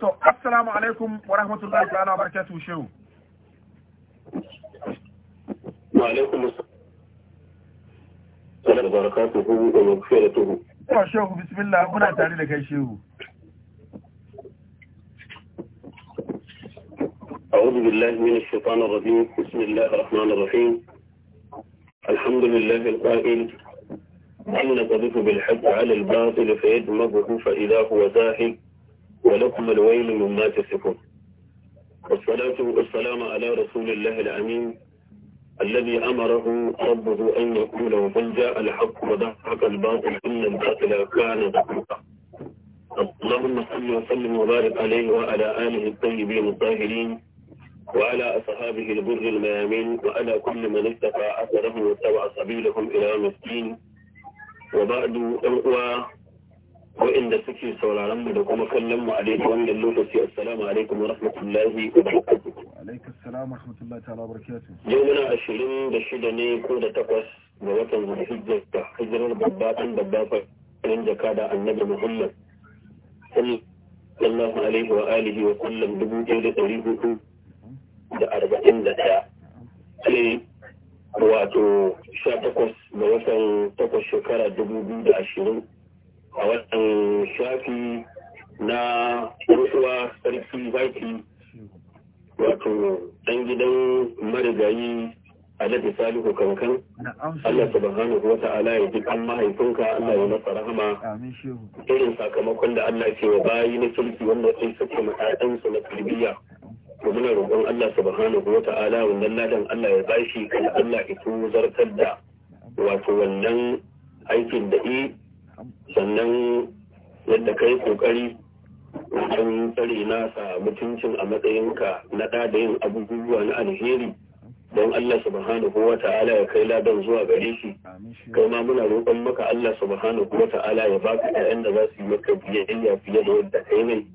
to assalamu alaikum wa rahmatullahi ta'ala wa barakatuhu shehu wa alaikum assalam wa barakatuhu wa maghfiratuhu to shehu bismillah muna tare da kai shehu أعوذ بالله من الشيطان الرجيم بسم الله الرحمن الرحيم الحمد لله القائل إن تضيف بالحق على الباطل فيدمغه فإذا هو زاهق ولكم الويل مما تسكون والصلاة والسلام على رسول الله الأمين الذي أمره ربه أن يقول وقل جاء الحق وضحك الباطل إن الباطل كان ضحكا اللهم صل وسلم وبارك عليه وعلى آله الطيبين الطاهرين وعلى أصحابه البر الميامين وعلى كل من اتقى أثرهم واتبع سبيلهم إلى مسكين وبعد أمقوى wa'inda suke sauraron mu da kuma kallon mu a daidai wannan lokaci assalamu alaikum wa rahmatullahi wa barakatuh alaikum assalam wa rahmatullahi ta'ala wa barakatuh yau muna ashirin da shida ne ko da takwas ga watan zulhijja da hijirar babba kan babba farin jaka da annabi muhammad sallallahu alaihi wa alihi wa sallam dubu ɗaya da ɗari hudu da arba'in da ɗaya sai wato sha takwas ga watan takwas shekara dubu biyu da ashirin a wannan shafi na ruwa sarki baki wato dan gidan marigayi alhaji salihu kankan Allah subhanahu wa ta'ala ya ji kan mahaifinka Allah ya masa rahama irin sakamakon da Allah ke wa bayi na kirki wanda sai suke mata'ansu na tarbiyya to muna roƙon Allah subhanahu wa ta'ala wannan ladan Allah ya bashi kan Allah ya zartar da wato wannan aikin da sannan yadda ka yi kokari wajen tsare nasa mutuncin a matsayinka na da yin abubuwa na alheri don Allah subhanahu wa ta'ala ya kai ladan zuwa gare shi kai ma muna roƙon maka Allah subhanahu wa ta'ala ya ka ƴaƴan da za su yi maka biyayya fiye da yadda kai mai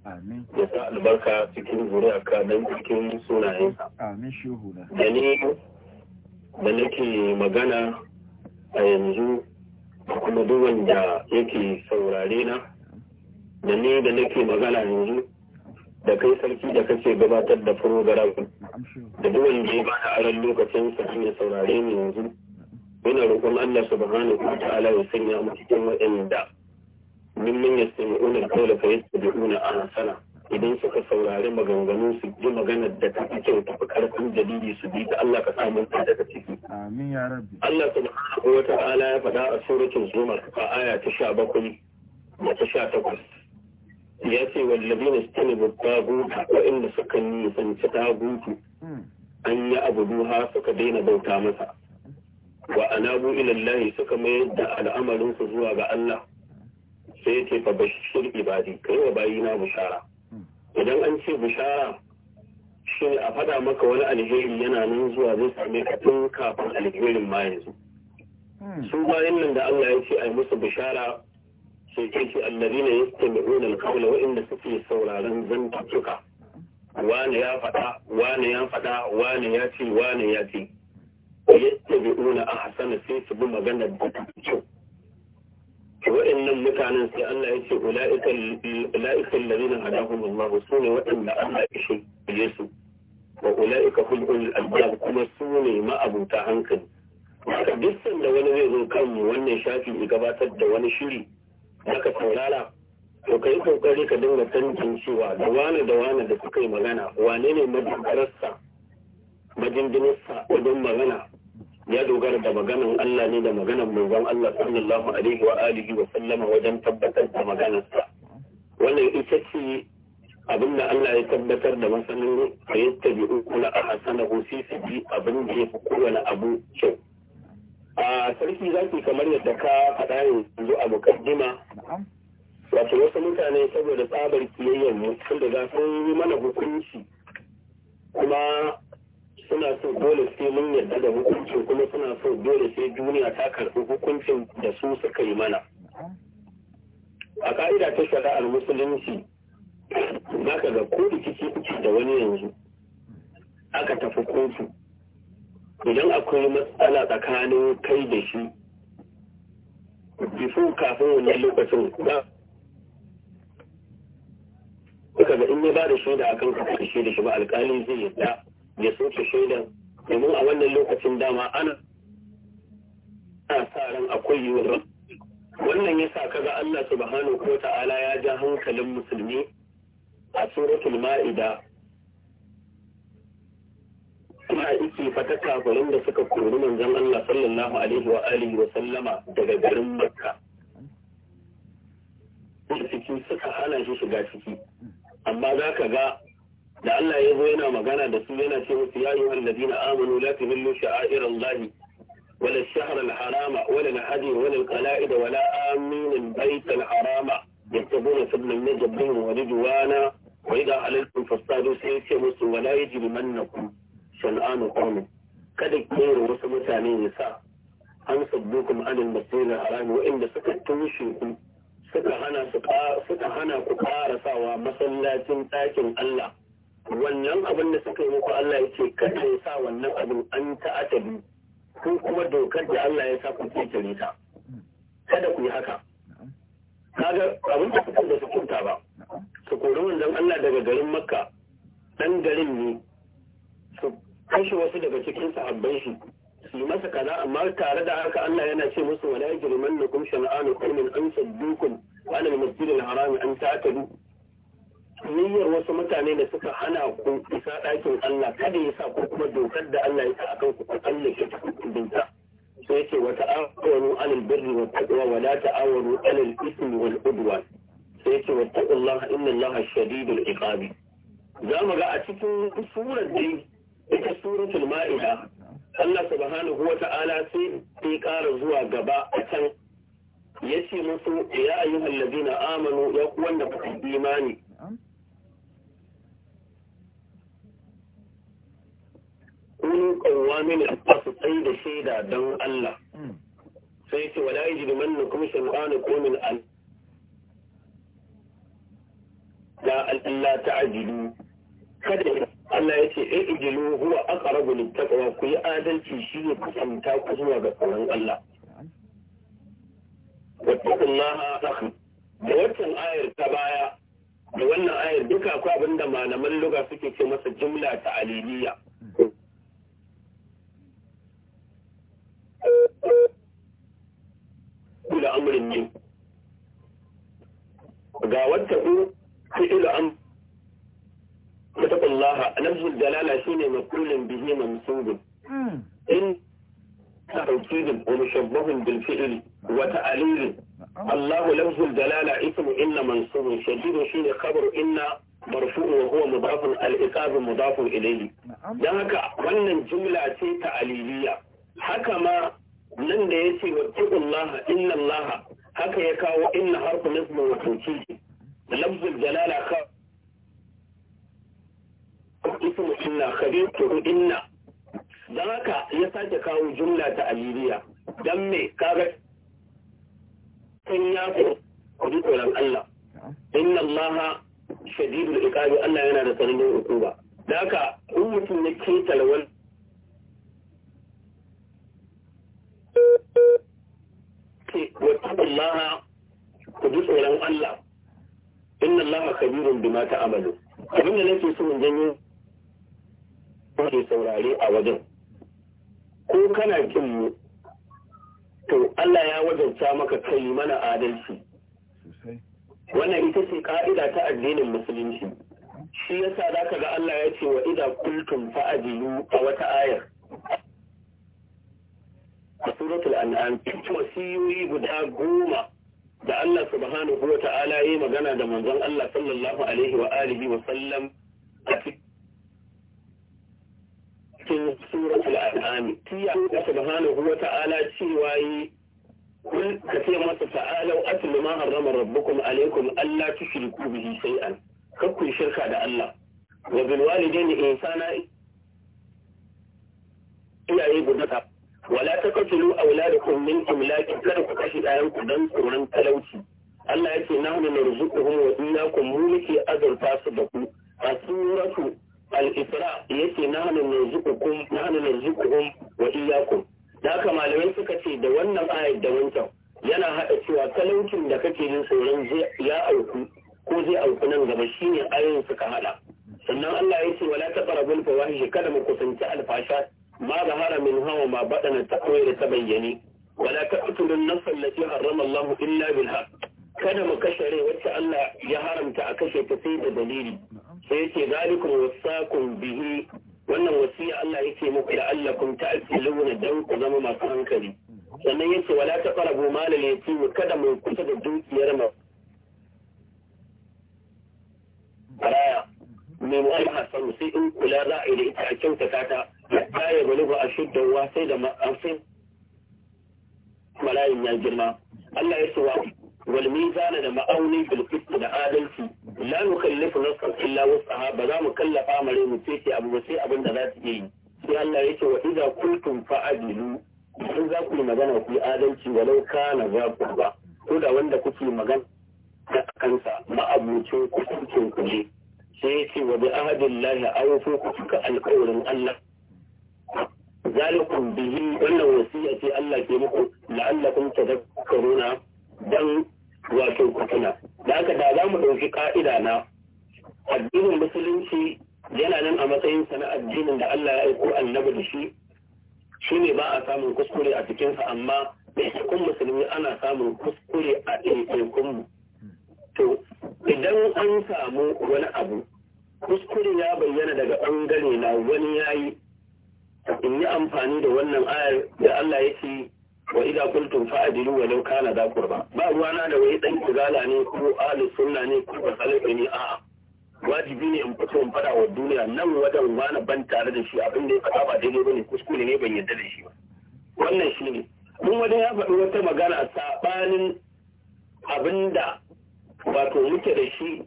ya sa albarka cikin zuriyarka don cikin sunayensa da ni da nake magana a yanzu da kuma duwanda da yake saurare na da ni da nake magana yanzu da kai sarki da kake gabatar da program da duk da ya bada aran lokacin sa ya saurare ni yanzu yana roƙon Allah subhanahu wa ta'ala ya sanya mu cikin waɗanda mimmin yastami'una al-qawla fa yastabi'una ahsana idan suka saurari maganganun su ji maganar da ta fi kyau tafi karfin dalili su bi ta Allah ka samu ta daga ciki. Amin ya rabbi. Allah subhanahu wa ta'ala ya faɗa a suratul zumar a aya ta sha bakwai da ta sha takwas. Ya ce wallabi na stani babba gudu inda suka nisanci tagutu hmm. an yi abu duha suka daina bauta masa. Wa anabu ilallahi suka mayar da al'amarinsu zuwa ga Allah. sai ya ce fa bashir ibadi kai wa bayina bishara idan an ce bishara shi a fada maka wani alheri yana nan zuwa zai same ka tun kafin alherin ma yanzu hmm. su bayan nan da Allah ya ce yi musu bishara sai ce shi allazi yake mai alqawla alkawla inda suke sauraron zantattuka wani ya faɗa wani ya faɗa wani ya ce wani ya ce a hasana sai su bi magana da kyau wa'annan mutanen sai Allah ya ce ula'ikan lalina hadahun Allah su ne waɗanda Allah ya shirye su wa ula'ika hulɗun albab kuma su ne ma'abuta hankali duk sanda wani zai zo kanmu wannan shafi ya gabatar da wani shiri aka saurara to ka yi kokari ka dinga cewa da wane da wane da suka yi magana wane ne madindararsa majindinarsa wajen magana ya dogara da maganan Allah ne da maganan manzon Allah sallallahu alaihi wa alihi wa sallama wajen tabbatar da maganarsa wannan ita ce abin Allah ya tabbatar da masanin ayyuka bi uku na ahsana hu sai su bi abin da ya fi kowane abu kyau a sarki zaki kamar yadda ka faɗa yanzu a mukaddima wato wasu mutane saboda tsabar kiyayyar mu tunda za su yi mana hukunci kuma suna so dole sai mun yarda da hukuncin kuma suna so dole sai duniya ta karɓi hukuncin da su suka yi mana a ka'ida ta shari'ar musulunci za ka ga ko rikici kuke da wani yanzu aka tafi kotu idan akwai matsala tsakanin kai da shi bifo kafin wani lokacin ba suka ga in ya ba da shaida akan kafin da shi ba alƙalin zai yadda ya soke shaidan domin a wannan lokacin dama ana sa ran akwai yiwuwar wannan ya sa kaga Allah subhanahu ko ta'ala ya ja hankalin musulmi a suratul ma'ida kuma yake fata kafirin da suka kori manzon Allah sallallahu alaihi wa alihi wa sallama daga garin Makka ciki suka hana shi shiga ciki amma za ka ga da Allah ya zo yana magana da su yana ce musu ya yi wannan amanu la ta hillu sha'ir Allah wala shahr al harama wala al hadi wala al qala'id wala amin al bayt al harama yantabuna sabna min jabbin wa rijwana wa idha halaltum fastadu sai ce musu wala yajibu mannakum shan'anu kada kero wasu mutane ne sa an sabbukum anil masjidil harami wa inda suka tushe ku suka hana ku kara sawa masallacin takin Allah wannan abin da suka yi muku Allah ya ce kada ya sa wannan abin an ta'atabi ko kuma dokar da Allah ya sa ku ce ta kada ku yi haka kaga abin da suka da su kunta ba su kori wannan Allah daga garin Makka dan garin ne su kashe wasu daga cikin sahabban shi su yi masa kaza amma tare da haka Allah yana ce musu wala yajrimannakum shan'anu qaumin an saddukum wa ala al-masjidil harami an ta'tadu niyyar wasu mutane da suka hana ku isa ɗakin Allah kada ya sa ko kuma dokar da Allah ya sa kanku ku Allah ke binta sai yake wa ta'awanu alal birri wa taqwa wa la ta'awanu alal ismi wal udwan sai yake wa taqullaha inna Allaha shadidul iqabi za mu ga a cikin surar dai ita suratul ma'ida Allah subhanahu wa ta'ala sai ya ƙara zuwa gaba a can ya ce musu ya ayyuhallazina amanu ya ku wanda kuka imani kun kowa mini a su tsayi da shaida don Allah hmm. sai ce wala yi jidiman manna kuma shan'anu ko min al la Allah ta ajidu kada Allah ya ce ai eh, ijilu huwa aqrabu ta ƙawa ku yi adalci shi ne kusanta ku zuwa ga tsoron Allah na akhi da wannan ayar ta baya da wannan ayar duka ku abinda malaman lugha suke ce masa jumla ta aliliya amurin ne ga wata ku fi'ilu amurin mutakullaha a nafsun dalala shi ne makulin bihe na in ta hauki da wani shabbahun bilfi'il wata alili allahu lafzul dalala ismu inna mansubun shadidun shi ne kabaru inna marfu'un wa huwa mudafun al'iqabin mudafun ilayhi don haka wannan jumla ce ta aliliya haka ma nan da ya ce wa tukullaha inna allaha haka ya kawo inna harfu nasbin wa tawkid lafzul jalala ka ismu inna khabirtu inna dan haka ya sake kawo jumla ta aliliya dan me kaga kan ya ku kudi Allah inna allaha shadidul iqabi Allah yana da tsananin hukuma da haka in mutum ya ketala ku ji tsoron Allah inna Allah kabirun bima ta'malu abin da nake so in janyo ko ke saurare a wajen ko kana kin mu to Allah ya wajabta maka kai mana adalci wannan ita ce ka'ida ta addinin musulunci shi yasa zaka ga Allah ya ce wa idza qultum fa'dilu a wata ayar a suratul an'am wasiyoyi guda goma da Allah subhanahu wa ta'ala yayi magana da manzon Allah sallallahu alaihi wa alihi wa sallam a cikin suratul an'am tiya Allah subhanahu wa ta'ala cewa yi ka ce masa wa atlu ma harrama rabbukum alaikum alla tushriku bihi shay'an kar shirka da Allah wa bil walidayni ihsana iyaye guda wala taqtulu auladakum min imlaqi kada ku kashe ɗayan ku dan tsoron talauci Allah yake nahnu narzuquhum wa iyyakum mu muke azurta su da ku a suratu al wa da haka malamai suka ce da wannan ayar da wancan yana hada cewa talaucin da kake jin tsoron ya auku ko zai auku nan gaba shine ayoyin suka haɗa sannan Allah ya ce wala taqrabul fawahish kada mu kusanci alfasha ما ظهر منها وما بدن التأويل تبيني ولا تقتل النفس التي حرم الله إلا بالحق kada mu kashe rai wacce Allah ya haramta a kashe ta sai da dalili sai yake zalikum wasaqum wannan wasiya Allah yake muku da Allah kun ta'qiluna dan ku zama masu hankali sannan yace wala taqrabu ya al mu kada mu kusa da dukiyar mu araya mai mu'alha sai in kula ra'ayi da ita a kyautata hatta ya bulugu a shuddawa sai da ma'afin malayin ya girma Allah ya ce wa wal da ma'auni bil da adalci la nukallifu nafsan illa ba za mu kallafa mare mu ce abu ba sai abin da za su yi sai Allah ya ce wa idza fa fa'adilu in za ku yi magana ku yi adalci walau kana za ku ba ko da wanda kuke magana da kansa ma'abucin kusurcin ku ne sai ya ce wa bi ahadillahi awfu ku cika alƙawarin Allah zalikum bihi wannan wasiya ce Allah ke muku la'allakum tadhakkaruna dan wato kutuna da haka da za mu ɗauki ka'ida na addinin musulunci yana nan a matsayin sa na addinin da Allah ya aiko annabi da shi shine ba a samun kuskure a cikin sa amma kun musulmi ana samun kuskure a ɗaiɗaikun to idan an samu wani abu kuskure ya bayyana daga ɓangare na wani yayi in yi amfani da wannan ayar da Allah ya ce wa idza qultum fa'dilu wa law kana za qurba ba ruwana da wai dan kizala ne ko ahli sunna ne ko salafi ne a'a wajibi ne in fito in fada wa duniya nan wajen wani ban tare da shi abin da ya faɗa ba daidai bane kuskure ne ban yarda da shi ba wannan shi ne mun wani ya faɗi wata magana a saɓanin abin wato muke da shi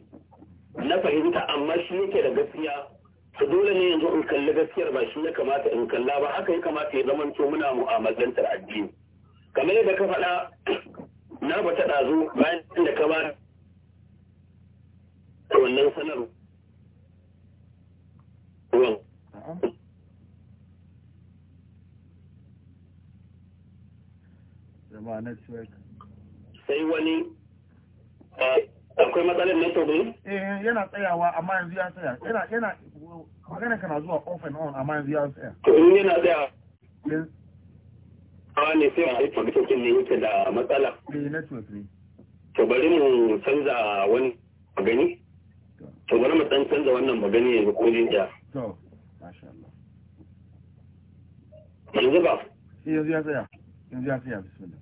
na fahimta amma shi yake da gaskiya to dole ne yanzu in kalli gaskiyar ba shi ya kamata in kalla ba haka ya kamata ya zama to muna mu'amalantar addini kamar yadda ka faɗa na ba ta ɗazu bayan da ka ba wannan sanar sai wani eh, akwai matsalar network ne? Eh, yana tsayawa amma yanzu ya tsaya yana magana kana zuwa off and on amma yanzu ya tsaya to in yana da a ne sai a haifar fagisokin ne yake da matsala yi eh, network ne to bari mu canza wani magani to bari mu dan canza wannan magani yanzu ko jin ja to masha Allah yanzu ba eh, yanzu ya tsaya yanzu ya tsaya bismillah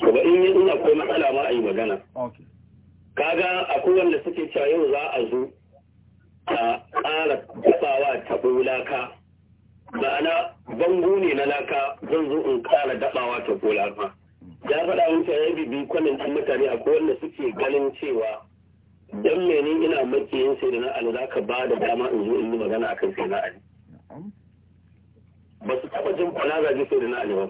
to ba in yi ina ko matsala ma a yi magana Ok. kaga akwai wanda suke cewa yau za a zo a ƙara daɓawa taɓo laka ma'ana bango ne na laka zan zo in ƙara daɓawa taɓo laka ya faɗa wancan ya bibi kwanan ɗan mutane akwai wanda suke ganin cewa dan mene ina makiyin sai da na ali za ka ba da dama in zo in yi magana a kan sai na ali ba su taɓa jin kwana zaje sai da na ali ba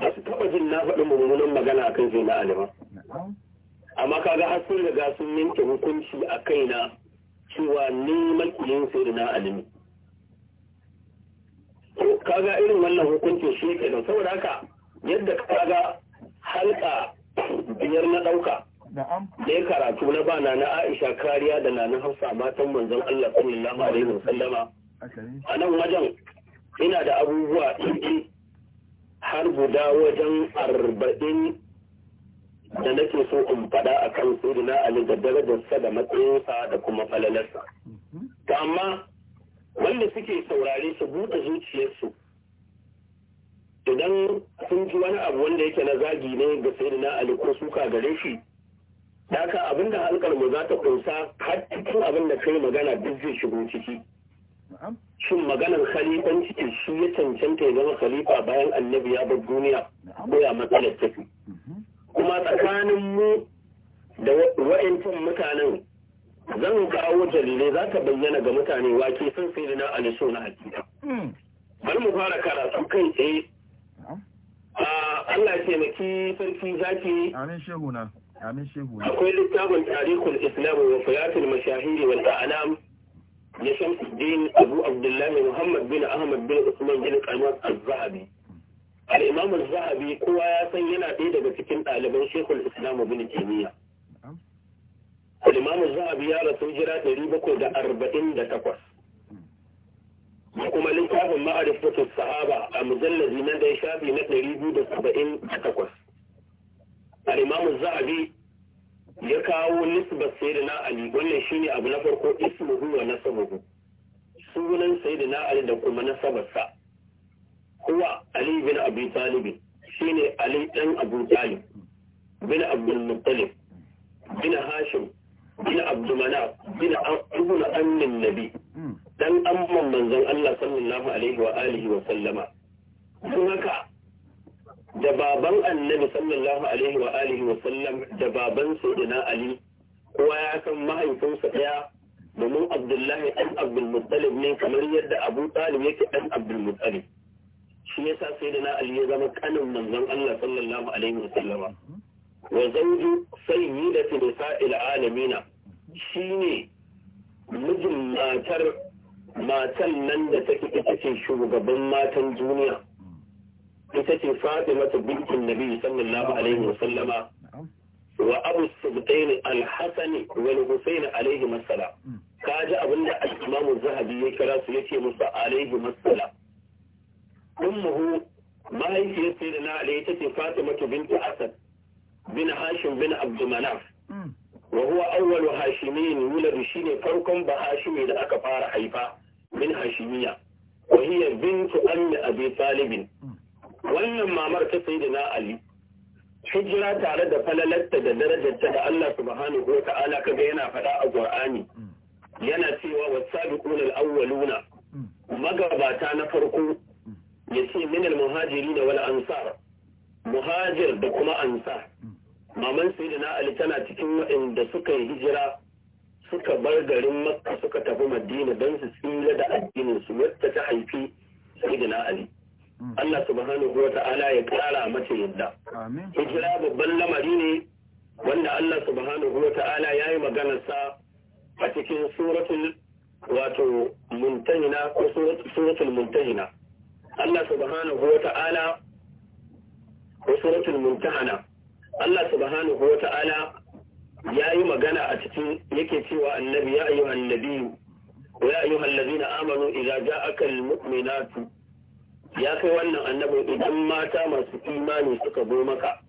ba su taɓa jin na faɗi mummunan magana a kan sai na ali ba amma kaga har sun riga sun yanke hukunci a kaina cewa ni makiyin sai da na alimi kaga irin wannan hukunci shi ke da saboda haka yadda kaga halka biyar na ɗauka da ya karatu na bana na Aisha kariya da na na Hafsa matan manzon Allah sallallahu alaihi wasallama a nan wajen ina da abubuwa har guda wajen arba'in da nake so in faɗa a kan na Ali da darajarsa da matsayinsa da kuma falalarsa. To amma wanda suke saurare su buɗe zuciyarsu idan sun ji wani abu wanda yake na zagi ne ga na Ali ko suka gare shi Daka abinda da halkar mu za ta kunsa har cikin abin da kai magana duk zai shigo ciki. Shin maganar khalifanci shi ya cancanta ya zama khalifa bayan annabi ya bar duniya ko ya matsalar tafi. kuma tsakanin mu da wa'intan mutanen zan kawo dalilai za ta bayyana ga mutane wake sun sai na aliso na hakika hmm. bari mu fara karatu kai tsaye Allah ya taimaki sarki zaki amin shehuna. amin shehuna. akwai littafin tarihul islam wa fayatul mashahiri wal a'lam na Shamsuddin Abu Abdullahi Muhammad bin Ahmad bin Usman bin Qanwat az-Zahabi al'imamu zahabi kowa ya san yana ɗaya daga cikin ɗaliban shekul islam ibn taymiya al'imamu zahabi ya rasu jira ɗari da da arba'in takwas kuma littafin ma'arifatu sahaba a mujallazi na da shafi na ɗari saba'in da takwas al'imamu zahabi ya kawo nisbar sayyidina ali wannan shine abu na farko ismuhu wa nasabuhu sunan sayyidina ali da kuma nasabarsa huwa Ali bin Abi Talib shine Ali dan Abu Talib bin Abdul Muttalib bin Hashim bin Abdul Manaf bin Ibn Ammin Nabi hmm. dan amman manzon Allah sallallahu alaihi wa alihi wa sallama don haka da baban annabi sallallahu alaihi wa alihi wa sallam da baban sayyidina kowa ya san mahaifinsa ɗaya domin abdullahi dan abdul ne kamar yadda abu talib yake dan abdul shi sa sai da na ali zama kanin manzon Allah sallallahu alaihi wasallama wa zauju sai zawju sayyidati nisa'il alamina ne mijin matar matan nan da take ita ce shugaban matan duniya ita ce Fatimatu bintin Nabi sallallahu alaihi wasallama wa Abu Subtain al-Hasan wal Husayn alaihi masala hmm. kaji abinda al-Imam Zahabi ya kira su yace musu alaihi masala ummuhu mahaifiyar sayyidina ali ita ce fatimatu bintu asad bin hashim bin abdumanaf hmm. wa huwa awwalu hashimin yulad shine farkon ba hashimi da aka fara haifa min hashimiya wa hiya bintu ammi abi talib hmm. wannan mamar ta sayyidina ali hijira tare da falalarta da darajarta da Allah subhanahu wa ta'ala kaga yana faɗa a Qur'ani hmm. yana cewa wasabiquna al-awwaluna magabata na farko yace min al-muhajirin wal ansar muhajir da kuma ansar maman sayyidina ali tana cikin waɗanda suka yi hijira suka bar garin makka suka tafi madina don su tsira da addinin su wacce ta haifi sayyidina ali hmm. Allah subhanahu wa ya kara mata yadda hijira babban lamari ne wanda Allah subhanahu wa ya yi maganarsa a cikin suratul wato muntahina ko suratul muntahina Allah subhanahu wa ta'ala wa suratul muntahana Allah subhanahu wa ta'ala ya yi magana a cikin yake cewa annabi ya ayyuhan nabiyyu wa ya ayyuhan amanu ya kai wannan annabi idan mata masu imani suka zo maka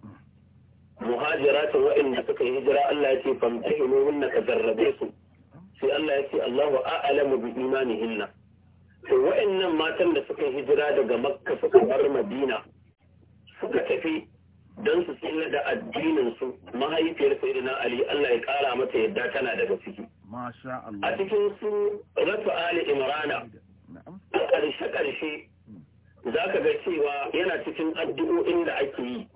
muhajiratun waɗanda suka yi hijira Allah ya ce famtahinu hunna ka zarrabe su sai Allah ya ce Allahu a'lamu bi imanihinna to wa'annan matan da suka hijira daga makka suka bar madina suka tafi don su tsira da addininsu mahaifiyar sayyidina ali allah ya kara mata yadda tana daga ciki a cikin su rasu ali imrana a ƙarshe ƙarshe za ka ga cewa yana cikin addu'o'in da ake yi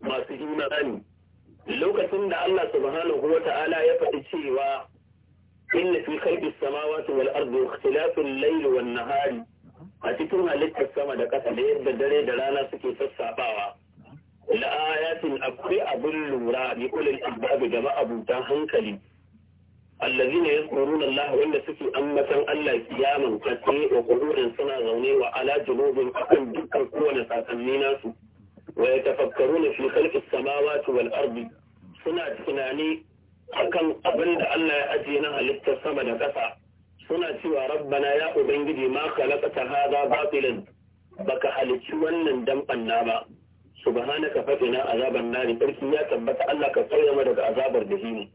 masu imani lokacin da allah subhanahu wa ta'ala ya faɗi cewa inna fi khalqis samawati wal ardi ikhtilafil layli wan nahari a cikin halittar sama da ƙasa da yadda dare da rana suke sassafawa la ayatin akwai abin lura bi ulil albab da ma'abutan hankali allazina yazkuruna Allah wanda suke ambatan Allah kiyaman kace wa qudurin suna zaune wa ala junubin akan dukkan kowane sakanni nasu wa yatafakkaruna fi khalqis samawati wal ardi suna tunani akan abin da Allah ya ajiye na halittar sama da ƙasa suna cewa rabbana ya ubangiji ma ta hadha batilan baka halicci wannan dan banna ba subhanaka fatina azaban nari ya tabbata Allah ka tsare mu daga azabar jahimi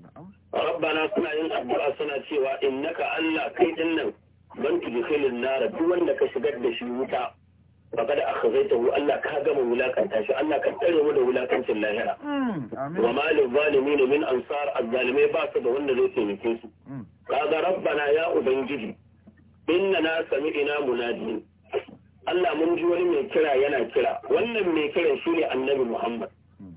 rabbana suna yin addu'a suna cewa innaka Allah kai dinnan ban tudkhilin nar duk wanda ka shigar da shi wuta faqad akhzaytahu Allah ka gama wulakanta shi Allah ka tsare mu da wulakancin lahira hmm, wa ma lil zalimin min ansar azzalimai ba su da wanda zai taimake su hmm. kaga rabbana ya ubangiji inna na sami'ina munadi Allah mun ji wani mai kira yana kira wannan mai kiran shi ne annabi Muhammad hmm.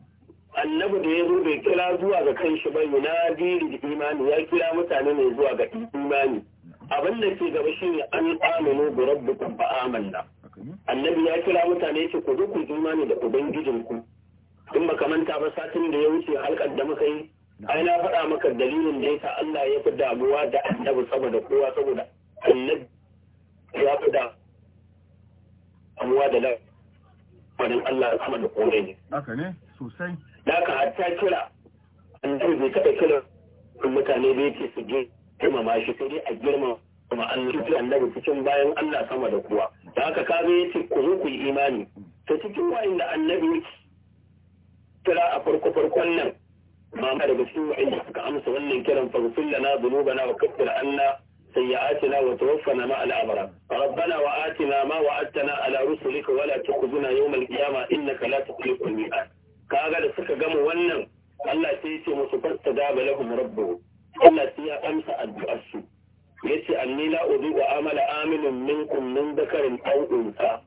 annabi da ya zo bai kira zuwa ga shi ba yunadi da imani ya kira mutane ne zuwa ga imani abin da ke gaba shi ne an aminu bi rabbikum fa amanna annabi ya kira mutane yake ku duk ku imani da ubangijin ku in baka manta ba satin da ya wuce halkar da muka yi ai na faɗa maka dalilin da yasa Allah ya fi damuwa da annabi saboda kowa saboda annabi ya fi damuwa da lamarin Allah sama da kore ne haka ne sosai da ka hatta kira annabi bai taɓa kira mutane bai ce su je girmama shi sai dai a girmama kuma annabi cikin bayan Allah sama da kuwa da haka ka ya ku zo ku yi imani ta cikin da annabi kira a farko farkon nan mama daga cikin wa'inda suka amsa wannan kiran faghfir lana dhunubana wa kaffir anna sayyi'atina wa tawaffana ma'al abrar rabbana wa atina ma wa'adtana ala rusulika wa la tukhzina yawmal qiyamah innaka la tukhliqul mi'ad kaga da suka gama wannan Allah sai ya ce musu fasta da balahum rabbuhum Allah sai ya amsa addu'arsu yace anni la udu amala amilun minkum min dakarin aw unsa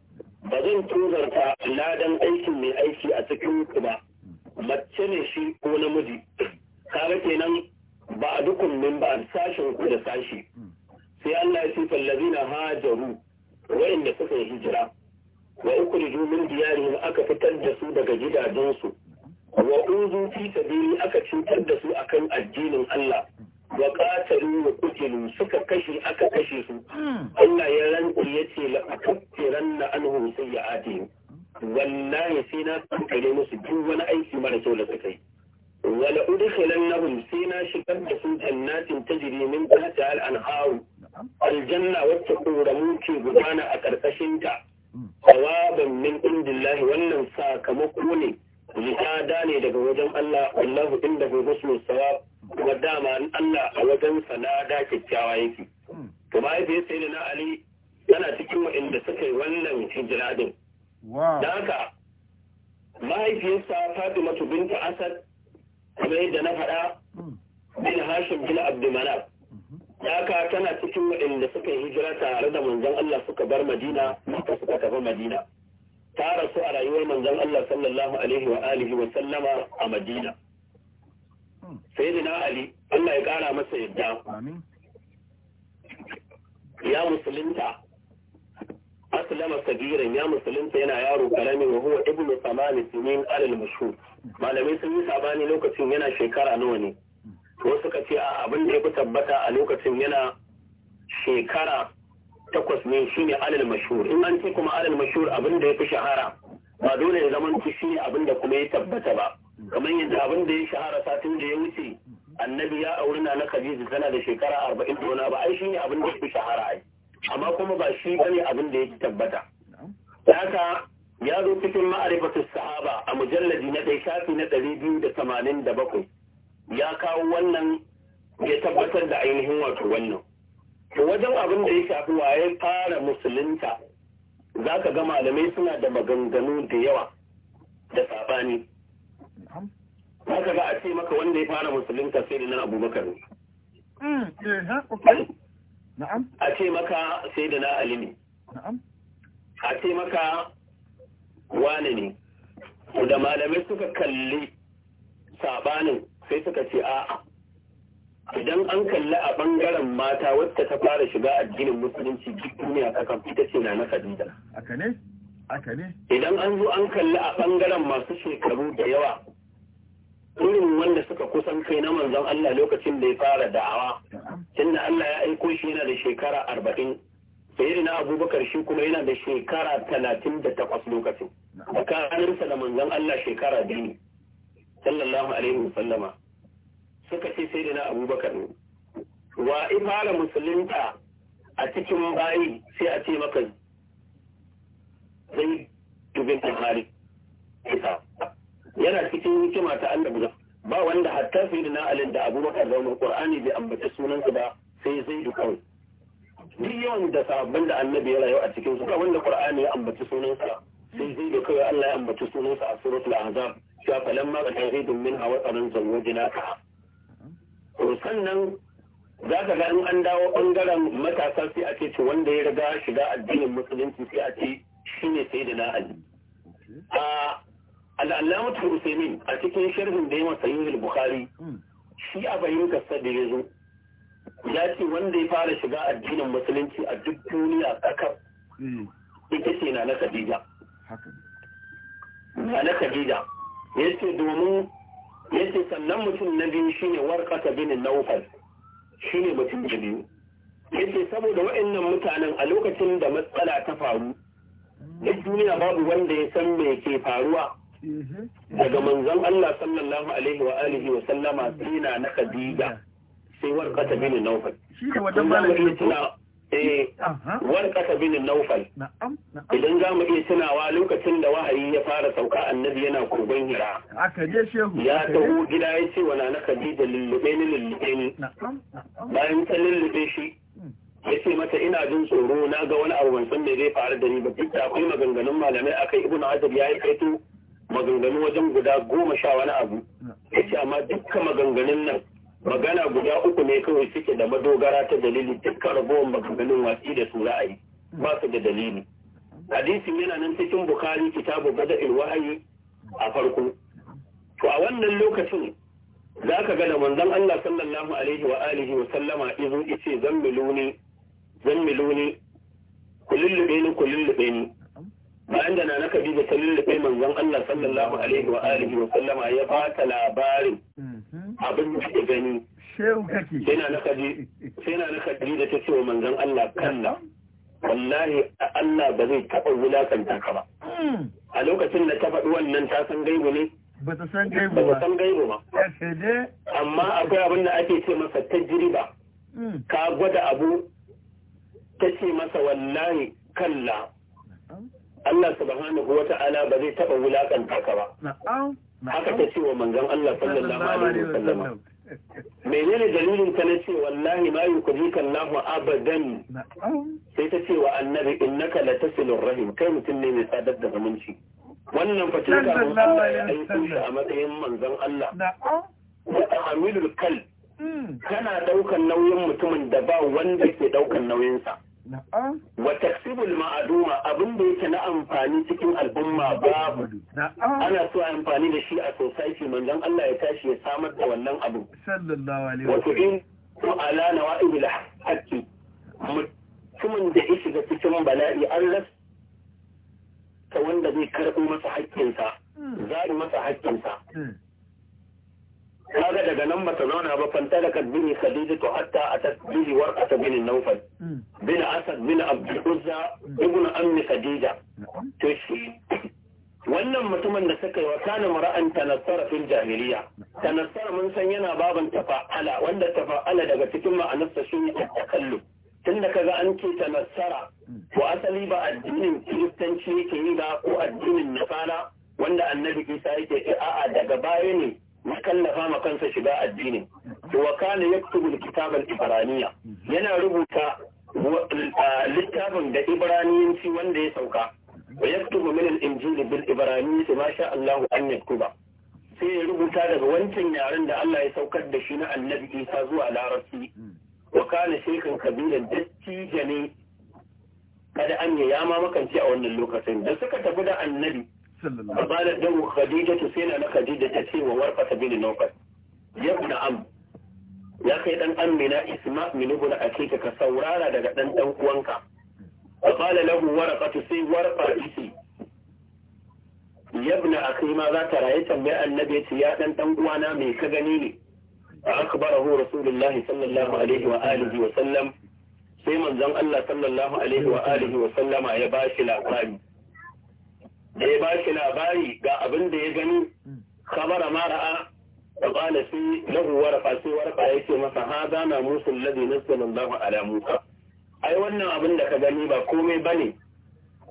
ba zan tuzarta ladan aikin mai aiki a cikin ku ba mace ne shi ko namiji kaga kenan ba a dukun min ba a sashen ku da sashi sai Allah ya ce fallazina hajaru wa'inda suka yi hijira wa ukhriju min diyarihim aka fitar da su daga gidajensu wa uzu fi sabili aka cutar da su akan addinin Allah wa qatalu wa qutilu suka kashe aka kashe su hmm. Allah ya rantsi yace la akfiranna anhum sayyi'atihim wallahi sai na kankare musu duk wani aiki mara kyau da suka yi wala udkhilannahum sai na shigar da su jannatin tajri min tahtiha al-anhar aljanna wacce koramu ke gudana a karkashin ta sawaban hmm. min indillahi wannan sakamako ne jihada ne daga wajen Allah wallahu indahu husnul sawab kuma dama Allah a wajen sanada kyakkyawa yake hmm. to mahaifiyar sai da na Ali tana cikin waɗanda suka yi wannan hijira din da haka mahaifiyarsa Fatima binta Asad kuma yadda na faɗa hmm. bin Hashim bin Abdulmanaf hmm. haka tana cikin waɗanda suka yi hijira tare da manzon Allah suka bar Madina suka suka tafi Madina ta rasu a rayuwar manzon Allah sallallahu alaihi wa alihi wa sallama a Madina sai da ali Allah ya kara masa yadda ya musulunta aslama sagiran ya musulunta yana yaro karamin wa huwa ibnu samani sinin alal mashhur malamai sun yi sabani lokacin yana shekara nawa ne to suka ce a abin da ya fi tabbata a lokacin yana shekara takwas ne shine alal mashhur in an ce kuma alal mashhur abin da ya fi shahara ba dole ya zama shi ne abin da kuma ya tabbata ba kamar yadda abin da ya shahara satin da ya wuce annabi ya auri na khadija tana da shekara arba'in da wani ba ai shine abin da ya shahara ai amma kuma ba shi bane abin da ya tabbata haka ya zo cikin ma'arifatu sahaba a mujalladi na ɗaya shafi na ɗari biyu da tamanin da bakwai ya kawo wannan ya tabbatar da ainihin wato wannan wajen abin da ya shafi waye fara musulunta za ka ga malamai suna da maganganu da yawa da sabani za ka ga a ce maka wanda ya fara musulunta sai da na abubakar hmm, eh, a ce maka sai da na alimi. a ce maka wane ne da malamai suka kalli sabanin sai suka ce a'a idan an kalli a bangaren mata wacce ta fara shiga addinin musulunci duk duniya ta kan ita ce na na Khadija aka ne aka ne idan an zo an kalli a bangaren masu shekaru da yawa irin wanda suka kusan kai na manzon Allah lokacin da ya fara da'awa tunda Allah ya aiko shi yana da shekara arba'in sai yana abubakar shi kuma yana da shekara talatin da takwas lokacin kanarsa da manzon Allah shekara biyu ne sallallahu alaihi wasallama suka ce sai yana abubakar ne wa fara musulunta a cikin bayi sai a ce maka zai dubin harith isa yana cikin hikima ta Allah guda ba wanda hatta sai da na'alin da abubakar zaunin qur'ani bai ambata sunansa ba sai zai da kawai duk yawan da sabbin da annabi ya rayu a cikin su ba wanda qur'ani ya ambaci sunansa sai zai da kawai Allah ya ambaci sunansa a suratul ahzab ya falamma ka tawhidun min hawa tsaron zawajina ka to sannan za ka ga in an dawo ɓangaren matasa sai a ce ce wanda ya riga shiga addinin musulunci sai a ce shi ne sai da na ali a ta usaimin a cikin sharhin da ya masa yin bukhari hmm. shi a bayyana da ya zo ya ce wanda ya fara shiga addinin musulunci a duk duniya kan hmm. ita ce na na khadija na na khadija ya ce domin ya ce sannan mutum na biyu shine warkata bin naufal shine mutum da biyu ya ce saboda waɗannan mutanen a lokacin da matsala ta faru duk duniya babu wanda ya san me ke faruwa daga manzon Allah sallallahu alaihi wa alihi wa sallama sina na Khadija sai warqata bin Nawfal shi ne wannan malamin eh warqata bin Nawfal idan za mu iya tunawa lokacin da wahayi ya fara sauka annabi yana kurban hira aka je shehu ya taho gida ya ce wala na Khadija lullube ni lullube ni bayan ta lullube shi hmm. ya ce mata ina jin tsoro na ga wani abu ban san me zai faru da ni ba duk da akwai maganganun malamai akai ibnu hajar ya yi kaito maganganu wajen guda goma sha wani abu ya ce amma dukkan maganganun nan magana guda uku ne kawai suke da madogara ta dalili dukkan ragowar maganganun watsi da su ra'ayi ba su da dalili hadisin yana nan cikin bukari kitabu bada ilwahayi a farko to a wannan lokacin za ka ga da manzon Allah sallallahu alaihi wa alihi wa sallama izo ice miluni zan ku lullube ni ku ni bayan da na da kai lullube manzon Allah sallallahu alaihi wa alihi wa sallama ya ba ta labarin mm-hmm. abin da ke gani sai na na Khadija ta ce wa manzon Allah kalla wallahi Allah ba zai taɓa wulakanta ka ba mm. a lokacin da ta faɗi wannan ta san gaibu ne ba ta san gaibu ba san gaibu ba amma akwai abin da ake ce masa tajriba mm. ka gwada abu ta ce masa wallahi kalla Allah subhanahu wa ta'ala ba zai taɓa wulaƙanta ka ba. Haka ta ce wa manzon Allah sallallahu alaihi wa sallama. Menene dalilin ka na ce wallahi ma yukrika Allahu abadan. Sai ta ce wa annabi innaka latasilur rahim kai mutum ne mai sadar da zumunci. Wannan fa tun Allah ya aiko shi a matsayin manzon Allah. Wa ta'amilul kal. Mm. Kana ɗaukan nauyin mutumin da ba wanda ke ɗaukan nauyinsa. wa taksibul ma'aduma abin da yake na amfani cikin al'umma babu ana so a amfani da shi a society manzon Allah ya tashi ya samar da wannan abu sallallahu wato in ko ala nawa'ibil haqqi mutumin da ya shiga cikin bala'i an rasa ta wanda zai karɓo masa haƙƙinsa hmm. zai masa haƙƙinsa hmm. kaga daga nan mata zauna ba fantalaka bini khadijatu hatta atat bihi warqata bin nawfal hmm. bin asad bin abdul uzza hmm. ibn ammi khadija to shi wannan mutumin da suka yi wa kana mara'an tanassara fil jahiliya tanassara mun san yana baban tafa'ala wanda tafa'ala daga cikin ma'anarsa shine takallu tunda kaga an ce tanassara hmm. to asali ba addinin kiristanci yake yi ba ko addinin nasara wanda annabi isa yake ce a'a daga baya ne ya kallafa ma kansa shiga addinin to wa kana yaktubu kitaban ibraniya yana rubuta littafin da ibraniyanci wanda ya sauka wa yaktubu min al-injili bil ibraniyyati ma sha Allah an yaktuba sai ya rubuta daga wancan yaren da Allah ya saukar da shi na annabi Isa zuwa larabci wa kana shekan kabilan dattijo ne kada an ya ma makanci a wannan lokacin da suka tafi da annabi sallallahu alaihi wasallam da khadija to sai na khadija ta ce wa warqa bin nawfal yabna am ya kai dan amina isma min ibn ka saurara daga dan dan uwanka wa qala lahu warqa to sai warqa isi yabna akhi ma za ta rayi tambaye annabi ya ce ya dan uwana me ka gani ne akbarahu rasulullah sallallahu alaihi wa sai manzon Allah sallallahu ya bashi lakwari. da ya ba shi labari ga abin da ya gani khabara mara ra'a da qala sai lahu warqa sai warqa yake masa hada na musul ladhi nazzala Allahu ala Musa ai wannan abin da ka gani ba komai bane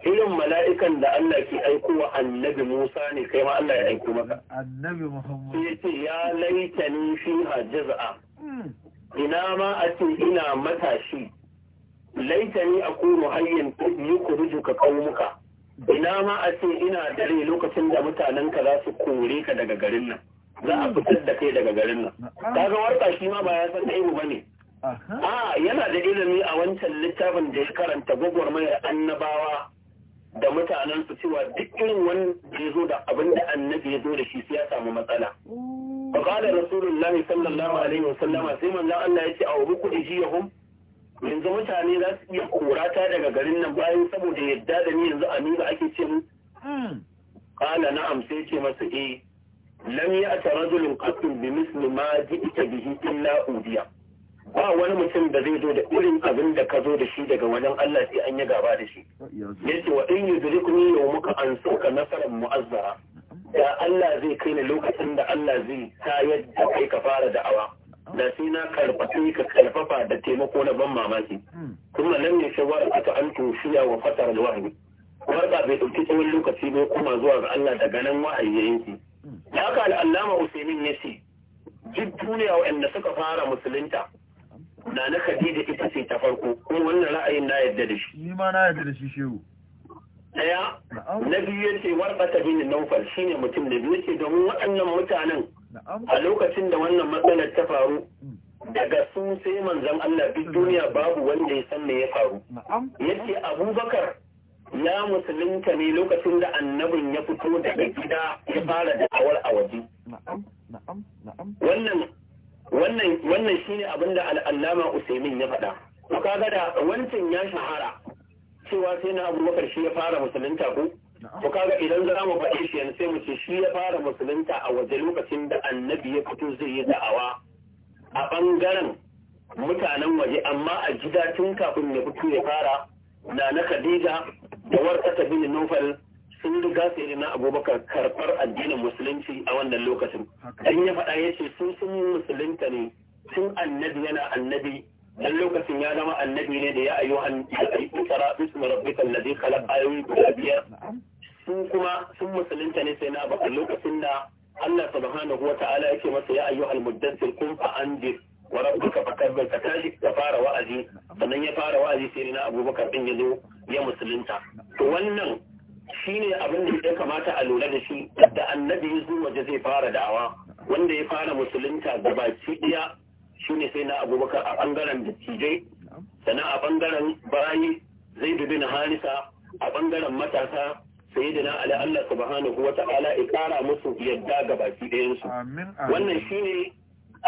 irin mala'ikan da Allah ke aiko wa annabi Musa ne kai ma Allah ya aiko maka annabi Muhammad sai ce ya ni fiha jaz'a hmm. ina ma a ce ina matashi laitani akunu hayyan yukhrijuka qaumuka ina ma a ce ina dare lokacin da mutanen ka za su kore ka daga garin nan za a fitar da kai daga garin nan Ta ga warka shi ma ba ya san ba ne. a yana da ilimi a wancan littafin da ya karanta gwagwar gwagwarmayar annabawa da mutanen su cewa duk irin wani ya zo da abin da annabi ya zo da shi sai ya samu matsala فقال wa sallama sai الله عليه وسلم سيما ce a يتي kuɗi jiya جيهم yanzu mutane za su iya kurata daga garin nan bayan saboda yadda da ni yanzu amina ake ce mu kala hmm. na'am sai ce masa eh lam ya'ta rajulun qatl bi misli ma ji'ta bihi illa udiya ba wani mutum da zai zo da irin abin da ka zo da shi daga wajen Allah sai an yi gaba da shi yace wa in yudrikuni muka an sauka nasaran mu'azzara da Allah zai kai ni lokacin da Allah zai tayar da kai ka fara da'awa da sai na karfafe ka karfafa da taimako na ban mamaki hmm. kuma nan ne sai wa'aka an tushiya wa fatar alwahyi warka bai dauki tsawon lokaci ne kuma zuwa ga Allah daga nan wahayi ya yanki hmm. haka al'allama Usaimin ya ce duk duniya waɗanda suka fara musulunta na na Khadija ita ce ta farko kuma wannan ra'ayin na yadda da shi ni ma na yadda da shi shehu na biyu yace warqata bin shine mutum da biyu yace domin waɗannan mutanen a lokacin da wannan matsalar ta faru hmm. daga su sai manzan Allah duk duniya babu wanda ya san me ya faru yace Abubakar ya musulunta ne lokacin da annabin ya fito daga gida ya fara da awar a waje wannan wannan wannan shine abin da al'allama Usaimin ya faɗa to kaga da wancan ya shahara cewa sai na Abubakar shi ya fara musulunta ko to kaga idan za mu faɗi shi yanzu sai mu ce shi ya fara musulunta a waje lokacin da annabi ya fito zai yi da'awa a ɓangaren mutanen waje amma a gida tun kafin ya fito ya fara na na Khadija da warkata bin Nufal sun riga su yi na abubakar karɓar addinin musulunci a wannan lokacin. Dan ya faɗa yace ce sun sun musulunta ne tun annabi yana annabi dan lokacin ya zama annabi ne da ya ayyuhan ikra bismi rabbikal ladhi khalaq ayoyi guda biyar sun kuma sun musulunta ne sai na ba lokacin da Allah subhanahu wa ta'ala yake masa ya ayyuhal muddassir kun fa andir wa rabbuka fakabbir ka tashi ka fara wa'azi sannan ya fara wa'azi sai na Abubakar din ya zo ya musulunta to wannan shine abin da ya kamata a lura da shi da annabi ya waje zai fara da'awa wanda ya fara musulunta gabaki ɗaya shine sai na abubakar a bangaren dattijai sannan a bangaren bayi zai dubi na harisa a bangaren matasa sai da na ala Allah subhanahu wa ta'ala ya kara musu yadda ga baki ɗayansu wannan shine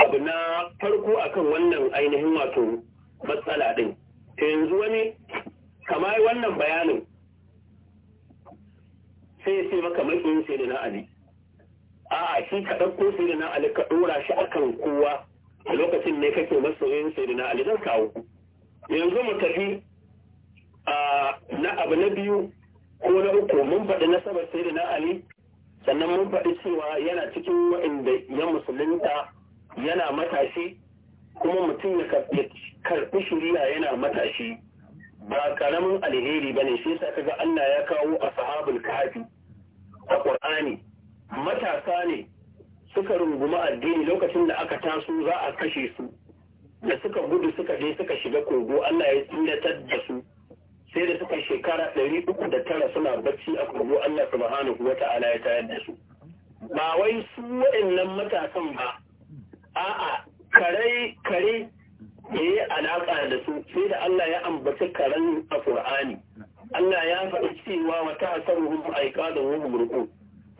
abu na farko akan wannan ainihin wato matsala ɗin ta yanzu wani kamar wannan bayanin sai ya ce maka makin sai da na ali a'a shi ka ɗauko sai da na ali ka ɗora shi akan kowa a lokacin ne kake masoyin sayyidina ali zan kawo yanzu mu tafi na abu na biyu ko na uku mun faɗi nasabar na ali sannan mun faɗi cewa yana cikin waɗanda ya musulunta yana matashi kuma mutum ya karɓi shirya yana matashi ba karamin alheri ba ne shi yasa kaga Allah ya kawo a sahabul kafi a Qur'ani matasa ne suka rungumi addini lokacin da aka taso za a kashe su da suka gudu suka je suka shiga kogo Allah ya tsinatar da su sai da suka shekara ɗari uku da tara suna bacci a kogo Allah subhanahu wa ta'ala ya tayar da su ba wai su waɗannan matasan ba a'a kare kare ya yi alaƙa da su sai da Allah ya ambaci karen a Qur'ani Allah ya faɗi cewa wata da aiqaduhum wani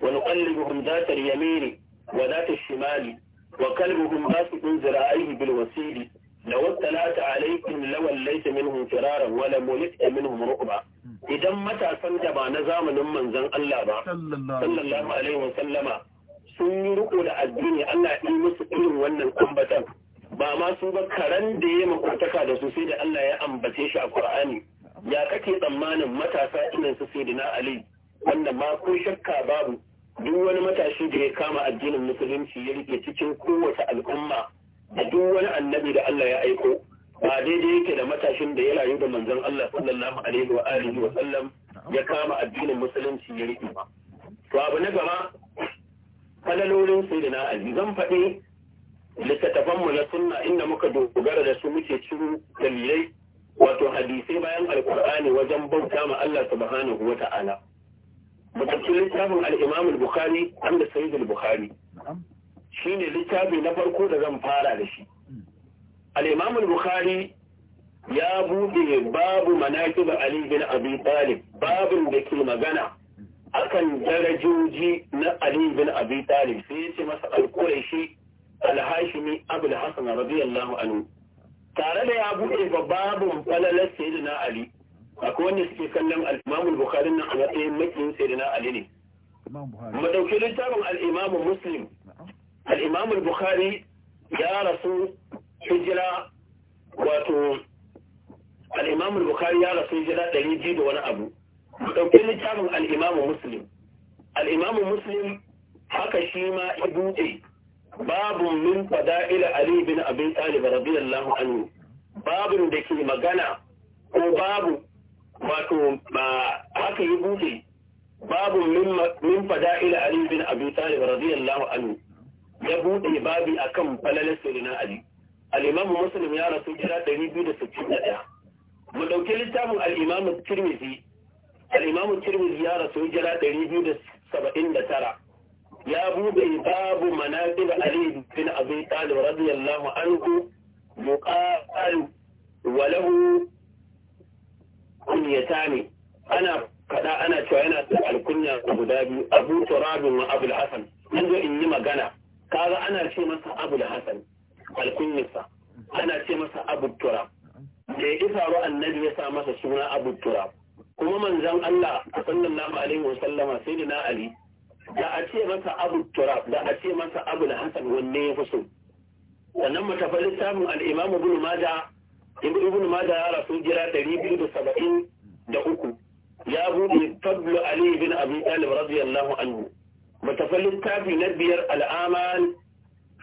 wa nuqallibuhum dhatal yamini وذات الشمال وكلبهم باسط ذراعيه بالوسيل لو اطلعت عليكم لوليت منهم فرارا ولا ملئت منهم رقبا idan matasan da ba na zamanin manzon Allah ba sallallahu alaihi wa sallama sun yi riko da addini Allah ya musu irin wannan ambatan ba ma su ba karan da ya makotaka da su sai da Allah ya ambace shi a Qur'ani ya kake tsammanin matasa irin su sai na Ali wannan ma ko shakka babu duk wani matashi da ya kama addinin musulunci ya rike cikin kowace al'umma da duk wani annabi da Allah ya aiko ba daidai yake da matashin da ya rayu da manzon Allah sallallahu alaihi wa alihi wa sallam ya kama addinin musulunci ya rike ba to abu na gaba falalolin sayyidina Ali zan faɗi littattafan mu na sunna inda muka dogara da su muke ciro dalilai wato hadisai bayan alqur'ani wajen bauta ma Allah subhanahu wa ta'ala mu littafin al-Imam al-Bukhari da Sahih al-Bukhari shine littafi na farko da zan fara da shi al imamul bukhari ya buɗe babu manaqib Ali bin Abi Talib babin da ke magana akan darajoji na alibin bin Talib sai ya ce masa al-Quraishi alhashimi hashimi Abul Hasan radiyallahu anhu tare da ya buɗe babun falalar na Ali akwai wanda suke kallon al-Imam Bukhari nan a matsayin makiyin Sayyidina Ali ne mu dauki littafin al-Imam Muslim al-Imam Bukhari ya rasu hijira wato al Bukhari ya rasu hijira ɗari biyu da wani abu mu dauki littafin al-Imam Muslim al Muslim haka shi ma ya buɗe babu min fada'il Ali bin Abi Talib radiyallahu anhu babun da ke magana ko babu wato ba haka yi buɗe babu min ila Ali bin Abi Talib radiyallahu anhu ya buɗe babi akan falalar sirina Ali al-Imam Muslim ya rasu jira 261 mu dauke littafin al-Imam Tirmidhi al-Imam Tirmidhi ya rasu jira 279 ya buɗe babu manaqib Ali bin Abi Talib radiyallahu anhu yuqalu wa lahu kunyata ne ana kada ana cewa yana da alkunya guda biyu abu turabin wa abul hasan nan zo in yi magana kaga ana ce masa abul hasan alkunyarsa ana ce masa abu turab da ya faru annabi ya sa masa suna abu turab kuma manzon Allah sallallahu alaihi wa sallama sai na ali da a ce masa abu turab da a ce masa abu hasan wanne ya fi so Wannan mu tafi littafin al-imam ibn majah inda ibn maja ya rasu jira ɗari biyu da saba'in da uku ya buɗe fadlu ali bin abi talib radiyallahu anhu matafalin tafi na biyar al'amal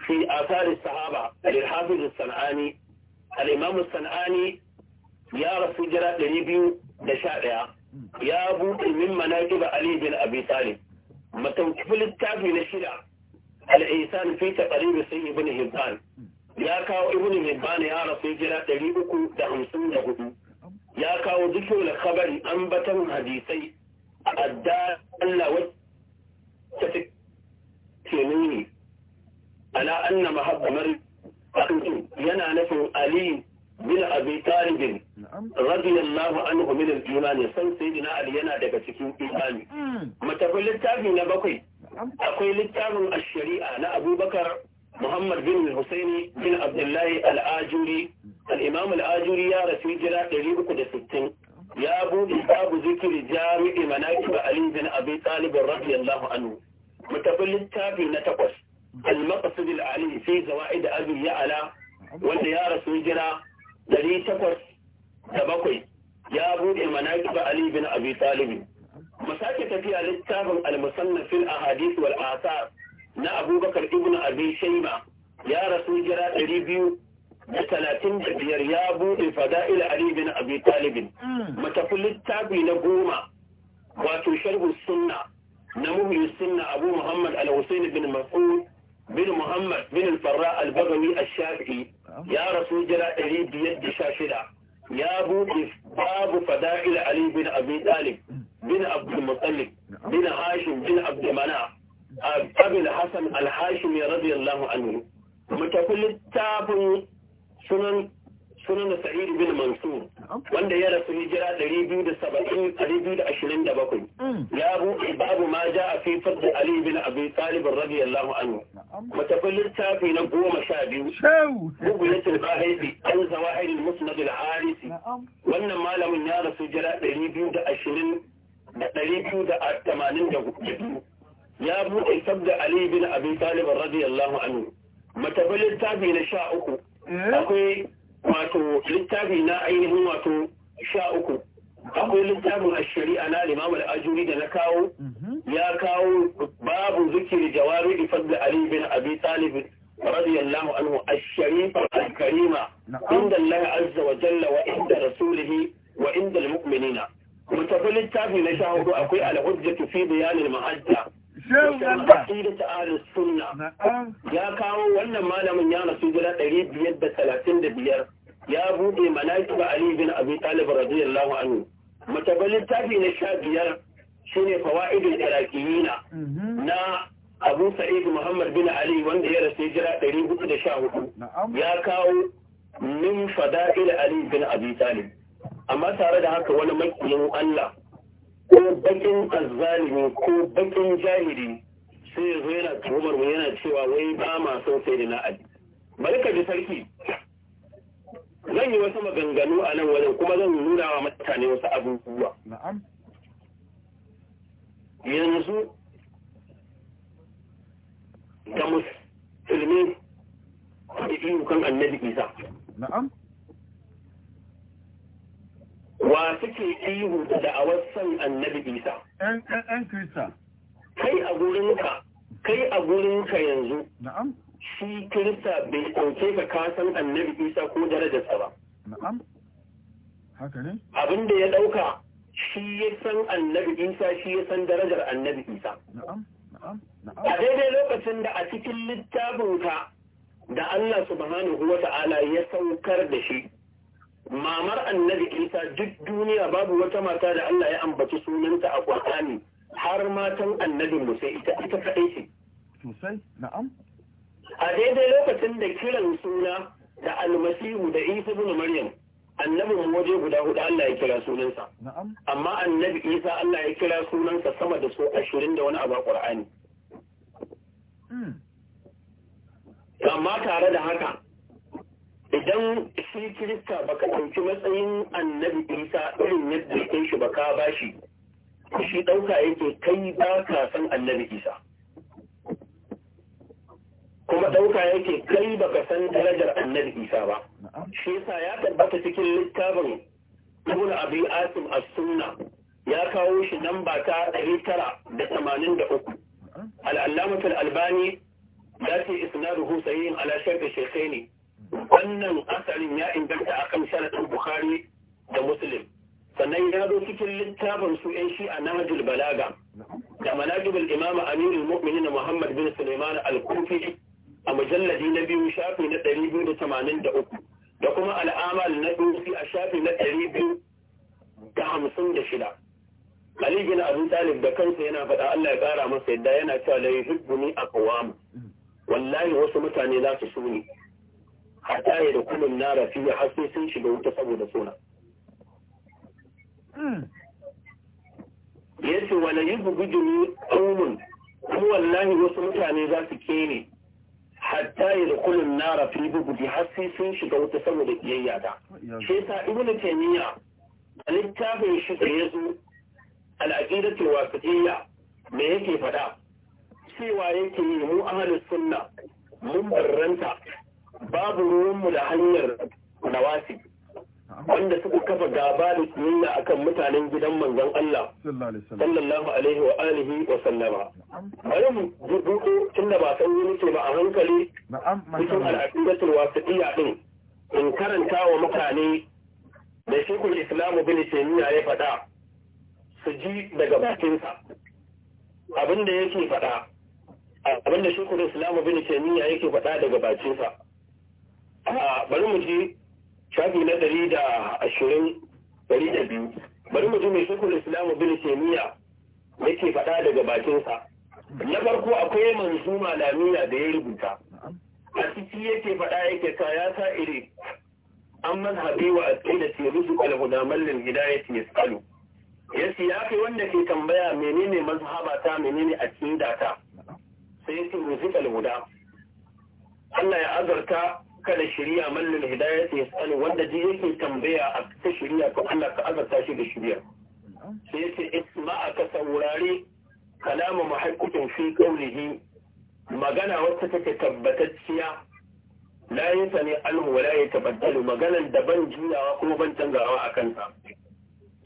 fi asar sahaba al-hafiz sanani al-imam sanani ya rasu jira ɗari biyu da sha ɗaya ya buɗe min manaqib ali bin abi talib matafalin tafi na shida al-ihsan fi taqrib sayyid ibn hibban ya kawo ibnu bani ya rasu jira ɗari uku da hamsin da ya kawo dukkan khabari kabari ambatan hadisai a adda Allah wacce ke nuni ala anna mahabbamar yana nufin ali bin abi talib radiyallahu anhu min al-iman san sayyidina ali yana daga cikin imani matafin hmm. littafi na bakwai akwai littafin ash-shari'a na abubakar Muhammad bin Husaini bin Abdullahi al al-Imam al-Ajuri ya rasu hijira 360 ya buɗe babu zikiri jami'i manaqib Ali bin Abi Talib radiyallahu anhu mutafil littafi na takwas al-maqsid al-ali fi zawaid abi ya'la wanda ya rasu hijira 807 ya bude manaqib Ali bin Abi Talib mu sake tafiya littafin al-musannaf ahadith wal Asar. na abubakar ibn abi shaima ya rasu jira ɗari biyu da talatin da biyar ya buɗe fada'il ali bin abi talibin hmm. matafi littafi na goma wato sharhu sunna na muhyi sunna abu muhammad al-husayn bin mas'ud bin muhammad bin al-farra al-baghawi al-shafi'i ya rasu jira ɗari biyar da sha shida ya buɗe babu fada'il ali bin abi talib bin abdul muttalib bin hashim bin abdul manaf abin hassan alhashimi radiyallahu anhu mutafi littafin sunan sunan da sa'id bin mansur wanda ya rasu hijira 227 mm. ya buɗe babu ma ja a fi fadda ali bin abu talib radiyallahu anhu mutafi littafi na goma sha biyu bugu ya tilba haifi an zawa harin musnad al-harisi wannan malamin ya rasu hijira 220 da ya buɗe sabda Ali bin Abi Talib radiyallahu anhu matabar littafi na sha uku eh? akwai wato littafi na ainihin wato sha uku akwai littafin shari'a na limamul ajuri da na kawo mhm. ya kawo babu zikiri jawari da fadda ali bin abi talib radiyallahu anhu ash-sharifa al-karima inda Allah azza wa jalla wa inda rasulih wa inda al-mu'minina mutafi littafi na sha hudu akwai al-hujjatu fi bayan al-mahajja aqida sunna ya kawo wannan malamin ya rasu guda ɗari biyar da talatin da biyar ya buɗe manaqib ali bin abi talib radiyallahu anhu matabalin tafi na sha biyar shine fawaidul iraqiyina mhm. na abu sa'id muhammad bin ali wanda ya rasu jira ɗari hudu da sha hudu ya kawo min fada'il ali bin abi talib amma tare da haka wani makiyin allah ko bakin azzalimi ko bakin jahili sai ya zo yana tuhumar mu yana cewa wai ba ma son sai da na'adi bari ka ji sarki zan yi wasu maganganu a nan wajen kuma zan nuna wa mutane wasu abubuwa yanzu ga musulmi da yukan annabi isa na'am wa suke ihu da da'awar son annabi isa ɗan krista kai a gurinka kai a gurinka yanzu shi kirista bai ɗauke ka kasan annabi isa ko darajarsa ba na'am haka ne abin da ya ɗauka shi ya san annabi isa shi ya san darajar annabi isa na'am na'am a daidai lokacin da a cikin littafinka da Allah subhanahu wa ta'ala ya saukar da shi mamar annabi isa duk duniya babu wata mata da Allah ya ambaci sunanta a Qur'ani har matan annabi sai ita ita kadai ce sosai na'am a daidai lokacin da kiran suna da almasihu da isa ibn maryam annabi mu waje guda hudu Allah ya kira sunansa na'am amma annabi isa Allah ya kira sunansa sama da so 20 da wani abu a Qur'ani hmm. amma tare da haka idan shi kirista baka ɗauki matsayin annabi isa irin yadda ya shi baka ba shi shi ɗauka yake kai ba ka san annabi isa kuma ɗauka yake kai baka san darajar annabi isa ba shi yasa ya tabbata cikin littafin ibn abi asim as-sunna ya kawo shi namba ta ɗari tara da tamanin da uku al'allamatul albani ya ce isnaduhu sahihin ala shartu shaykhaini wannan asalin ya inganta a kan sharaɗin bukhari da muslim sannan ya zo cikin littafin su yan shi a nahajul balaga da manajibul imama amirul mu'minin muhammad bin suleiman al-kufi a mujalladi na biyu shafi na ɗari biyu da tamanin da uku da kuma al'amal na dosi a shafi na ɗari biyu da hamsin da shida Ali bin Abu Talib da kansa yana faɗa Allah ya ƙara masa yadda yana cewa la yuhibbuni aqwam wallahi wasu mutane za su so ni hatta ya da kullum na rafiya har sai sun shiga wuta saboda suna Ya hmm. ce yace wala yubghiduni qaumun kuma wallahi wasu mutane za su kene hatta yadkhulu an-nar fi bughdi har sai sun shiga wuta saboda kiyayya ta sai sa ibnu taymiya a littafin shi da yazo al-aqidatu wasatiyya me yake fada cewa yake mu ahlus sunna mun barranta babu ruwanmu da hanyar nawasi wanda suka kafa gaba da a akan mutanen gidan manzon Allah sallallahu alaihi wa alihi wa sallama bari mu duko tunda ba san wani ce ba a hankali cikin wasu iya din in karanta wa mutane da shekul islamu bin taymiya ya faɗa su ji daga bakinsa abinda yake faɗa abinda shekul islamu bin taymiya yake faɗa daga bakinsa bari mu je shafi na ɗari da ashirin ɗari da biyu bari mu ji mai shukul islamu bin taimiyya yake faɗa daga bakinsa na farko akwai manzuma lamiya da ya rubuta a ciki yake faɗa yake ta ya sa iri an manhabi wa askai da tirusu alhudamar lil hidayat yasalu yace ya kai wanda ke tambaya menene mazhaba ta menene a cikin data sai yace rusul alhuda Allah ya azarta Kada shirya mallin Hidaya ya sani wanda ji yake tambaya a ta shirya to Allah ka azarta shi da shirya. sai yace isma'a ka saurari kalama muhaqqiqin fi qawlihi magana wacce take tabbatacciya la yasani alhu wa la yatabaddalu maganan da ban juyawa kuma ban canzawa a kansa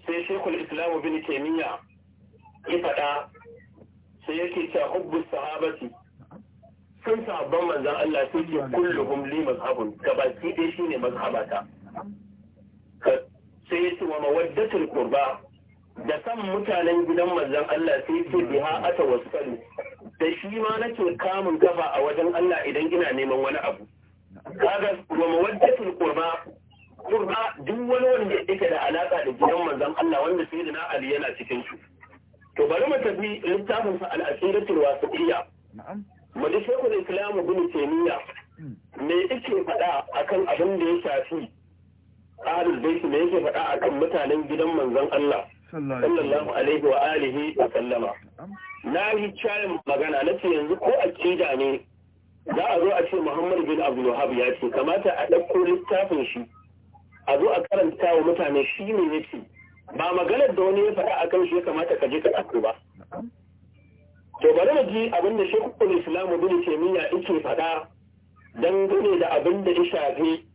sai shekul islamu bin taimiyya ya faɗa sai yake cewa hubbu sahabati sun sabon manzan Allah sai yi kulluhum li mazhabun gabaki ɗaya shine mazhabata sai ya ce wa mawaddatul da san mutanen gidan manzan Allah sai ce biha ata wasalu da shi ma nake kamun kafa a wajen Allah idan ina neman wani abu kaga wa mawaddatul qurba qurba duk wani wanda yake da alaka da gidan manzan Allah wanda sayyidina Ali yana cikin su to bari mu tafi littafin sa al-asiratul iya. Mali Shekul Islam Ibn taimiyya. me yake faɗa akan abin da ya shafi ahlul bait me yake faɗa akan mutanen gidan manzon Allah sallallahu alaihi wa alihi wa sallama na yi cayin magana na ce yanzu ko a akida ne za a zo a ce Muhammad bin Abdul ya ce kamata a ɗauko littafin shi a zo a karanta wa mutane shi ne ya ce ba maganar da wani ya faɗa akan shi ya kamata ka je ka ɗauko ba to bari mu ji abin da shekul islamu bin taimiyya yake faɗa dangane da abin da ya shafi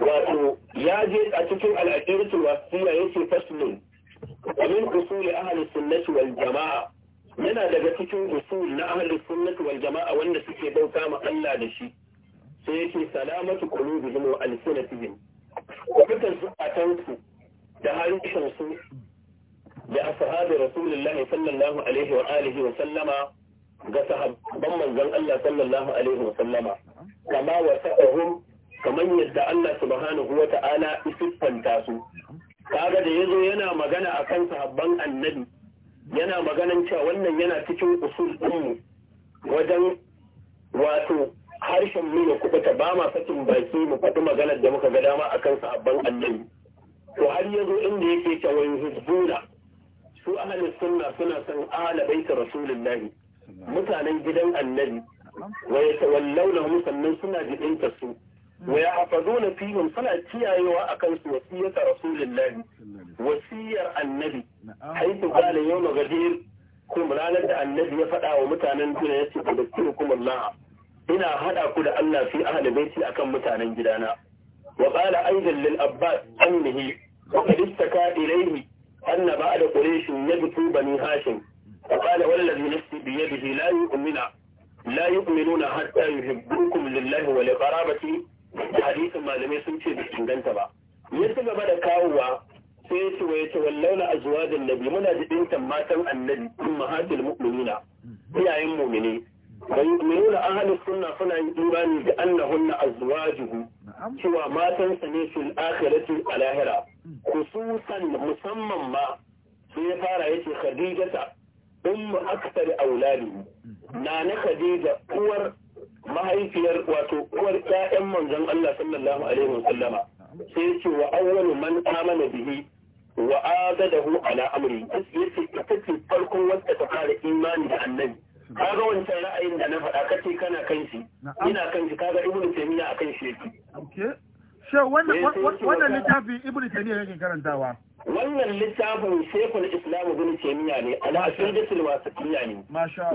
wato ya je a cikin al'adiratul wasiya yake ce wa min usuli ahli sunnati wal jama'a yana daga cikin usul na ahli sunnati wal jama'a wanda suke bauta ma Allah da shi sai yake salamatu qulubihim wa alsinatihim kubutan zukatansu da harshen su da ashabi rasulullahi sallallahu alaihi wa alihi wa sallama ga sahabban manzon Allah sallallahu alaihi wa sallama kama wasa'ahum kamar yadda Allah subhanahu wa ta'ala isiffanta su kaga da yazo yana magana akan sahabban annabi yana maganan cewa wannan yana cikin usul ɗinmu wajen wato harshen mu ya ta bama sakin baki mu faɗi maganar da muka ga dama akan sahabban annabi to har yazo inda yake cewa hizbuna su ahalin sunna suna son ala baita rasulullahi mutanen gidan annabi wa yatawallawna sannan suna jibinta su wa yahfazuna fihim suna kiyayewa akan su wasiyata rasulullahi wasiyar annabi haythu qala yawma ghadir kuma ranar da annabi ya faɗa wa mutanen duniya ya ce ku da Allah ina haɗa ku da Allah fi ahli baiti akan mutanen gidana wa qala aidan lil abbas annahi wa qad istaka ilayhi أن بعد قريش يبكوا بني هاشم فقال والذي نفسي بيده لا يؤمن لا يؤمنون حتى يحبوكم لله ولقرابتي حديث ما لم يسمى بإنجنت با يرتبى بدا كاوة سيسي ويتولون أزواج النبي منا جدين تماتا النبي أمهات المؤمنين هي المؤمنين kai me yi da ahalin suna suna yin imani da annahun na azuwajihu cewa matan sa ne su akhiratu alahira khususan musamman ma sai ya fara yace khadijata ummu akthar auladi na na khadija uwar mahaifiyar wato uwar ƴaƴan manzon Allah sallallahu alaihi wasallama sai yace wa awwalu man amana bihi wa adadahu ala amri yace ita ce farkon wanda ta fara imani da annabi Ka ga wancan ra'ayin da na faɗa ka ce kana kan shi ina kan shi kaga ibnu taymiya akan shi yake okay shin wannan littafin ibnu taymiya yake karantawa wannan littafin shekul islam ibn taymiya ne ala asirjatul wasatiyya ne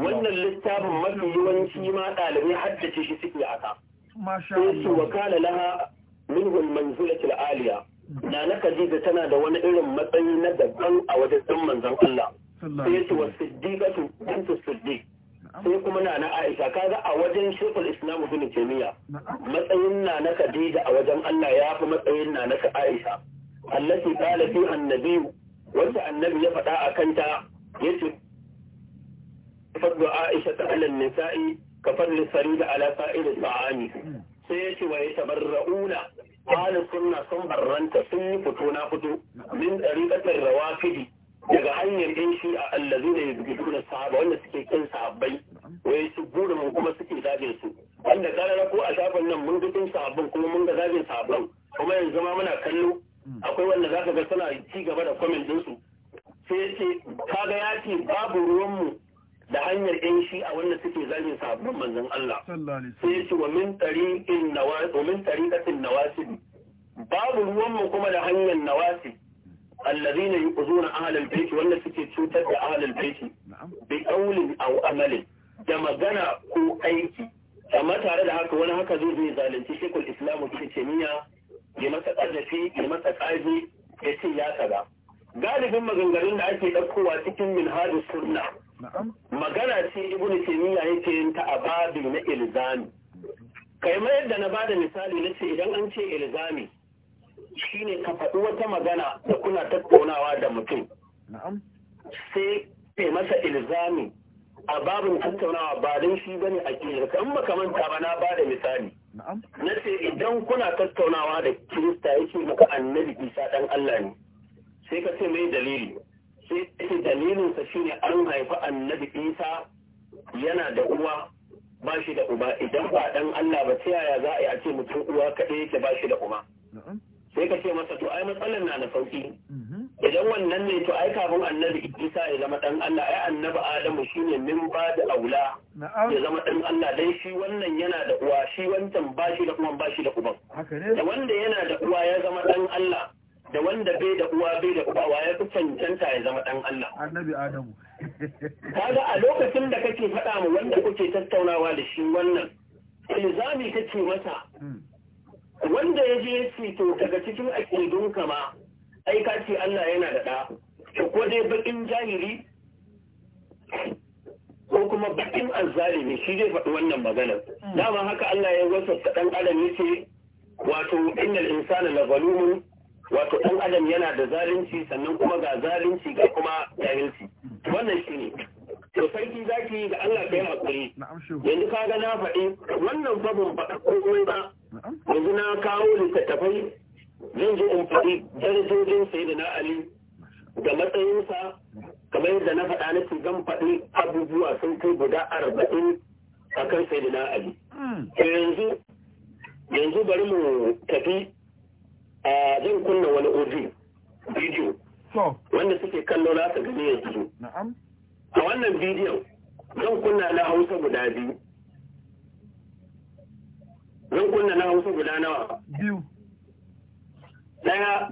wannan littafin mafi yawanci ma dalibai haddace shi suke aka masha Allah su wakala laha minhu al-manzilatul aliya na na Khadija tana da wani irin matsayi na daban a wajen manzon Allah sai su wasiddiqatu su siddiq sai kuma na na aisha kaga a wajen shekul islam ibn taymiya matsayin na na khadija a wajen Allah ya fi matsayin na na aisha allati qala fi annabi wanda annabi ya faɗa a kanta yace fadlu aisha ta ala nisa'i ka fadli sarida ala sa'ir ta'ami sai yace wa yatabarrauna ahli sunna sun barranta sun yi fito na fito min dariqatir rawafidi daga hanyar yan shi a allazi ne da sahaba wanda suke kin sahabbai wai su gura mu kuma suke zagin su wanda karara ko a shafin nan mun ga kin sahabban kuma mun ga zagin sahabban kuma yanzu zama muna kallo akwai wanda zaka ga suna ci gaba da comment din su sai ya ce kaga ya ce babu ruwan mu da hanyar yan shi a wanda suke zagin sahabban manzon Allah sai ya ce wa min tariqin nawas wa min tariqatin nawasib babu ruwan mu kuma da hanyar nawasi alladhina yuqzuna ahlal bait wanda suke cutar da ahlal bait bi qawlin amalin da magana ko aiki amma tare da haka wani haka zo zai zalunci shekul islamu ke ce ya masa ƙarfi ya ce ya kaza galibin maganganun da ake ɗaukowa cikin minhajus sunna magana ce ibn taymiya yake yin ta a babi na ilzami kai ma yadda na bada misali na ce idan an ce ilzami shine ka faɗi wata magana da kuna tattaunawa da mutum sai kai masa ilzami a babin tattaunawa ba don shi ba bane a kirka in baka manta ba na ba da misali na ce idan kuna tattaunawa da kirista yake maka annabi isa dan Allah ne sai ka ce mai dalili sai ce dalilinsa shine an haifi annabi isa yana da uwa ba shi da uba idan ba dan Allah ba ta yaya za a yi a ce mutum uwa kaɗai yake ba shi da uba sai ka ce masa to ai matsalar na da sauki mm-hmm. idan wannan ne to ai kafin annabi isa ya zama dan Allah ai annabi adamu shine min ba da aula ya zama dan Allah dai shi wannan yana da uwa shi wancan ba shi da kuma ba shi da uba da wanda yana da uwa ya zama dan Allah da wanda bai da uwa bai da uba wa ya fi cancanta ya zama dan Allah annabi adamu kaga a lokacin da kake faɗa mu wanda kuke tattaunawa da shi wannan ilzami kace masa mm. wanda ya je ce to daga cikin aƙidun kama ai ka ce Allah yana da ɗa ko dai bakin jahili ko kuma bakin azzalimi shi zai faɗi wannan maganar hmm. dama haka Allah ya wasafta ɗan adam yace wato innal insana la zalumun wato ɗan adam yana da zalunci sannan kuma ga zalunci ga kuma jahilci wannan shine to sarki yi da Allah ka kai hakuri yanzu ga na faɗi wannan fa ban faɗa komai ba yanzu na kawo littattafai zan je in faɗi darajojin na Ali da matsayinsa kamar yadda na faɗa na ce zan faɗi abubuwa sun kai guda arba'in a kan na Ali hmm. yanzu yanzu bari mu tafi a zan kunna wani audio bidiyo wanda suke kallo na su gani yanzu a wannan bidiyon zan kunna na hausa guda biyu zan kunna na hausa guda nawa biyu daya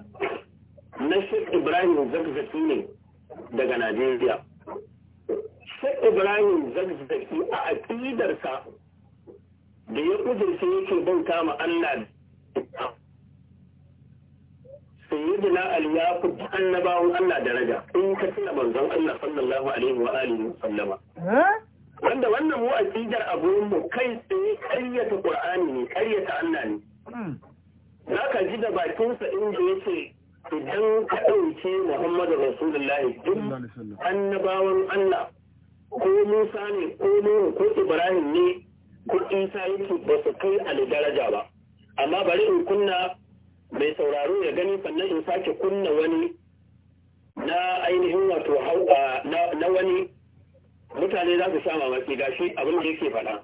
na shek Ibrahim zagzaki ne daga Najeriya shek Ibrahim zagzaki a akidarsa da ya kudurce yake bauta ma Allah sayyidina ali ya fi annabawan Allah daraja in ka tuna manzon Allah sallallahu alaihi wa alihi sallama wanda wannan mu aqidar abun mu kai tsaye karyata qur'ani ne karyata Allah ne hmm. zaka ji da bakinsa inda yake idan ka dauke Muhammadu Rasulullahi duk annabawan Allah ko Musa ne ko Nuhu ko Ibrahim ne ko Isa yake ba su kai ali daraja ba amma bari in kunna mai sauraro ya gani sannan in sake kunna wani na ainihin wato hauka na wani mutane za su sha mamaki ga shi abin da yake faɗa.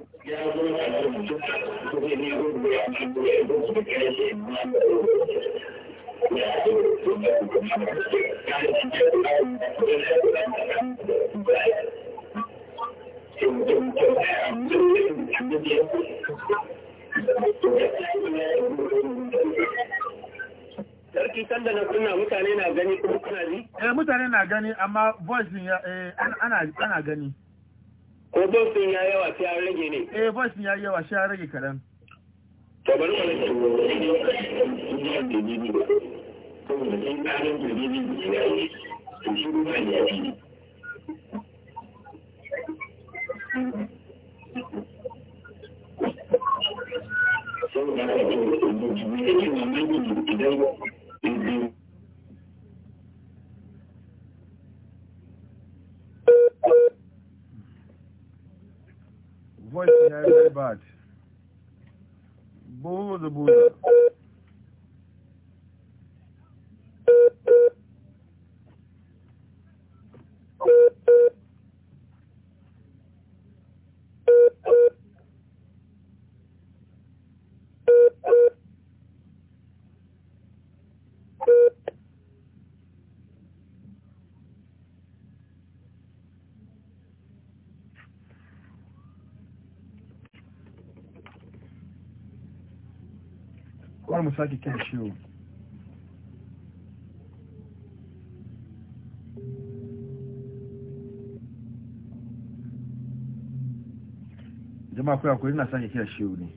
Thank you. Sarki sanda na kunna mutane na gani kuma kuna ji? Eh mutane na gani amma voice din ya eh ana ana gani. Ko voice din ya yawa sai ya rage ne? Eh voice din ya yawa sai ya rage kadan. To bari mu rage. Thank you. Vojte, everybody. Bouzou, bouzou. Bouzou. sake kira ciwo jama'a kuwa kuwa yana sake kira ciwo ne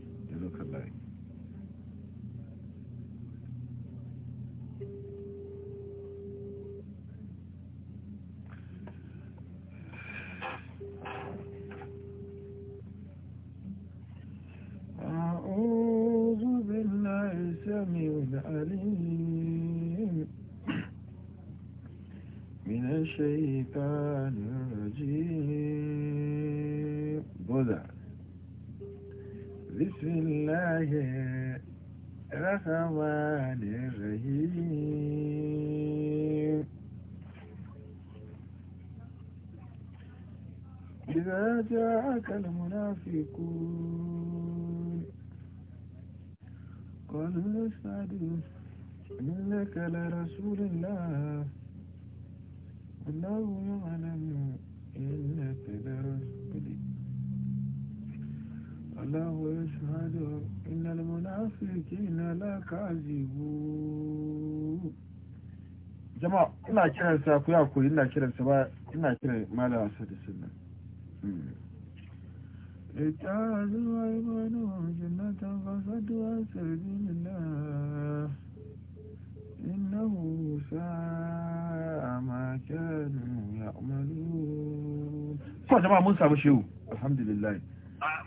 ina kiransa ku ya kuri ina kiransa ba ina kiran malama sa da sunna اتعذوا عبادهم جنة فسدوا سبيل الله إنه ساء ما كانوا يعملون ko jama'a mun samu shehu alhamdulillah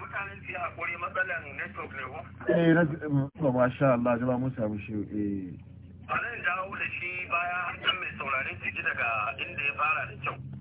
mutanen su yi hakuri matsalan network ne ko eh na masha Allah jama'a mun samu shehu eh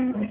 Mm.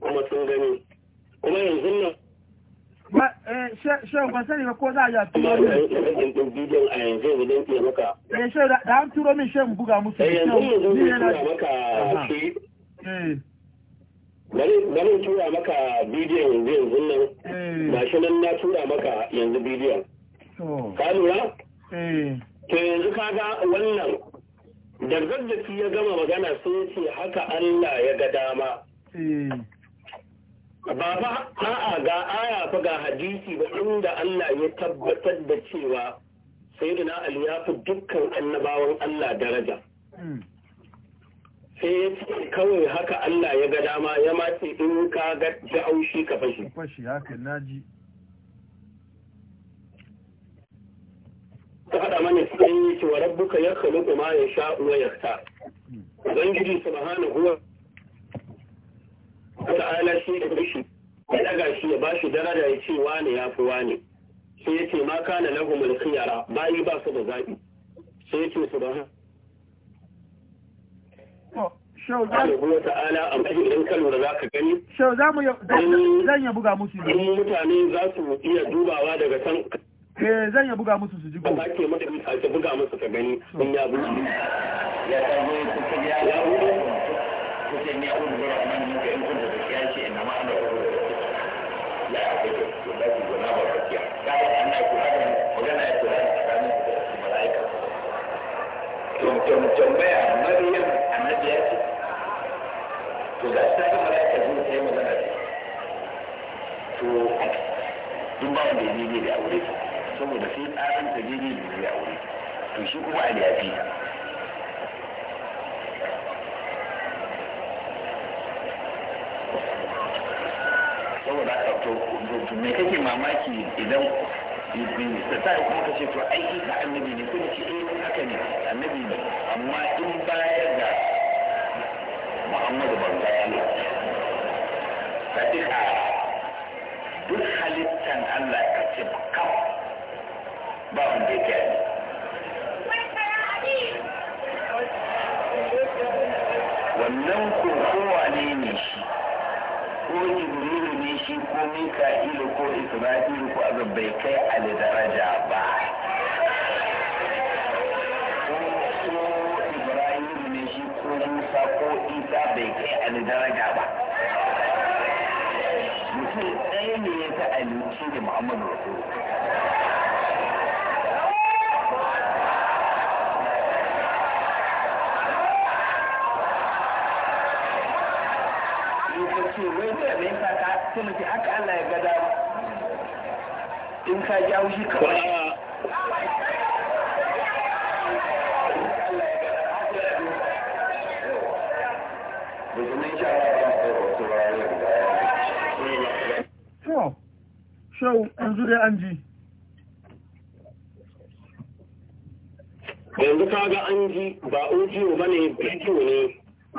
kuma sun gani kuma yanzu nan ba eh shehu ban sani ba ko za a yi a turo min bidiyon a yanzu idan ke maka eh shehu da an turo min shehu buga musu eh yanzu yanzu zai tura maka shi eh. bari tura maka bidiyon yanzu yanzu nan ba eh. shi nan na tura maka yanzu bidiyon ka lura eh. to yanzu kaga wannan da zazzafi ya gama magana sun ce haka Allah ya ga dama ba ba a'a ga aya fa ga hadisi ba inda Allah ya tabbatar da cewa sayyidina Ali ya fi dukkan annabawan Allah daraja sai ya ce kawai haka Allah ya ga dama ya mace in ka ga aushi ka fashi fashi haka naji ta faɗa mana cikin yi ce wa rabbuka ya ya ma Zan wa su hmm. ubangiji subhanahu wa ta'ala shi da shi ya daga shi ya bashi daraja ya ce wane ya fi wane sai ya ce ma kana mulki yara bayi ba su da zaɓi sai ya ce su ba Shau za mu ta'ala a mafi idan ka za ka gani. Shau za mu zan ya buga musu. In mutane za su iya dubawa daga can. Eh zan ya buga musu su ji ko. Ba ke mata a buga musu ka gani in ya buga. Ya kusan ya kuma zara nan muka in kunta da kiyashi ina ma ana kuma da la a kai to da ku gona ba kiya da ana kula da magana ya kula da tsakanin da malaika to mutum tambaya maryam ce to ga shi ta malaika zuwa ta yi magana da to duk ba wanda ya ne da aure saboda sai tsarin ta ne da aure to shi kuma a da ya ta saboda haka to me kake mamaki idan da ta yi kuma kace to aiki isa annabi ne kuma ce eh haka ne annabi ne amma in baya da muhammadu ban baya ne ka ci ka duk halittan allah ka ce kam ba wanda ya kai ko ilu ko isra'ilu ko azab bai kai daraja ba ko ibrahimu ne shi ko musa ko isa bai kai Ali daraja ba mutum ɗaya ne ya ta alici da muhammadu rasulullah so haka Allah ya gada in ka ji haushi shau, yanzu dai an ji. yanzu ka ga an ji ba ujiyo ba ne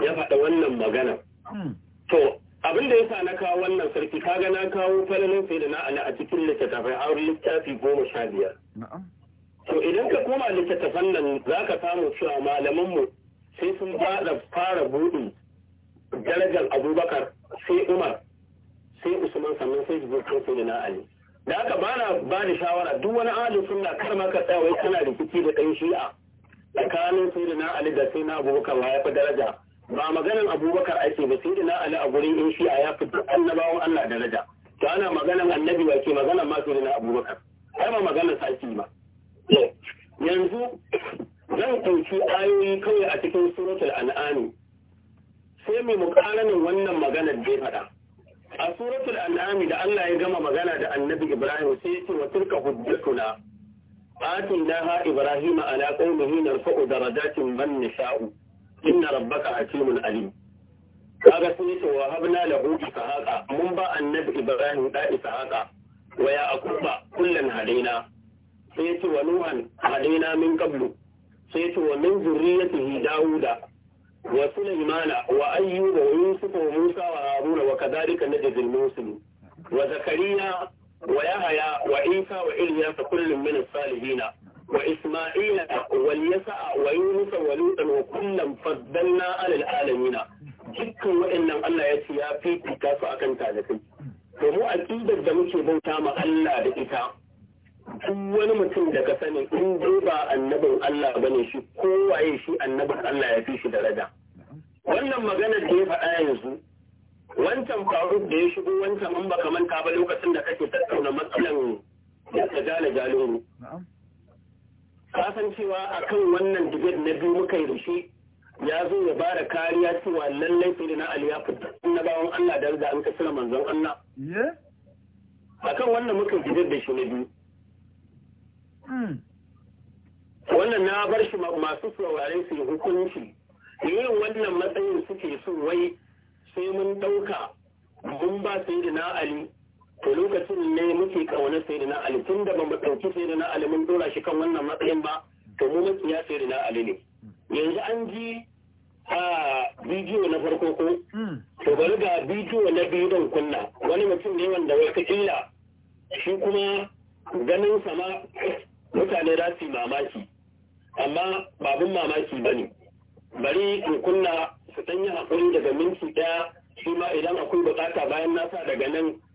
ya faɗa wannan magana. Hmm. To, abin da yasa na kawo wannan sarki ka ga na kawo falalin sai da na ala a cikin littattafai wurin littafi goma sha biyar to idan ka koma littattafan nan za ka samu cewa mu sai sun fara fara buɗe darajar abubakar sai umar sai usman sannan sai zuwa kan sai da na ali da haka ba na ba da shawara duk wani ahalin suna kar ma ka tsaya wai kana rikici da ɗan shi'a tsakanin sai da na ali da sai na abubakar ya fi daraja ba maganan abubakar ake ba sai na ali a gurin in shi a ya fito annabawan allah daraja to ana maganan annabi ba ke maganan ma sai na abubakar ai ba maganan sa ake ba yanzu zan ɗauki ayoyi kawai a cikin suratul an'ami sai mai mukaranin wannan maganar bai faɗa a suratul an'ami da Allah ya gama magana da annabi Ibrahim sai ya ce wa tilka hujjatuna atin laha Ibrahim ala qaumihi narfa'u darajatin man nisha'u inna rabbaka hakimun alim kaga sai ce wa habna lahu ishaqa mun ba annabi ibrahim da ishaqa wa yaquba kullan hadaina sai yace wa nuhan hadaina min qablu sai yace wa min zurriyyatihi dauda wa sulaymana wa ayyuba wa yusufa wa musa wa haruna wa kadhalika najzil muslimin wa zakariya wa yahya wa isa wa ilyas kullun min as-salihin Wa وإسماعيل واليسع ويونس ولوطا وكلا فضلنا على العالمين ya وإن الله يتيا في تكاس أكن تالكم ومو أكيد da muke bauta ma Allah da ita duk wani mutum da ka sani in dai ba annabin Allah bane shi kowaye shi annabin Allah ya fi shi daraja wannan maganar da ya faɗa yanzu wancan faruk da ya shigo wancan in baka ba lokacin da kake tattauna matsalan da ka jale jaluru kasancewa a kan wannan digir na biyu muka yi da shi ya zo ya ba da kariya cewa lallai sai na Ali ya na annabawan Allah da da an kasira manzon Allah. A kan wannan muka digir da shi na biyu. Hmm. Wannan na bar shi masu saurare su yi hukunci. Yin wannan matsayin suke so wai sai mun ɗauka mun ba sai na Ali to lokacin ne muke kauna sai da na ali tun da ba mu ɗauki sai da na ali mun dora shi kan wannan matsayin ba to mu makiya sai da na ali ne yanzu an ji a bidiyo na farko ko hmm. to bari ga bidiyo na biyu don kunna wani mutum ne wanda ka illa shi kuma ganin sama mutane za su mamaki amma babun mamaki ba ne bari in kunna su ɗanyi haƙuri daga minti ɗaya shi ma idan akwai buƙata bayan nasa daga nan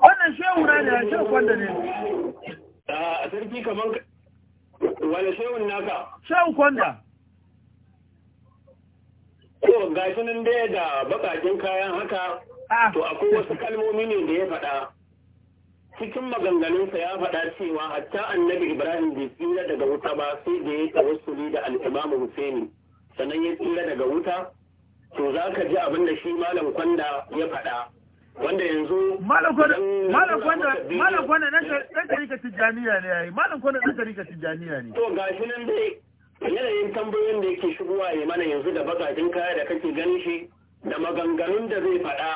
wannan shehu na ne shehu kwanda ne a sarki kamar wani shehun naka shehu kwanda to ga shi nan dai da bakakin kayan haka ah. to akwai wasu kalmomi ne da ya faɗa cikin maganganunsa ya faɗa cewa hatta annabi ibrahim bai tsira daga wuta ba sai da ya tawassuli da al'imamu husaini sannan ya tsira daga wuta to za ka ji abin da shi malam kwanda ya faɗa wanda yanzu malam kwanda malam kwanda na tarika tijjaniya ne yayi malam kwanda na tarika tijjaniya ne to gashi nan dai yanayin tambayoyin da yake shigowa ya mana yanzu da bakakin kaya da kake ganin shi da maganganun da zai faɗa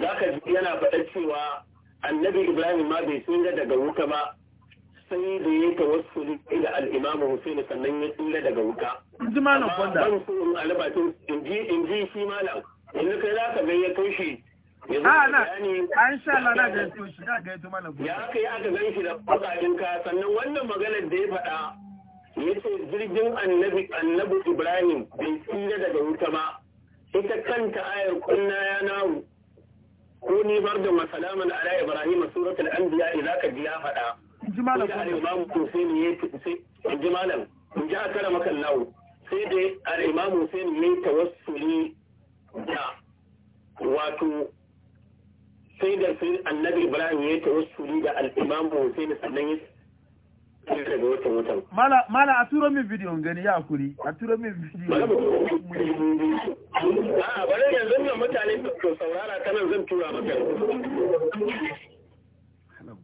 za ka ji yana faɗa cewa annabi ibrahim ma bai tsinga daga wuta ba sai da ya tawassuli da al-Imam Hussein sannan ya tsira daga wuta in malam kwanda ban so in albatin in ji in ji shi malam yanzu kai za ka ga ya kai a ah, na an ah, sha Allah na ga shi na ga malam kwanda ya kai aka gan shi da fakarin ka sannan wannan maganar da ya faɗa ya ce jirgin annabi annabi Ibrahim bai tsira daga wuta ba ita kanta ayar kunna ya nawo ko ni bar da masalaman ala Ibrahim suratul anbiya idan ka ji ya faɗa ji malam ya sai ji malam in ji akara makan sai dai al ya tawassuli da wato sai da sai annabi Ibrahim ya tawassuli da al-imamu Husaini sannan ya Mala mala a turo min video gani ya kuri a turo min bidiyon. A bare yanzu nan mutane to saurara ta nan zan tura maka.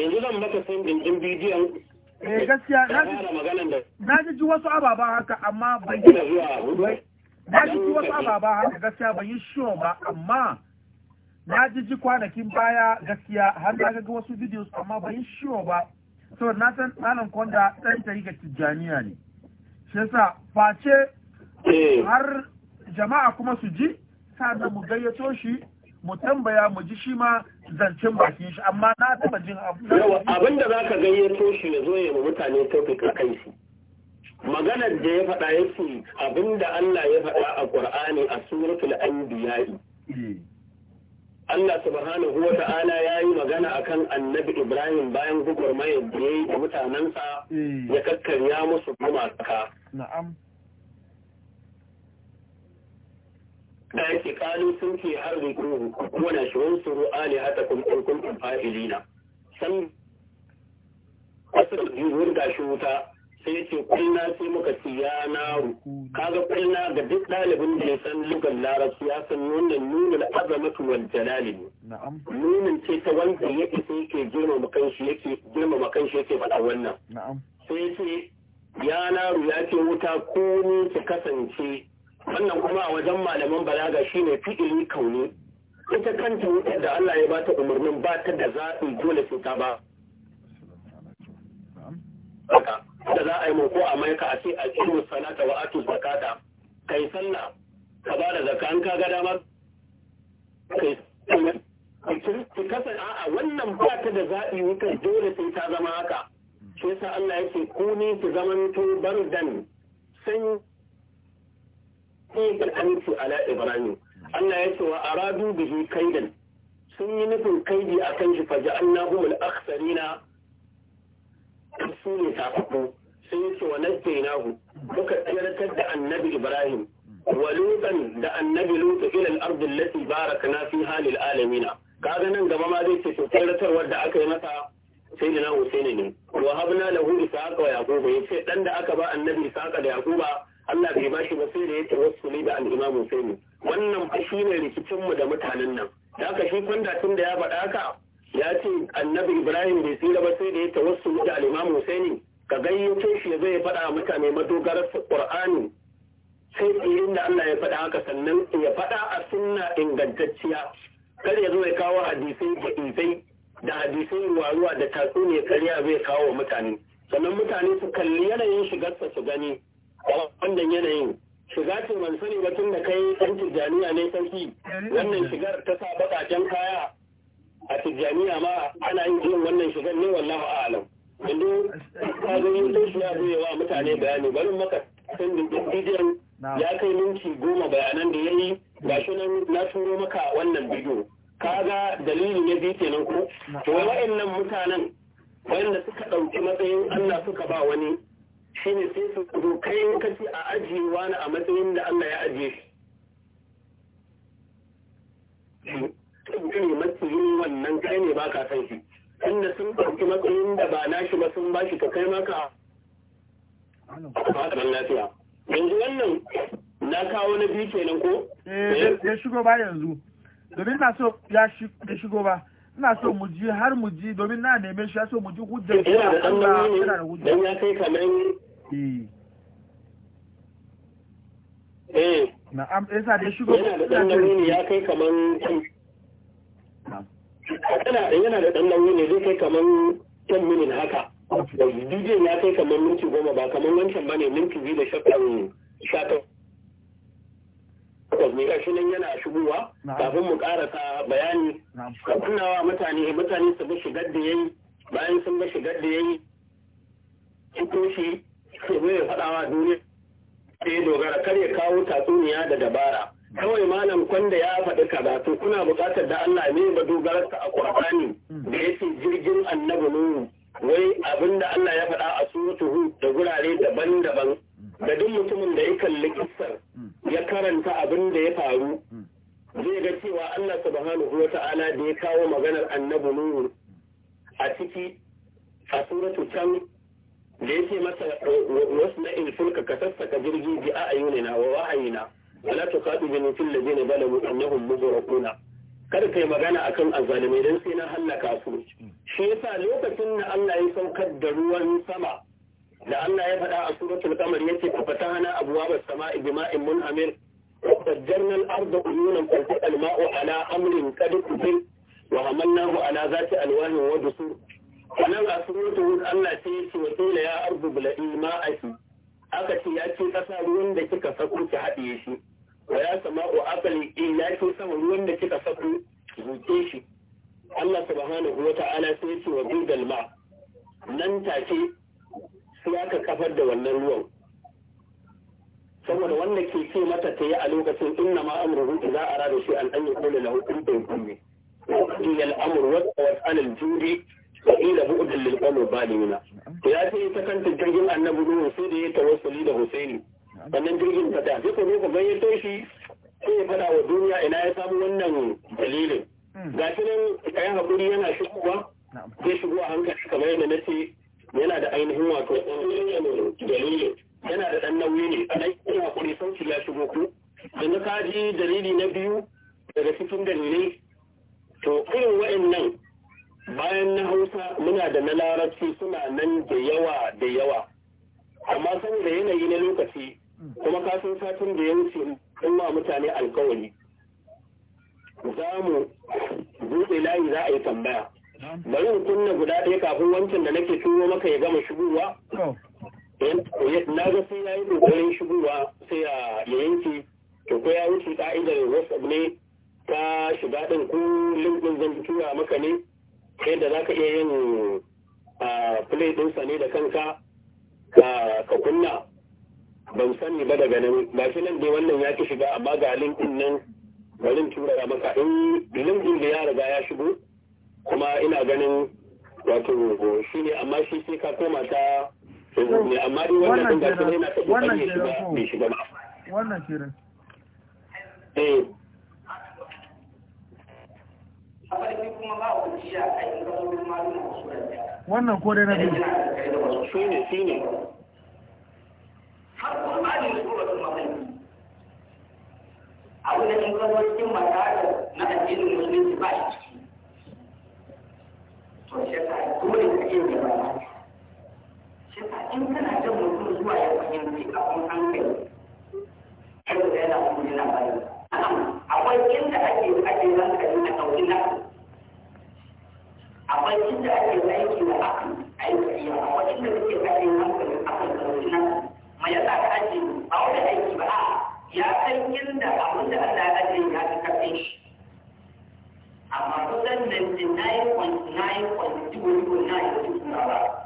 yanzu zan maka san ɗin bidiyon eh gaskiya na ji ji wasu ababa haka amma ban yi na ji wasu ababa haka gaskiya ban yi sure ba amma na ji ji kwanakin baya gaskiya har na ga wasu videos amma ban yi sure ba so na san malam konda dan tari ga tijjaniya ne shi yasa face eh. har jama'a kuma su ji sannan mu gayyato shi mu tambaya mu ji shi ma zancen bakin shi amma na taba jin abu. abin da zaka ga ya toshi ya zo ya ma mutane topic a kai shi maganar da ya faɗa ya ce abin da Allah ya faɗa a Qur'ani a suratul anbiya'i eh. Allah subhanahu wa ta'ala ya yi magana akan annabi Ibrahim bayan gugurmayar da ya yi da mutanensa eh. ya kakkarya musu gumaka. Na'am. da yake kalu sun ke har da kuma na shi wani suru ali hata kun kun fa'ilina san wasu da yiwuwar gashi wuta sai ce kulna sai muka ci ya naru kaga kulna ga duk ɗalibin da ya san lugan larabci ya san nuna nunin azamatu wal jalali ne nunin ce ta wanda yake sai yake girmama kanshi yake girmama kanshi yake faɗa wannan sai ce ya naru ya ce wuta ko ni ki kasance wannan kuma a wajen malaman balaga shine ilmi kauni ita kanta wutar da Allah ya bata umarnin ba ta da zaɓi dole sai ta ba da za a yi mako a ka a ce a kiru sanata wa atu zakata kai sallah ka ba da zaka an kaga dama kai a'a wannan ba ta da zaɓi wutar dole sai ta zama haka shi yasa Allah yake ku ne ku zamanto bardan sanyi kaidar antu ala ibrahim Allah ya ce wa aradu bihi kaidan sun yi nufin kaidi akan shi fa ja'alnahu al-akhsarina su ne sai ya ce wa najjaynahu muka tsayartar da annabi ibrahim wa lutan da annabi lutu ila al baraka allati barakna fiha lil alamin kaga nan gaba ma zai ce to tsirtarwar da aka yi masa sai da na husaini ne wa habna lahu isaqa wa yaquba yace dan da aka ba annabi isaqa da yaquba Allah bai ba shi ba sai da ya da al'imamu sai wannan fa shine rikicin mu da mutanen nan da aka shi kwanda tun da ya faɗa haka ya ce annabi Ibrahim bai tsira ba sai da ya tawassuli da al'imamu sai ne. ka gayyace shi ya zai faɗa mutane madogarar Qur'ani sai tsirin da Allah ya faɗa haka sannan ya faɗa a sunna ingantacciya kada ya zo ya kawo hadisai da isai da hadisai ruwa da tatsuniyar karya zai kawo wa mutane sannan mutane su kalli yanayin shigarsa su gani wannan yanayin shiga ce ban sani ba tun da kai ɗan tijjaniya ne sarki wannan shigar ta sa baƙaƙen kaya a tijjaniya ma ana yin irin wannan shigar ne wallahu a'alam yanzu ka ga yin sun shiga zuwa yawa mutane bayani bari maka sun bidiyon ya kai minti goma bayanan da ya yi ga shi nan na turo maka wannan bidiyo ka ga dalili ne biyu kenan ko to wa'annan mutanen wanda suka ɗauki matsayin Allah suka ba wani shi ne sai su zo kai ka a ajiyewa na a matsayin da Allah ya ajiye shi. Kai ne matsayin wannan kai ne ba ka san shi. inda sun ɗauki matsayin da ba nashi ba sun ba shi ka kai maka ba lafiya. Yanzu wannan na kawo na biyu kenan ko? Eh, ya shigo ba yanzu. Domin na so ya shigo ba. ina so mu ji har mu ji domin na neme shi ya so mu ji hujjar ko da Allah yana da hujja ya kai kamar eh eh na'am yasa eh, da shigo yana da nauyi ya kai kaman yana da dan nauyi ne zai kai kaman 10 minin haka da DJ ya kai kaman minti goma ba kaman wancan ba ne minti biyu da shakan shakan takwas gashi nan yana shigowa kafin mu karasa bayani ka tunawa mutane mutane su bi shigar da yayi bayan sun ga shigar da yayi cikin shi faɗa dogara kar ya kawo tatsuniya da dabara kawai malam kwanda ya faɗi karatu to kuna buƙatar da Allah ne ba dogararsa a Qur'ani da yake jirgin annabi nuhu wai abinda Allah ya faɗa a suratu hu da gurare daban-daban da duk mutumin da ya kalli kissar ya karanta abinda ya faru zai ga cewa Allah subhanahu wa ta'ala da ya kawo maganar annabi nuhu a ciki a suratu can da yake masa wasu na ilfulka ka sassaka jirgi bi a ayyunina wa wa'ayina wala ta kaɗu bin fil ladina zalamu annahum mughraquna kada yi magana akan azalimai dan sai na hallaka su shi yasa lokacin da Allah ya saukar da ruwan sama da Allah ya faɗa a suratul qamar yace fa fatahana abwaabas samaa'i bima'in munhamir وفجرنا الأرض عيونا فالتقى الماء على أمر قد قدر وعملناه على ذات ألوان ودسور Sannan a surutun Allah sai ya ce wa ya arbu bula'i ma'aki. Aka ce ya ce ƙasa ruwan da kika sako ki haɗiye shi. Wa ya sama wa akali eh, ya ce sama ruwan da kika sako zuke shi. Allah subhanahu wa ta'ala sai ya ce wa bidal ma. Nan take sai aka kafar da wannan ruwan. saboda wanda ke ce mata ta yi a lokacin inna ma za idza arada shay'an an yaqula lahu kun da ne wa qila al wa was'al al wakila بؤد lil qawmi يا سيدي تكنت أن نبدو jirgin annabi nuhu da ya da jirgin ta tafi ko ne shi sai ya fada wa duniya ina ya samu wannan dalilin gashi nan kai hakuri yana shigowa zai shigo a hankali kamar yadda na ce yana da ainihin wato dalilin yana da ɗan nauyi ne a ɗan hakuri sauki ya shigo ku yanzu ka dalili na biyu daga cikin dalilai to irin wa'annan bayan na hausa muna da na larabci suna nan da yawa da yawa amma saboda yanayi na lokaci kuma kasan satin da ya wuce ma mutane alkawari za mu buɗe layi za a yi tambaya bari in kunna guda ɗaya kafin wancan da nake turo maka ya gama shigowa na ga sai ya yi ƙoƙarin shigowa sai ya yanki to ko ya wuce ka'idar whatsapp ne ta shiga ɗin ko ɗin zan tura maka ne yadda za ka iya yin play ɗinsa ne da kanka ka kunna ban sani ba daga nan ba shi nan dai wannan ya ki shiga amma ga linkin nan barin tura maka in linkin da ya riga ya shigo kuma ina ganin wato shi ne amma shi sai ka koma ta ne amma dai wannan din ga shi yana ta kokari ya shiga bai shiga ba wannan shirin eh wannan ko dai na biyu shi ne su ne har kuma ne su ba su abu da in cikin na addinin musulunci ba shi ciki to shi dole ka iya ba shi ta in kana jan mutum zuwa ya fahimci abin hankali yau da yana kuma yana bayan akwai inda ake ake hankali a ɗauki na? akwai inda ake aiki da aka aiki a akwai inda suke ake hankali a kan ɗauki nasu mai yasa ka aji A wani aiki ba a ya kai inda abin da Allah ya aje ya fi karfin shi amma kusan 99.9.2.9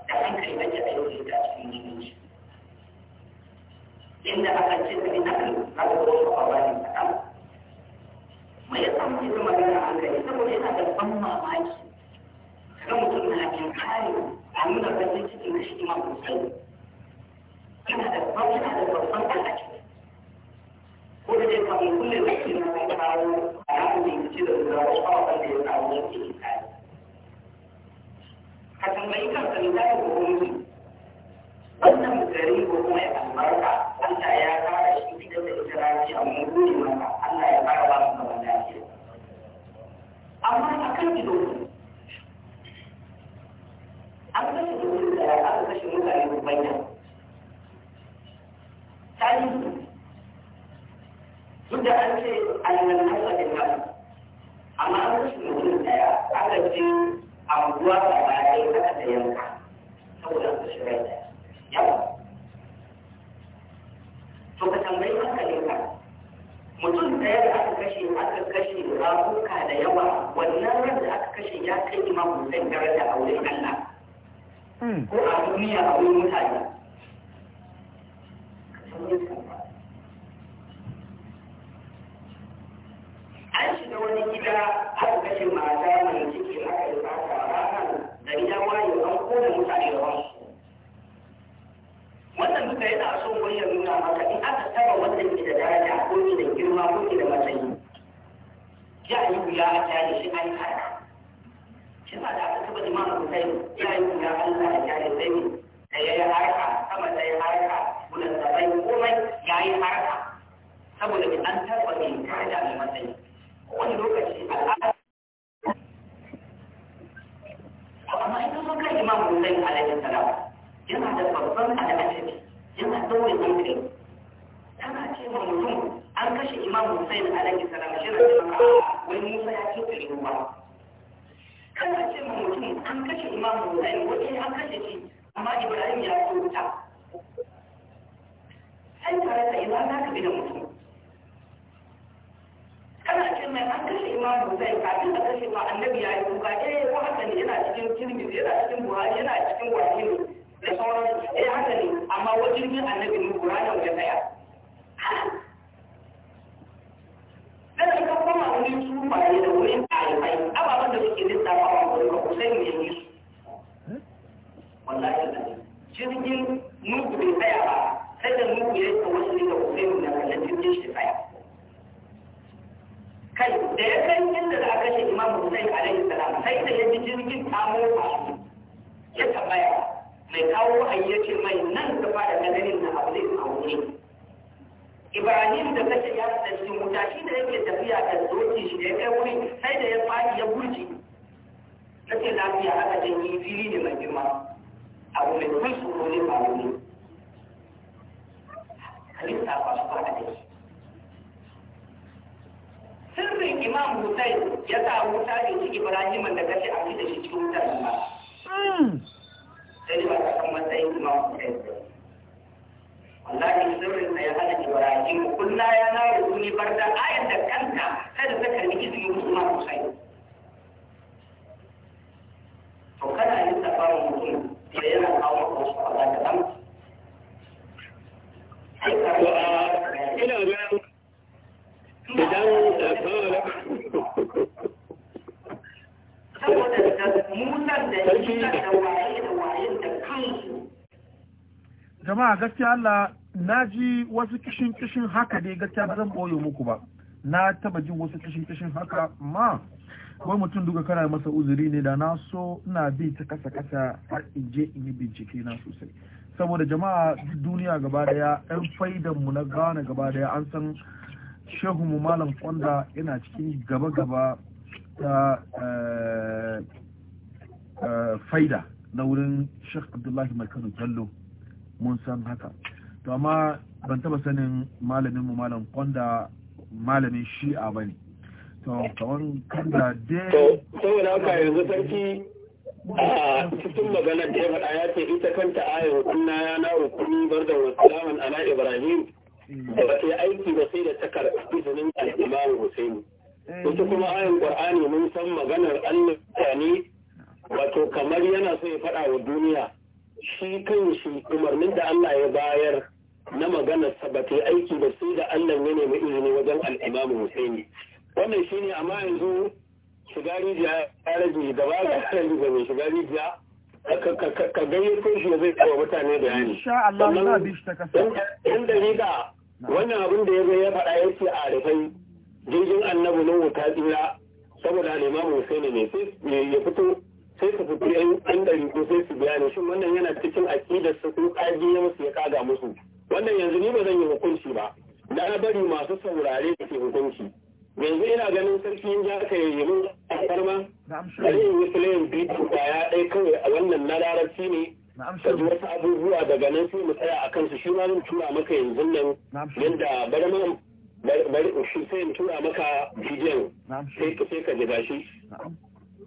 da hankali ake aiki da cikin jini inda aka ce da ina kan za ka zo kaɗan mai yasa muke magana a saboda yana da ban mamaki kaga mutum na a nuna cikin shi ma sosai da ban da babban alhaki ko da dai kamar kullum da shi na a da yake da zuwa wasu da ya kawo ya ke ka tambayi wannan gari ko kuma ya albarka Allah ya kara shi fitar da ita rafi a mun gode fara ba mu zaman lafiya amma a kan ido an kashe domin da aka kashe mutane ta yi duk da an ce a yi nan hasa da nan amma an kashe mutum aka je anguwa a bayan aka da yanka saboda an kashe ya ba, to ka tambayi hankalinka mutum ɗaya da aka kashe aka kashe rafuka da yawa wannan ran da aka kashe ya kai imam Hussein daraja a wurin Allah hmm. ko a duniya a wurin mutane an shiga wani gida aka kashe mata mai ciki aka yi fata ranar da gida wayo an kone mutane da wasu wannan duka yana so wani ya nuna maka in aka taba wanda ke da daraja ko ki da girma ko ki da matsayi ya yi wuya a kyale shi an haka shi ma da aka taba imamu kusai ya yi wuya Allah ya kyale sai ne da ya yi harka sama da ya harka bulan da bai komai ya yi harka saboda mai an taba mai daraja mai matsayi wani lokaci al'ada amma idan mun kai imamu kusai alaihi salam yana da babban al'ajabi yana daure hankali tana ce wa mutum an kashe imam hussein alaihi salam shi na cewa wani musa ya ce tsiri ruwa kana ce ma mutum an kashe imam hussein wani eh, an kashe shi amma ibrahim ya ce sai tare da ina za ka bi da mutum kana ce mai an kashe imam hussein kafin da kashe ma annabi ya yi kuka eh ko haka ne yana cikin kirmi yana cikin buhari yana cikin wahili da sauran eh haka ne amma wajen bin annabi mu Qur'ani wajen tsaya dan ka koma wurin sufaye da wurin tarifai ababen da suke lissafa wa wurin ka kusan ne ne wallahi da jirgin nuku bai tsaya ba sai da nuku ya yi wasu ne da kusan na kallon jirgin shi tsaya kai da ya kai inda za a kashe imam Hussein alaihi salam sai da ya ji jirgin ta kamo ya tambaya mai kawo ayyace mai nan gaba da kadarin na abu zai samu ne ibrahim da kashe ya da cikin wuta shi da yake tafiya da doki shi da ya kai wuri sai da ya fadi ya burji na ce lafiya haka ce yi fili ne mai girma abu mai kun tsoro ne ba wani halitta ba su ba da shi sirrin imam hussein ya sa wuta da ci ibrahim da kashe a da shi cikin wutar ba hmm. sai ba ta kan matsayin imam Hussein wallahi sirrin sa ya hana Ibrahim kullu ya na rukuni barda ayat da kanta kada ta karbi izinin Imam Hussein to kada yi tafarin mutum da yana kawo wasu Allah da dan ina ga idan fara da jama'a gaskiya Allah na ji wasu kishin kishin haka dai gaskiya ba zan boye muku ba na taba jin wasu kishin kishin haka ma wai mutum duka kana masa uzuri ne da na so na bi ta kasa kasa har in je in yi bincike na sosai saboda jama'a duniya gaba daya yan faidan mu na gane gaba daya an san shehu mu malam kwanda yana cikin gaba gaba ta eh, faida na wurin Sheikh Abdullahi Mai Kano Jallo mun san haka to amma ban taba sanin malamin mu malam kwanda malamin Shi'a bane to kawan kanda dai to saboda haka yanzu sarki a cikin maganar da ya faɗa ya ce ita kanta ayar kunna ya na rukuni bardan wasalaman ala Ibrahim da ba ta aiki ba sai da ta karɓi izinin al-Imam Husaini eh. ita kuma ayin Qur'ani mun san maganar Allah ne wato kamar yana so ya faɗa wa duniya shi kan shi umarnin da Allah ya bayar na maganar sabate aiki da sai da Allah ya nemi izini wajen al'imamu Husaini wannan shine amma yanzu shiga rijiya ya rage da ba ga rage da mai shiga rijiya ka gayyato shi zai kawo mutane da yani insha Allah na bi shi ta kasa in da wannan abin da ya ya faɗa yake a rafai jirgin annabi nuhu ta tsira saboda al'imamu Husaini ne sai ya fito sai su fito an ɗari ko sai su bayani shin wannan yana cikin aƙidar su ko ƙage ya musu ya kaga musu wannan yanzu ni ba zan yi hukunci ba na bari masu saurare da ke hukunci yanzu ina ganin sarki in ja ka yi mun farma bari in yi filayin ba ya ɗaya kawai a wannan na larabci ne ka ji wasu abubuwa daga nan sai mu tsaya a kansu shi ma zan tura maka yanzu nan yadda bari ma bari sai in tura maka bidiyon sai ka ba gashi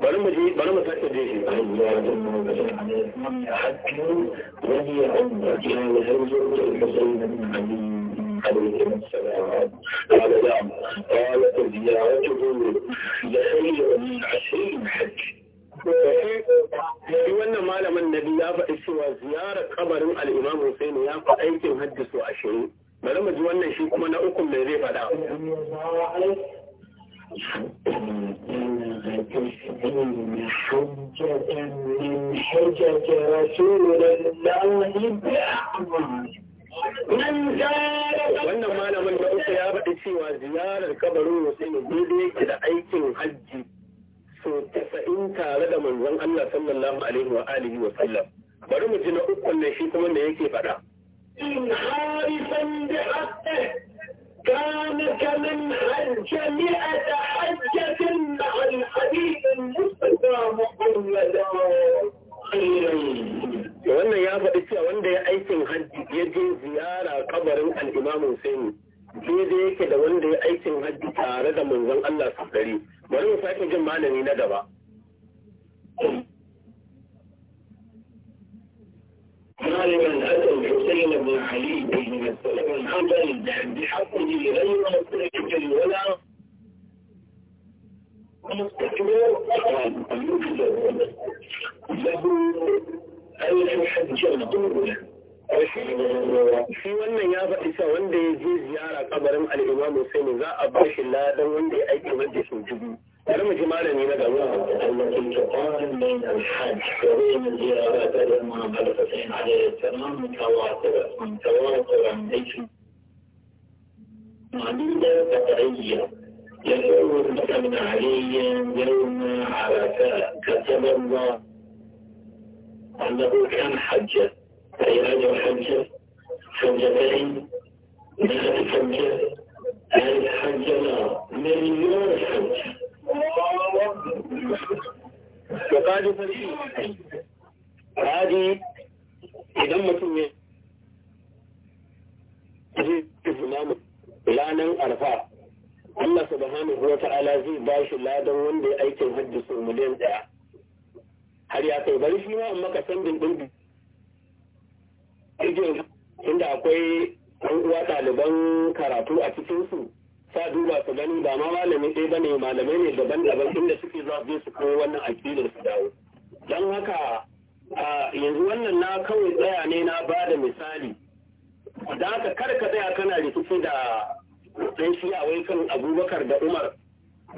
bari mu je bari mu tattaje shi hatta wani ya umma ya hanzo da musulmin amin عليهم السلام قال نعم قالت زيارته لخير من عشرين حج Yari wannan malamin Nabi ya faɗi cewa ziyarar kabarin al'imam Hussein ya fi aikin haddisu ashirin. Bari mu ji wannan shi kuma na ukun mai zai faɗa. فتسعين حجة من حجة رسول الله بأعظم wannan malamin da uku ya faɗi cewa ziyarar kabarin wasu ne daidai yake da aikin hajji so tasa'in tare da manzon Allah sallallahu alaihi wa alihi wa sallam bari mu ji na ukun ne shi kuma da yake faɗa in harifan da hatta كان كمن حج مئة حجة مع الحبيب المصطفى محمد wannan ya faɗi cewa wanda ya aikin hajji ya je ziyara kabarin al'imamu Hussein daidai yake da wanda ya aikin hajji tare da manzon Allah su bari mu sake jin malami na gaba. غالبا أتى الحسين بن علي بن السلام الحنبلي بحقه غير مستكبر ولا مستكبر أقل يكذب له ألف حج الأولى shi wannan ya faɗi cewa wanda ya je ziyara kabarin al'imamu sai za a bashi ladan wanda ya aiki wanda sau dubu bari mu ji malami التي تقام بين الحج وبين الزيارات المنبثقين عليه السلام متواترة متواترة عديدة قطعية يقول مثلا علي يوم عرفة كتب الله أنه كان حجة أي هذا حجة حجتين مئة حجة ألف حجة لا مليون حجة to kaji sarki kaji idan mutum ya ji imamu lanan arfa Allah subhanahu wa ta'ala zai ba shi ladan wanda ya aikin hajji su miliyan ɗaya har ya kai bari shi ma in maka sandin ɗin inda akwai ɗan uwa ɗaliban karatu a cikinsu sa duba su gani ba ma malami ɗaya ba ne malamai ne daban-daban inda suke za su su koyi wannan aƙidar su dawo don haka yanzu wannan na kawai tsaya ne na ba da misali da haka kar ka tsaya kana rikici da ɗan shi a wai kan abubakar da umar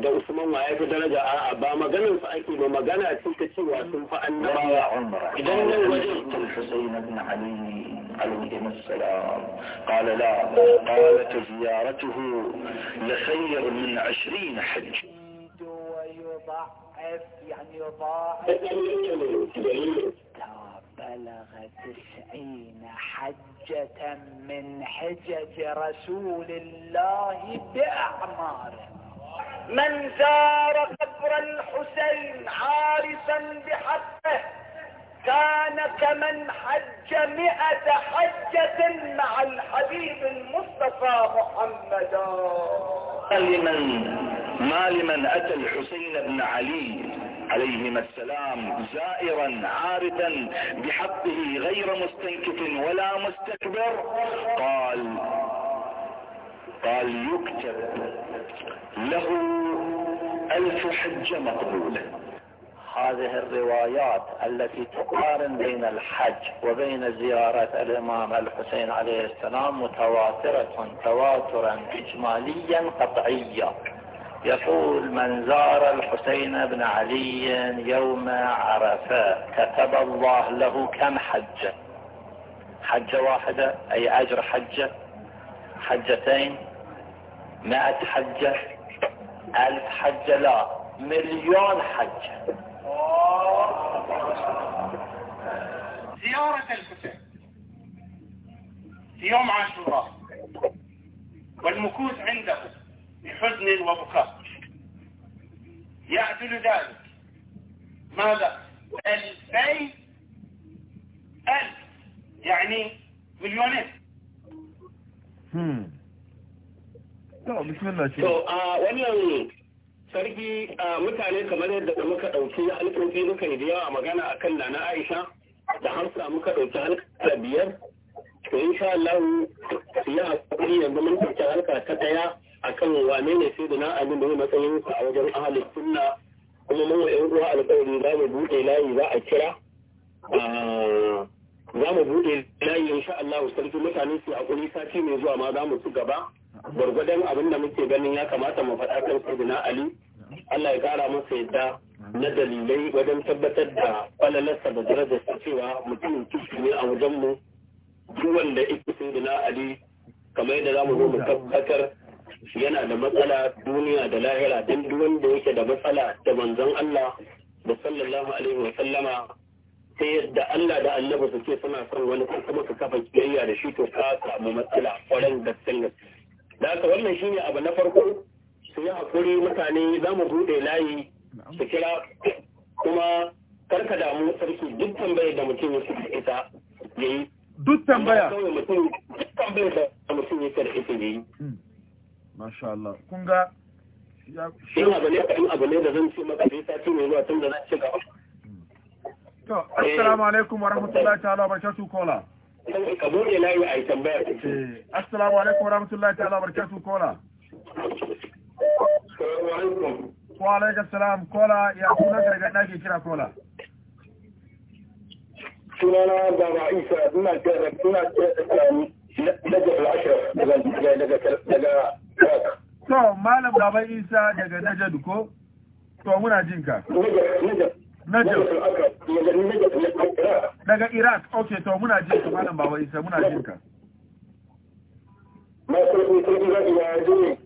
da usman wa ya fi daraja a ba maganar su ake ba magana ce cewa sun fi annabawa idan nan wajen عليهما السلام قال لا قالت زيارته لخير من عشرين حج ويضعف يعني يضاعف بلغ تسعين حجة من حجج رسول الله بأعماره من زار قبر الحسين عارسا بحقه كان كمن حج مئة حجة مع الحبيب المصطفى محمدا ما لمن ما لمن أتى الحسين بن علي عليهما السلام زائرا عارفا بحقه غير مستنكف ولا مستكبر قال قال يكتب له ألف حجة مقبولة هذه الروايات التي تقارن بين الحج وبين زيارة الإمام الحسين عليه السلام متواترة تواترا إجماليا قطعيا يقول من زار الحسين بن علي يوم عرفة كتب الله له كم حجة حجة واحدة أي أجر حجة حجتين مائة حجة ألف حجة لا مليون حجة زيارة الكتاب في يوم عاشوراء والمكوث عنده بحزن وبكاء يعدل ذلك ماذا ألفي ألف يعني مليونين طيب، بسم الله شيخ. طيب، so, آه، sarki mutane kamar yadda muka ɗauki alƙoƙi muka yi da yawa magana a kan na aisha da hamsa muka ɗauki halka biyar to insha Allah su yi haƙuri yanzu mun ɗauki halka ta ɗaya a kan wane ne sai da na abin da matsayin a wajen ahalin sunna kuma mun wa ƴan uwa alƙawari za mu buɗe layi za a kira za mu buɗe layi sha Allah sarki mutane su haƙuri sati mai zuwa ma za mu ci gaba gwargwadon abin da muke ganin ya kamata mu faɗa kan na Ali Allah ya kara masa yadda na dalilai wajen tabbatar da falalarsa da darajar su cewa mutumin kishi ne a wajenmu duk wanda ike sun gina Ali kamar yadda za zo mu tabbatar yana da matsala duniya da lahira don duk wanda yake da matsala da manzon Allah da sallallahu alaihi wa sallama sai yadda Allah da Annabi suke suna son wani ko kuma su kafa kiyayya da shi to ka samu matsala ƙwarar da da haka wannan shi ne abu na farko su yi hakuri mutane za mu bude layi su kira kuma karka damu sarki duk tambayar da mutum ya suka isa ya yi duk tambaya duk tambayar da mutum ya suka ita ya yi hmm. masha Allah kun ga yin abu ne kan abu ne da zan ce maka bai sati mai zuwa tun da za ci gaba to assalamu alaikum wa rahmatullahi ta'ala wa barakatuh kola ka bude layi a yi tambaya eh, assalamu alaikum wa rahmatullahi ta'ala wa barakatuh kola Wa alaikar kola ya suna karga ɗaki kira kola. Sunana Baba Isa ina kira suna kira tsakani daga al'ashar daga daga To malam Baba Isa daga Najad ko? To muna jin ka. Najad Najad. Daga Iraq. Okay to muna malam Baba Isa muna jin ka. Ma sai sai ya ji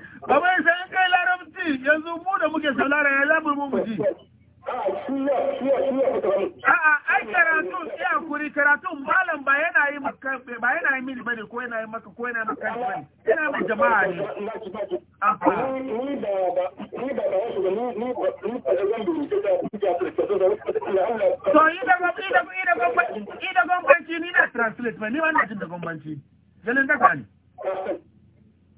Baba ya kai larabci yanzu mu da muke saulara ya zamu mu muji. A'a, ai karatu ya kuri karatu malam ba yana yi maka ba yana yi mini bane ko yana yi maka ko yana maka bane. Yana mu jama'a ne. Ni ba ba ni ba ba wasu ni ni ni ba zan bi da ga fi da Allah. To yi da gobe da gobe da gobe da gobe ni na translate ba ni wannan jin da gobe. Jalin da ka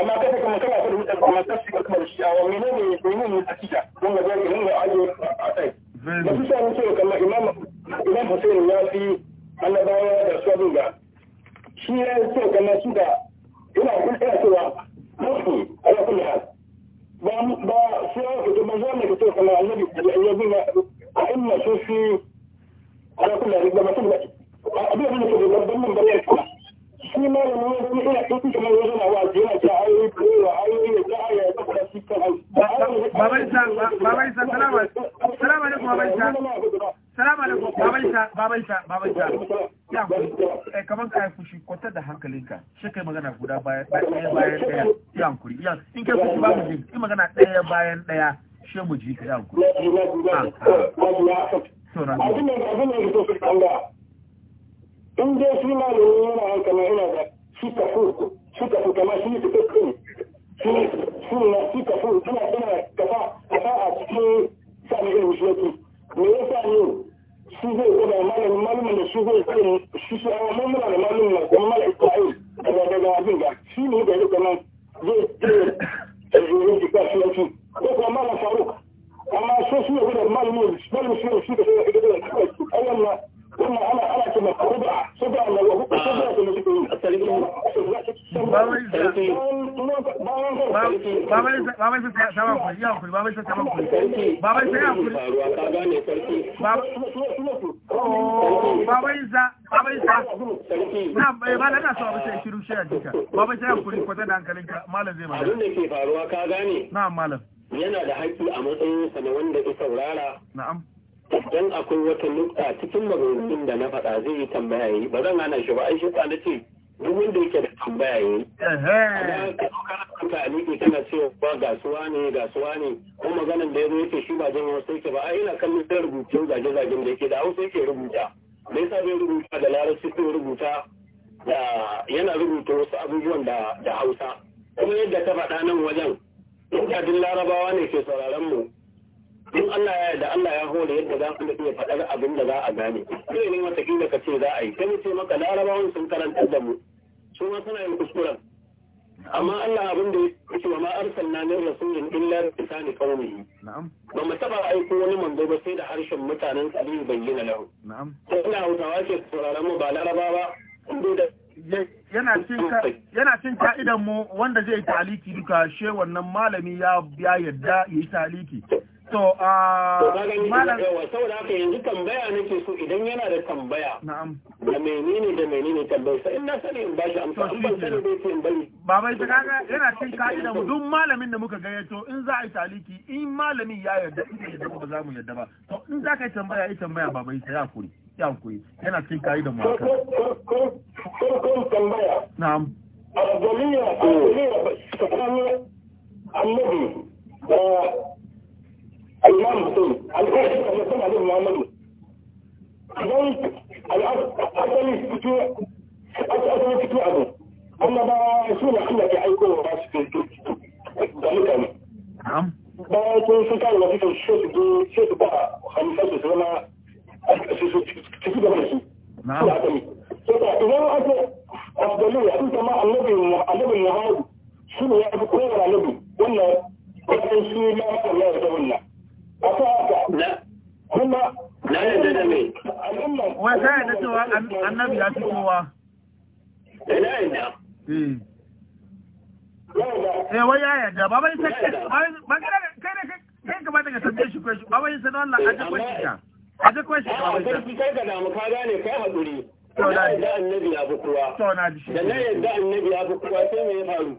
amma kada kuma kana da wutar kuma tafi ga kamar shi a wani ne ne ko yin a cikin don ga zai ringa aje a kai wasu sa mun ce kamar imam imam Hussein ya fi annabawa da su ga shi ya ce kamar su da ina kun ina cewa musu ala kulli hal ba ba su ya fito da to kamar annabi ya bi na a inna su fi ala kulli hal ba mutum ba abin da ke da babban mun shi ma ina na wa ta Isa, Baban Isa, salama, salama Isa. Salama alaikum Isa, Baban Isa, Isa. Ya hankali, eh ka fushi kwatar da hankalinka, shi kai magana guda bayan bayan daya ya hankali. In kai fushi ba mu ji, in magana daya bayan daya shi mu ji ka ya hankali. Abin da abin da ya fito su kanga. in dai shi ma yana hankali yana da shi kafu shi kafu kama shi ne suke shi ne shi kafu tana tana kafa kafa a cikin sami ilmi shi yake me yasa ne shi zai kuma malam da shi zai shi shi a da malamin na kuma malam isra'il daga daga abin da shi ne da yake nan zai zai zai ji kashi yanki ko kuma malam faruk amma shi shi ne da malamin da shi shi da shi da shi da shi da shi baban sa ta sama kuri sa ya sa sa ya zai ke faruwa yana da haƙƙi a matsayin sa na wanda ya saurara na'am dan akwai wata nukta cikin maganganun da na faɗa zai yi tambaya yi ba zan hana shi ba ai shi ta ce duk wanda yake da tambaya yi ka zo kana kanka a miƙe kana cewa ba gasuwa ne gasuwa ne ko maganan da ya zo yake shi ba jan hausa yake ba ai ina kallon sai rubutun zage-zagen da yake da hausa yake rubuta me yasa bai rubuta da larabci ko rubuta da yana rubuta wasu abubuwan da hausa kuma yadda ta faɗa nan wajen in larabawa ne ke sauraron mu duk Allah ya da Allah ya hore yadda za ku da iya faɗar abin da za a gane kire ne wata kila ka ce za a yi sai mu ce maka larabawan sun karanta da mu su ma suna yin kuskuren amma Allah abin da ya ce wa ma arsalna min rasulin illa lisani qaumihi na'am ba mu taba aiko wani manzo ba sai da harshen mutanen sa bai bayyana lahu na'am sai ina hutawa ce sauraron mu ba larabawa inda yana cin ka'idan mu wanda zai taliki duka she wannan malami ya yadda ya yi taliki To, saboda haka yanzu tambaya nake so idan yana da tambaya. Na'am. Da menene da menene ne sa in na sani in bashi amsa a ban sani bai ce in bari. Baba ita kaga yana cin ka'ida mu duk malamin da muka to in za a yi taliki in malamin ya yarda in ya yarda ba za mu yarda ba. To in za ka yi tambaya yi tambaya baba ita ya kuri. Ya kuri yana cin ka'ida mu haka. Ko tambaya. Na'am. Abdulliya, Abdulliya, tsakanin annabi da الإمام الثاني الفحش أن يسمى عليه معامله ذلك أصل الفتوع أصل الفتوع أبو أما بسونا أنك أيكون راس في ذلك نعم باكون سلطان وظيفة الشيخ دي شيخ بقى خمسة سنة تسيب نفسه نعم إذا أنت أفضلية أنت مع النبي النبي النهاري شنو يعرف كل النبي ولا ولا شيء لا لا يتولى a yadda cewa annabi ya kowa yadda eh. eh, ya yadda ba bai ba kai kai kai ka bata ka tambaye shi ba bai sai don Allah aje kwashi ka aje kwashi ka ba bai ka damu ka gane kai hakuri na yadda annabi ya fi da na yadda annabi ya fi sai me ya faru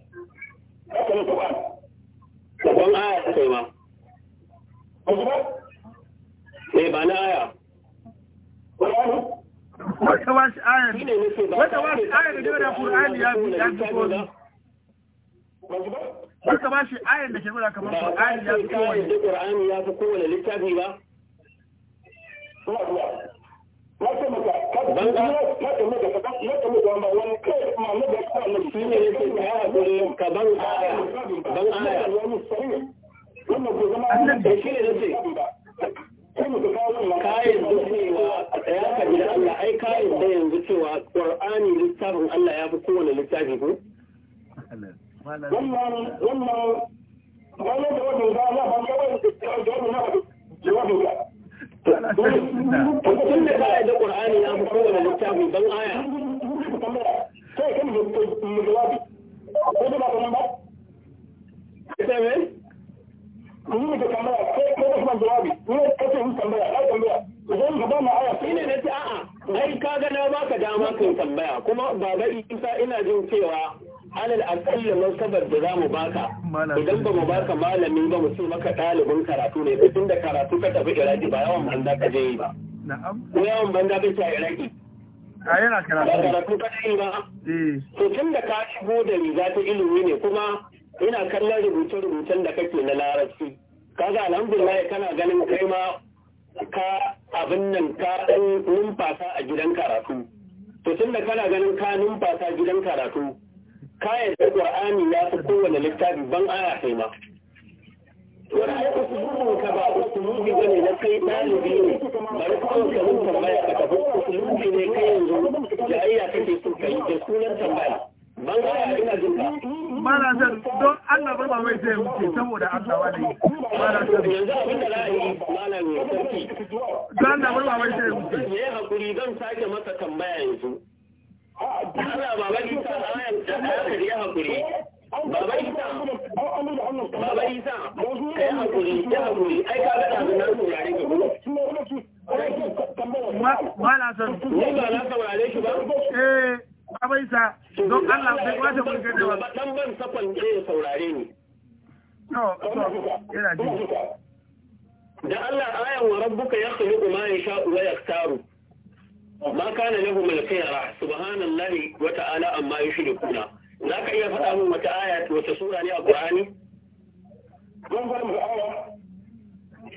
haka ne kuma gaban aya ta eh, ba na aya wata wasu ayar da da Qur'ani ya ya fi komi wata wasu ayar da ke nuna kamar ya fi kowane kowane littafi ba kayan da cewa a tsaya ka da Allah ai kayan da yanzu cewa Allah ya fi littafi ko wannan da wannan da Allah ban ga wannan da Tun da ba a da Ƙur'ani ya fi kowane littafi don aya. Sai kan mu jawabi. Ko da ba kuma ba? Ita me? Mun yi tambaya ko ko da kuma jawabi. ne kace mun tambaya, ai tambaya. Zan gaba mu aya. Sai ne nace a'a. Ai kaga na baka dama kan tambaya kuma baba Isa ina jin cewa alal alƙalla mansabar da za mu baka idan ba mu baka malami ba mu ce maka ɗalibin karatu ne duk inda karatu ka tafi iraki ba yawan banda ka je yi ba na'am yawan banda bai ta iraki a yana karatu ba karatu ka je ba eh. to tun da ka shigo da riga ta ilimi ne kuma ina kallon rubuce-rubucen da kake na larabci kaga alhamdulillah kana ganin kai ma ka abin nan ka dan numfasa a gidan karatu to tunda kana ganin ka numfasa gidan karatu kayan da Qur'ani ya fi kowane littafi ban aya ma wani ya kusa ka ba usulubi ne na kai ɗalibi ne bari kawai ka mun tambaya ka tafi usulubi ne kai yanzu jayayya kake so ka yi da sunan tambaya ban aya ina jin ka zan don Allah ba mai zai saboda Allah ne zan yanzu abin da za'a yi mala ne sarki don Allah ba mai zai hakuri zan sake masa tambaya yanzu Allah baba da aka yi hakuri baba ya ai ka ga da na saurare ka ma na san ni ba na saurare shi ba eh don Allah bai mun dan ban sakon je saurare ni no yana ji da Allah ayan wa rabbuka yakhluqu ya yasha'u wa ma kana lahu mal khayra subhanallahi wa ta'ala amma Za zaka iya faɗa min wata aya wata sura ne a qur'ani mun fara mu aya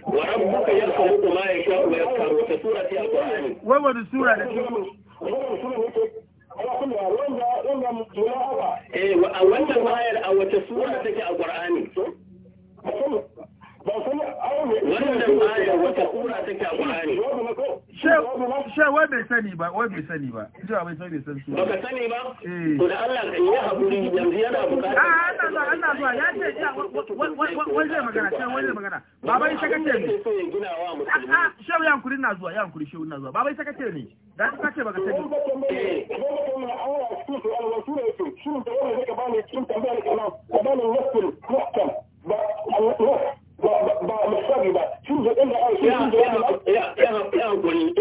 wa rabbuka yarhamu ma yasha wa yaghfir wata sura ce a qur'ani wai wata sura ne eh, a wannan ayar a wata sura take a Qur'ani? wannan baya wata kura bai sani ba wai bai sani ba jiwa bai sani san su baka sani ba eh. to da Allah ka yi hakuri yanzu yana bukata a ah, ana zuwa ana zuwa ya ce wai zai magana sha wai zai magana baba yi saka ce ne ya hankuri na zuwa ya hankuri shi na zuwa baba yi saka ce ne da ta ce baka sani eh shi ne da wani zaka bani kin tambaya kana ka bani wasu ko kan ba Allah ba misali ba sun zo inda ai sun zo ya ya hakuri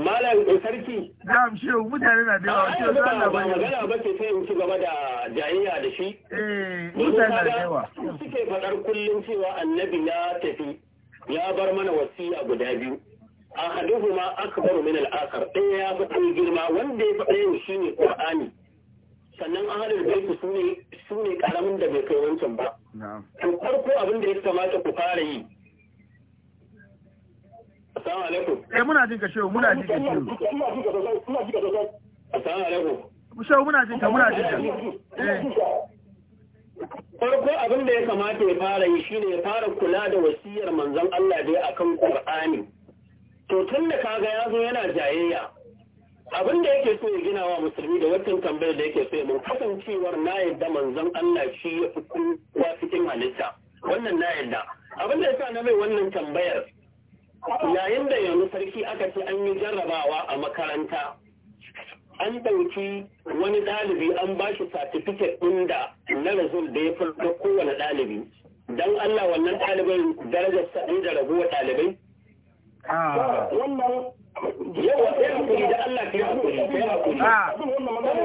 magana ba ke sai in ci gaba da jayayya da shi eh mutane na da faɗar kullum cewa annabi ya tafi ya bar mana wasiya guda biyu ahaduhuma akbaru min al-akhar ɗaya ya fi girma wanda ya faɗa fi shi ne qur'ani sannan ahalul baiti su ne su ne karamin da bai kai wancan ba to farko abin da ya kamata ku fara yi assalamu alaikum eh muna jin ka shehu muna jin ka shehu muna jin ka muna jin ka assalamu alaikum shehu muna jin ka muna jin ka eh. farko abin da ya kamata ya fara yi shine ya fara kula da wasiyar manzon Allah dai akan Qur'ani to tun da kaga ya zo yana jayayya abin da yake so ya gina wa musulmi da wancan tambayar da yake so ya mun kasancewar na yadda manzon Allah shi ya fi kowa cikin halitta wannan na yadda abin da yasa na mai wannan tambayar yayin da yanzu sarki aka ce an yi jarrabawa a makaranta an ɗauki wani ɗalibi an ba shi satifiket ɗin da na result da ya fito kowane ɗalibi don Allah wannan ɗalibin darajar sa da raguwa ɗalibai ah. wannan yawa sai da Allah kai hakuri kai ah. littafin da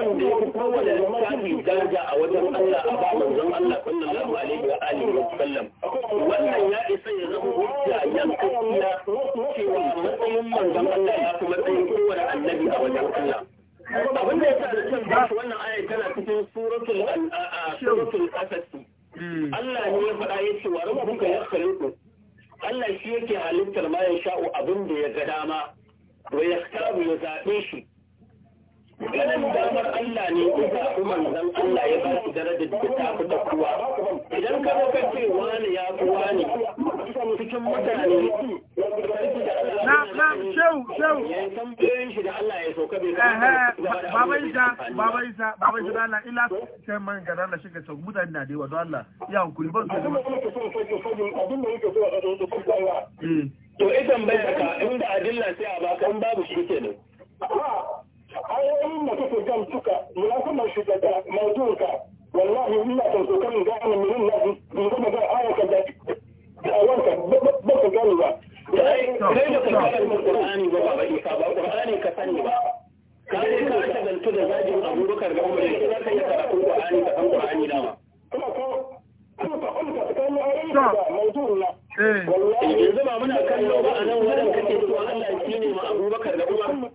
ya fi littafi daga a wajen Allah a ba manzon Allah sallallahu alaihi wa alihi wa wannan ya isa ya zama annabi a wajen Allah abin ya sa da wannan aya tana cikin suratul asasi hmm. Allah ne ya faɗa ya ce Allah shi yake halittar ma ya sha'u abin da ya ga dama wa ya ya zaɓe shi ganin damar Allah ne ko da kuma Allah ya ba su darajar da ta ku ta kuwa idan ka zo ka ce wani ya fi wani cikin mutane na na shehu shehu tambayoyin shi da Allah ya sauka bai baba isa baba isa baba isa da Allah ila sai man ga Allah shiga sau mutane na da don Allah ya hankuri ban su ba. Eh. to idan bai ka inda adilla sai a baka in babu shi kenan ayoyin da kake jan duka munafiqan shi daga mawdu'inka wallahi ina son so kan gane min na in gama ga ayatan da awanka ba ka gani ba kai da ka gane Qur'ani ba ba isa ba Qur'ani ka sani ba ka ne ka shagaltu da zagin Abubakar da Umar sai ka yi karatu Qur'ani ka san Qur'ani dama kuma ko kuma ka kuma ka kan ayoyin da mawdu'in na yanzu ba muna kallo ba a nan wadan kake so Allah ne ma Abubakar da Umar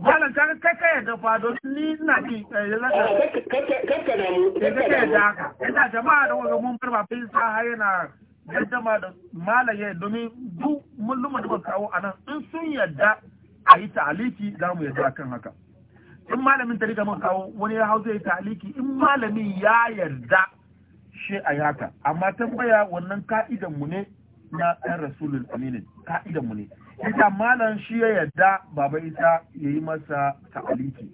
Malam ka kai dafa yarda fa domin ni ina ji kakka eh, da ah, mu eh, ya da haka ina jama'a da wanda mun bar ba sa har yana gaddama da malaye domin duk mun luma da ban kawo anan in sun yarda a yi ta'aliki za mu yarda kan haka in malamin ta riga mun kawo wani ya hau zai yi ta'aliki in malamin ya yarda shi a haka amma tambaya wannan ka'idan mu ne na ɗan rasulun aminin ka'idan mu ne ita malam shi ya yadda baba isa ya yi masa ta'aliki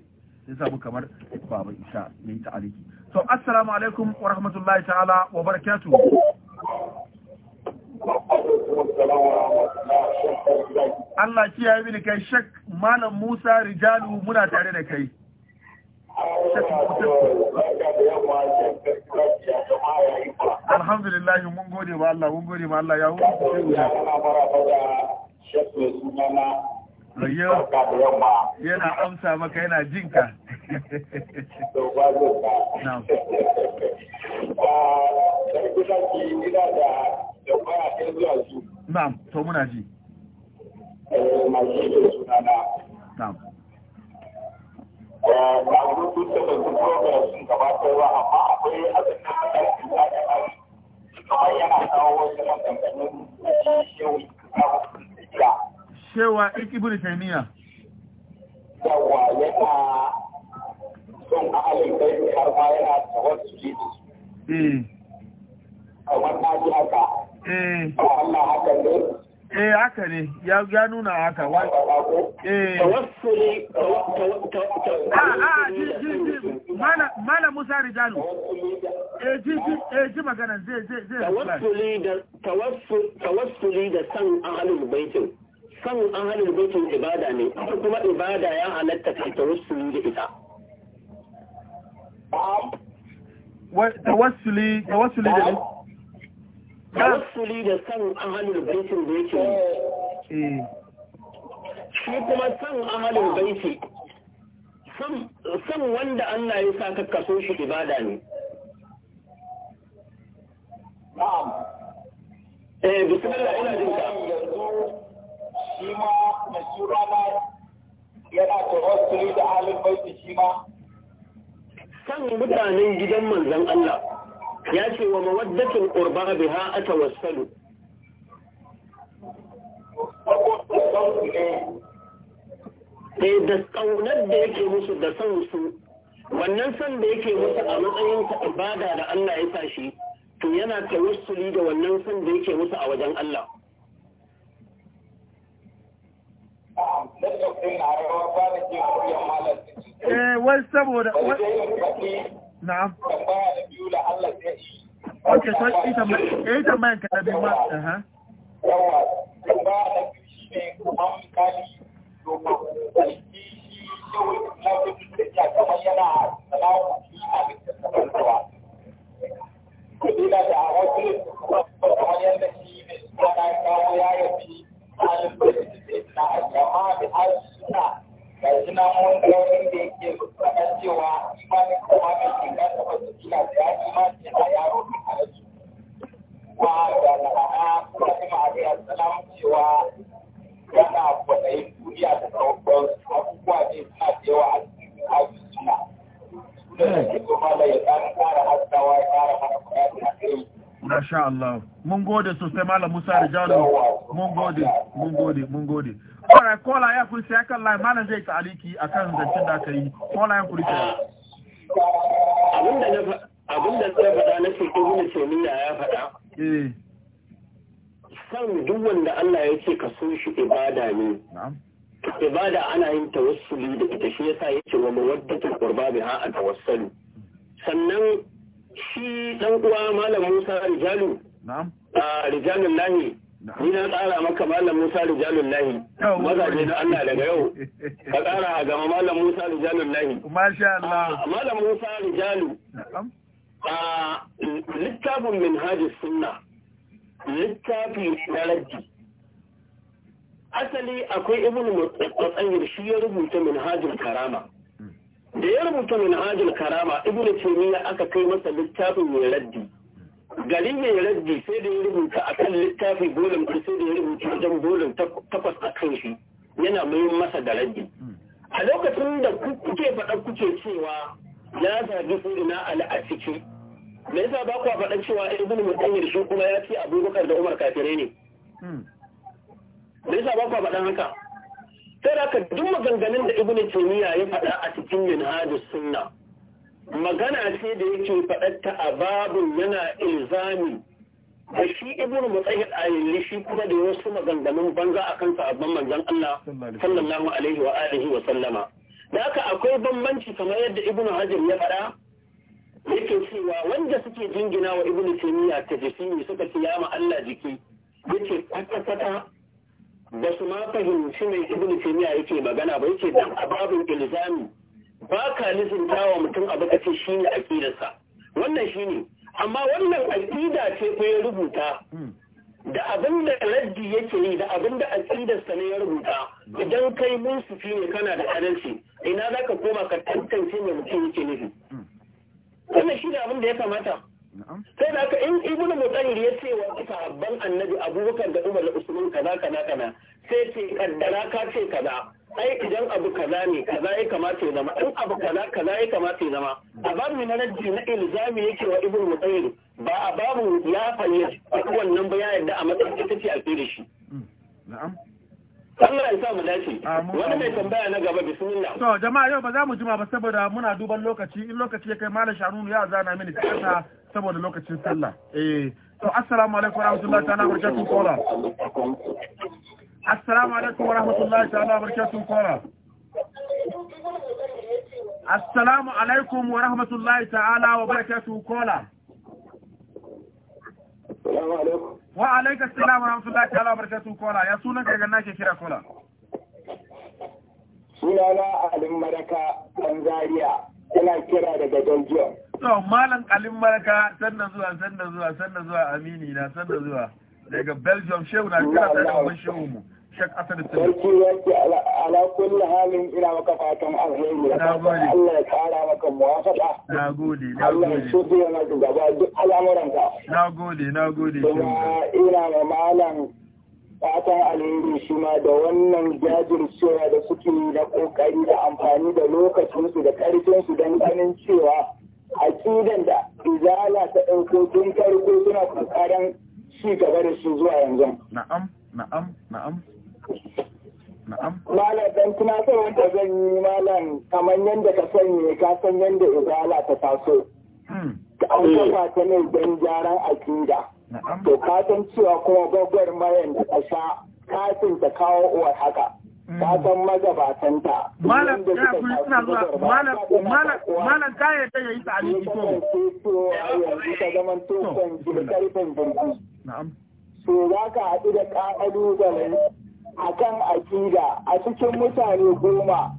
ya samu kamar baba isa ya yi ta'aliki so assalamu alaikum wa rahmatullahi ta'ala wa barakatu Allah kiyaye mini kai shak malam Musa Rijalu muna tare da kai Alhamdulillah mun gode ba Allah mun gode ba Allah ya hukunta shekwe sunana yana amsa maka yana jinka Na'am, to muna ji. Eh, Na'am. Eh, ba rubutun da sun kawo sun ba amma akwai abin da ya yi da ya yi. yana kawo wasu maganganun da shi yau cewa ibn taymiya yawa yana son ahalin bai har ma yana tawassuli da su eh kamar na ji haka eh ne eh haka ne ya nuna haka wai eh tawassuli mala musa rijalu eh ji eh ji magana zai zai zai tawassuli da tawassuli da san ahlul baitin san ahlul baitin ibada ne kuma ibada ya halatta ta tawassuli da ita tawassuli tawassuli da tawassuli da san ahalul baitin da yake yi eh. shi kuma san ahalul baiti san wanda Allah ya sa ka kaso shi ibada ne na'am eh bismillah ina jin ka shi ma masura ma yana tawassuli da ahalul baiti shi ma san mutanen gidan manzon Allah ya ce wa mawaddatul qurba biha atawassalu sai eh, da tsaunar da yake musu da san su wannan san da yake musu a matsayin ta ibada da Allah ya tashi to yana tawassuli da wannan san da yake musu a wajen Allah Eh, wai saboda na'am ok so yi tambayan ka dabi ma aha yawa ba da shi ne an domin da yana shi a da da na da Allah mun gode sosai malam Musa da Jalo mun gode mun gode mun gode ora kola ya kuri sai kan lai malam zai aliki akan zancin da aka yi kola ya kuri sai ah. abinda na abinda zai faɗa na ko ibnu Taymiya ya faɗa eh san duk wanda Allah ya ce ka so shi ibada ne na'am ibada ana yin tawassuli da ita shi yasa yace wa mawaddatul qurba biha a sannan shi dan uwa malam Musa Rijalu na'am a Rijalun Lahi ni na tsara maka malam Musa Rijalun Lahi mazaje na Allah daga yau ka tsara a gama malam Musa Rijalun Lahi masha Allah malam Musa Rijalu na'am a littafin hajji sunna littafi na raddi asali akwai ibnu mutsayir shi ya rubuta hajji karama da ya rubuta min hajjul karama ibnu taymiya aka kai masa littafin mai raddi garin mai raddi sai da ya rubuta a kan littafin bolin sai da ya rubuta wajen bolin takwas a kan shi yana mai masa da raddi a lokacin da kuke faɗa kuke cewa ya zagi ina ali a ciki me yasa ba ku faɗa cewa ibnu mutayyir shi kuma ya ce abubakar da umar kafirai ne hmm. me yasa ba ku faɗa haka sai haka duk maganganun da ibnu taymiya ya faɗa a cikin minhajus sunna magana ce da yake faɗatta a babun yana ilzami da shi ibnu mutsayyid ayyuli shi kuma da wasu maganganun banza akan sahabban manzon Allah sallallahu alaihi wa alihi wa sallama da haka akwai bambanci kamar yadda ibnu hajar ya faɗa yake cewa wanda suke jingina wa ibnu taymiya tajsimi suka ce ya ma Allah jiki yake kwata ba su ma fahimci mai ibn taymiya yake magana ba yake dan ababin ilzami ba ka nufin wa mutum abu kace shine aqidarsa wannan shine amma wannan aqida ce ko ya rubuta da abin da raddi yake yi da abinda da aqidarsa ne ya rubuta idan kai mun munsufi ne kana da adalci ina zaka koma ka tantance mai mutum yake nufi wannan shi abin da ya kamata sai da aka in ibnu mutayyir ya ce wa sahabban annabi abubakar da umar da usman kaza kaza kaza sai ce kaddara ka ce kaza ai idan abu kaza ne kaza ya kamata ya zama in abu kaza kaza ya kamata ya zama a babu na rajji na ilzami yake wa ibnu mutayyir ba a babu ya fayyace wannan ba ya yadda a matsayin ita ce alƙiri shi mm. na'am Allah ya sa mu dace. Wani mai tambaya na gaba bismillah. To jama'a yau ba za mu jima ba saboda muna duban lokaci in lokaci ya kai malam Shanunu ya zana mini kasa saboda lokacin sallah eh to assalamu alaikum warahmatullahi ta'ala barakatuh kola assalamu alaikum warahmatullahi ta'ala barakatuh kola assalamu alaikum warahmatullahi ta'ala wa barakatuh kola wa alaikum assalam warahmatullahi ta'ala wa barakatuh kola ya sunan ka ganna ke kira kola sunana alim maraka tanzania ina kira daga belgium to malam kalin malaka sannan zuwa sannan zuwa sannan zuwa amini na sannan zuwa daga belgium shehu na kira da ɗan shehu mu shek asad tun sarki ala kulli halin ina maka fatan alheri da fatan Allah ya kara maka muwafaqa nagode nagode Allah ya shirye maka gaba duk al'amuran ka nagode nagode kuma ina ma malam fatan alheri shi ma da wannan jajircewa da suke na kokari da amfani da lokacinsu da karfinsu don ganin cewa aƙidan da izala ta ɗauko tun farko suna ƙoƙarin ci gaba da shi zuwa yanzu. Na'am, na'am, na'am. Na'am. Malam dan tunatarwar wanda zan yi malam kamar yadda ka sanya ka san yadda izala ta taso. Hmm. Ka an kafa ta ne don gyaran aƙida. To ka san cewa kuma gwagwarmayar da ta sha kafin ta kawo uwar haka. Mm. kasan magabatanta malam ya kuri suna zuwa malam malam malam ka yadda yayi ta aliki to ta zaman to kan karfin bunku na'am so ka haɗu da A kan akida a cikin mutane goma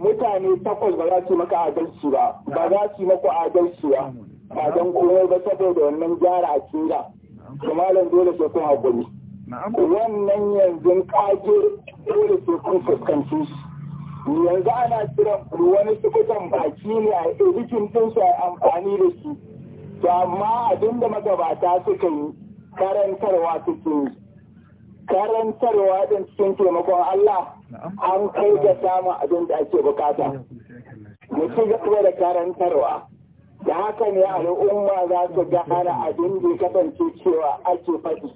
mutane takwas ba za su maka adalci ba ba za su maka adalci ba ba don komai ba saboda wannan gyara akida to malam dole sai kun haƙuri wannan yanzu kage dole kun fuskanci shi yanzu ana kiran wani sukutan baki ne a irikin din a amfani da shi to amma abin da magabata suka yi karantarwa suke yi karantarwa din cikin taimakon Allah an kai ga samun abin da ake bukata mu ci gaba da karantarwa da haka ne al'umma za su gane abin da kasance cewa ake faɗi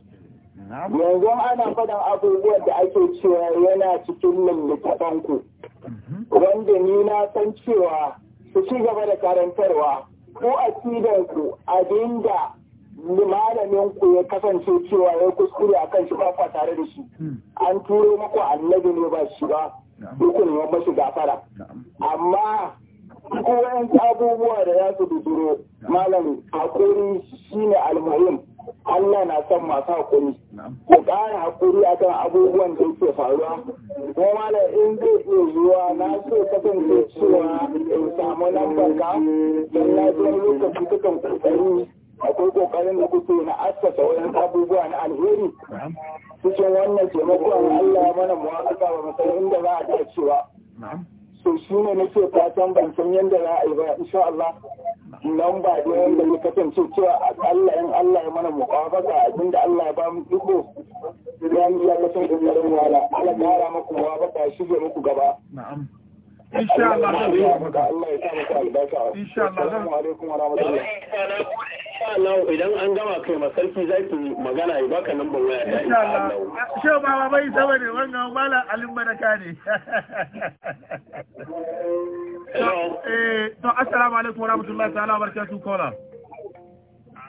yanzu ana faɗin abubuwan da ake cewa yana cikin littattafanku mhm. wanda ni na san cewa su ci gaba da karantarwa ko a ku abinda malamin ku ya kasance cewa ya kuskure a kan shi ba tare da shi hmm. an turo maku annabi ne ba shi ba hukun ya mashi gafara amma ko abubuwa da za su duduro malam hakuri shine almuhim Allah na son masu haƙuri, ku ƙara a kan abubuwan da yake faruwa kuma mala in zai iya zuwa na so kasance cewa in samu lambar ka don na ji lokaci kukan kokari akwai ƙoƙarin da kuke na assasa wajen abubuwa na alheri cikin wannan taimakon Allah mana muwafaka ba mu san inda za a cewa to shi ne nake fatan ban san yadda za a yi ba insha Allah nan ba da yadda ya kasance cewa Allah in Allah ya mana muqabala abin da Allah ya ba mu duko ya mu ya kasance da wala Allah ya kara muku muqabala shi ga muku gaba na'am insha Allah zan zuwa maka Allah ya sa maka albarka insha Allah zan alaikum wa rahmatullahi insha Allah idan an gama kai ma sarki zaki magana ya baka lambar waya ta insha Allah ah, shi ba ba bai saba ne wannan mala alim baraka ne eh to assalamu alaikum wa rahmatullahi ta'ala wa barakatuh kola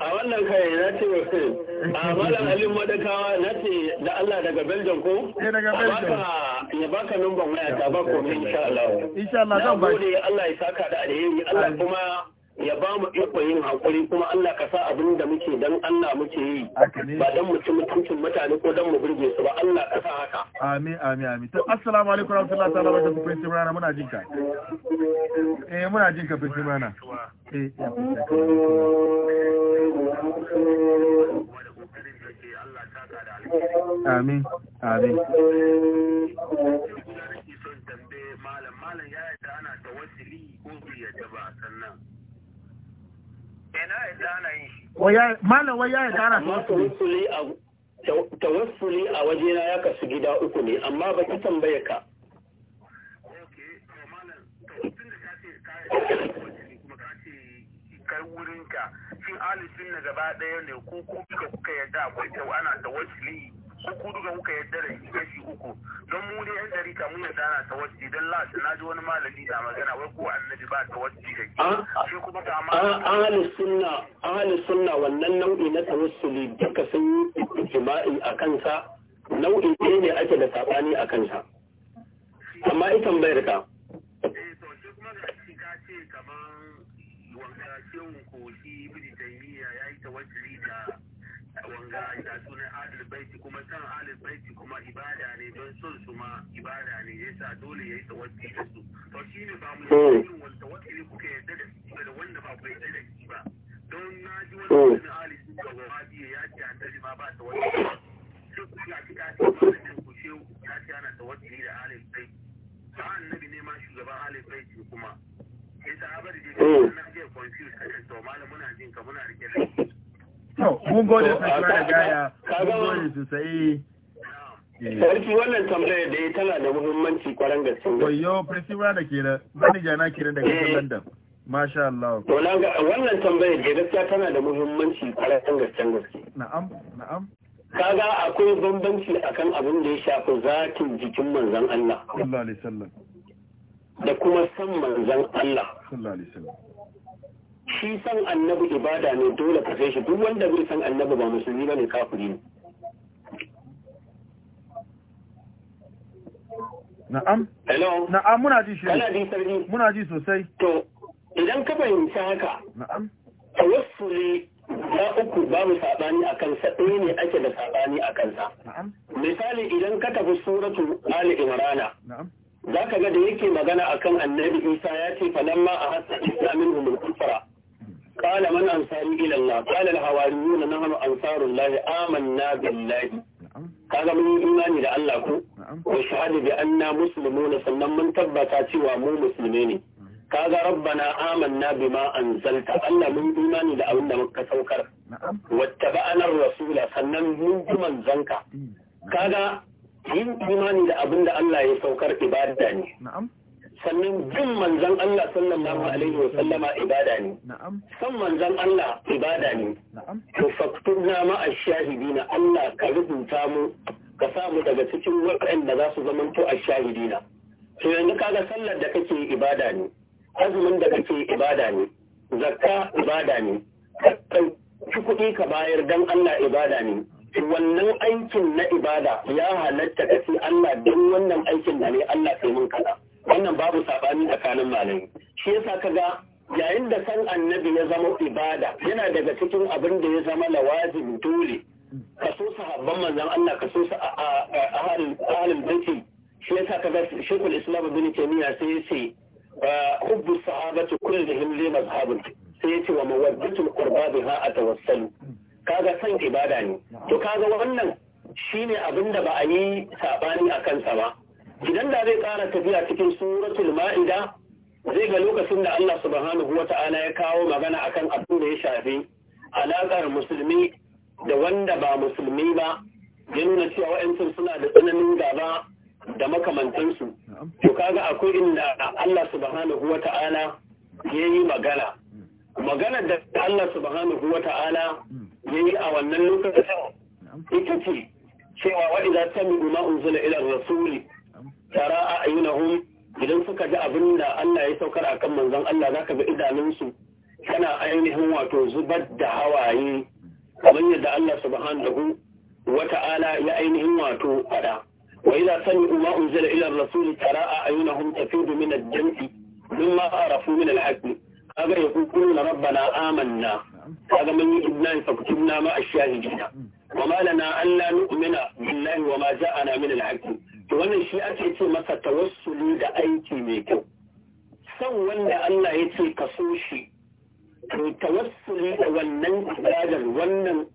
a wannan kai na ce a malam alim madakawa na ce da Allah daga Belgium ko? Eh daga Belgium. Ya baka numban waya ta ba ko insha Allah. Insha Allah zan ba. Allah ya saka da alheri Allah kuma ya ba mu iko yin hakuri kuma Allah ka sa abin da muke dan Allah muke yi ba dan mu ci mutuncin mutane ko dan mu burge su ba Allah ka sa haka amin amin amin to assalamu alaikum warahmatullahi ta'ala wa barakatuh prince Imran muna jin ka eh muna jin ka prince rana. eh Amin, amin. malam malam ya yarda ana tawassuli ko bai yarda ba malam wai ya yi dana tawassuli a wajena ya kasu gida uku ne amma ba ki tambaye ka kai wurinka shin alisun na gaba ɗaya ne ko kuka kuka yadda akwai ana tawassuli ku duka kuka yadda da shi kashi uku don mu ne yan dari mu ya dana ta wasu don lati na ji wani malami na magana wai ko annabi ba ta wasu da ah, ah, shi kuma ga ah, ma ahli sunna ahli sunna wannan nau'i na tawassuli duka sun yi jima'i a kansa nau'i ɗaya ne ake da sabani a kansa amma ita tambayar ka eh, kaman wanda ko shi ibn taymiya yayi tawassuli da wanga ina sunan adil baiti kuma san adil baiti kuma ibada ne don son su ma ibada ne yasa dole yayi tawakkali da su to ba mu yin kuka yarda da shi da wanda ba ku yarda da shi ba don na ji wani hmm. sunan su ga ya ce ma ba ya ce ku ya ce ana da adil baiti ba annabi ne ma shugaban adil baiti kuma da hmm. mun gode da ya eh. tana da muhimmanci gaske da da na eh. tana da muhimmanci gaske kaga akwai bambanci akan abin da ya shafi zakin jikin manzon Allah sallallahu alaihi da kuma san manzon Allah sallallahu alaihi shi san annabi ibada ne dole ka sai shi duk wanda bai san annabi ba musulmi ba ne kafiri ne na'am hello na'am muna ji shi kana ji sarki muna ji sosai to idan ka fahimci haka na'am tawassuli na uku babu saɓani a kansa ɗaya ne ake da saɓani a kansa. Misali idan ka tafi suratu Ali Imrana. Za ka ga da yake magana akan annabi Isa ya ce falamma a hasa Islamin umul kufara. قال من أنصاري إلى الله قال الحواريون نحن أنصار الله آمنا بالله kaga mun yi imani da Allah ko wa shahada bi anna muslimun sannan mun tabbata cewa mu musulmi ne kaga rabbana amanna bima anzalta Allah mun imani da abin da muka saukar wattaba'ana rasula sannan mun bi manzanka kaga yin imani da abin da Allah ya saukar ibada ne sannan bin manzan Allah sallallahu alaihi wa sallama ibada ne san manzan Allah ibada ne to faktubna ma ashahidina Allah ka rubuta mu ka samu daga cikin waɗanda za su zamanto ashahidina to yanzu kaga sallar da kake ibada ne azumin da kake ibada ne zakka ibada ne ki kuɗi ka bayar dan Allah ibada ne wannan aikin na ibada ya halatta ka Allah don wannan aikin da ne Allah sai mun kaza wannan babu sabani tsakanin malami shi yasa ga yayin da san annabi ya zama ibada yana daga cikin abin da ya zama lawazim dole ka so sahabban manzon Allah ka halin su ahalin baiti shi yasa ga shekul islam bin taymiya sai ya ce hubbu sahabatu kullihim li mazhabin sai ya ce wa mawaddatul qurba biha atawassalu kaga san ibada ne to kaga wannan shine abin da ba a yi sabani a kansa ba idan da zai ƙara tafiya cikin suratul ma'ida zai ga lokacin da Allah subhanahu ta'ala ya kawo magana akan abin da ya shafi alaƙar musulmi da wanda ba musulmi ba ya nuna cewa wa'ancin suna da tsananin gaba da makamantansu to kaga akwai inda Allah subhanahu wa ya yi magana magana da Allah subhanahu wa ya yi a wannan lokacin ita ce cewa wa'iza ta mi ma unzila ila rasuli tara a ayyunahum idan suka ji abin da Allah ya saukar akan manzon Allah zaka ga idanunsu tana ainihin wato zubar da hawaye kamar yadda Allah subhanahu wa ta'ala ya ainihin wato fada wa idza sami'u ma unzila ila ar-rasul tara a'yunahum tafidu min ad-dam'i mimma arafu min al-haqq kaga yaquluna rabbana amanna kaga mun yi idnan fa kutubna ma ash-shahidina wa ma lana an la nu'mina billahi wa ma ja'ana min al-haqq wannan shi ake ce masa tawassuli da aiki mai kyau san wanda Allah ya ce ka so shi to tawassuli da wannan ibadar wannan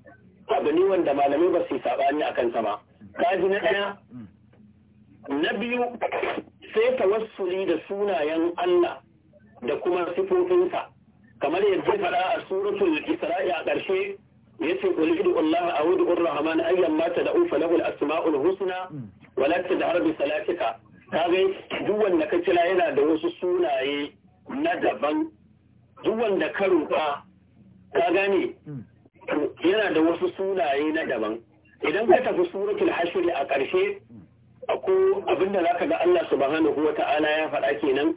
abu ne wanda malamai ba su sabani akan sa ba kaji na ɗaya na biyu sai tawassuli da sunayen Allah da kuma sifofinsa kamar yadda faɗa a suratul isra'i a ƙarshe yace qul id'u Allah a'udhu bir rahman ayyan ma tad'u al-asma'ul husna walatta da harbi salatika ta gai duk wanda ka kira yana da wasu sunaye na daban duk wanda ka roƙa ka gane yana da wasu sunaye na daban idan ka tafi suratul hashri a ƙarshe akwai abinda zaka ga Allah subhanahu wata'ala ya faɗa kenan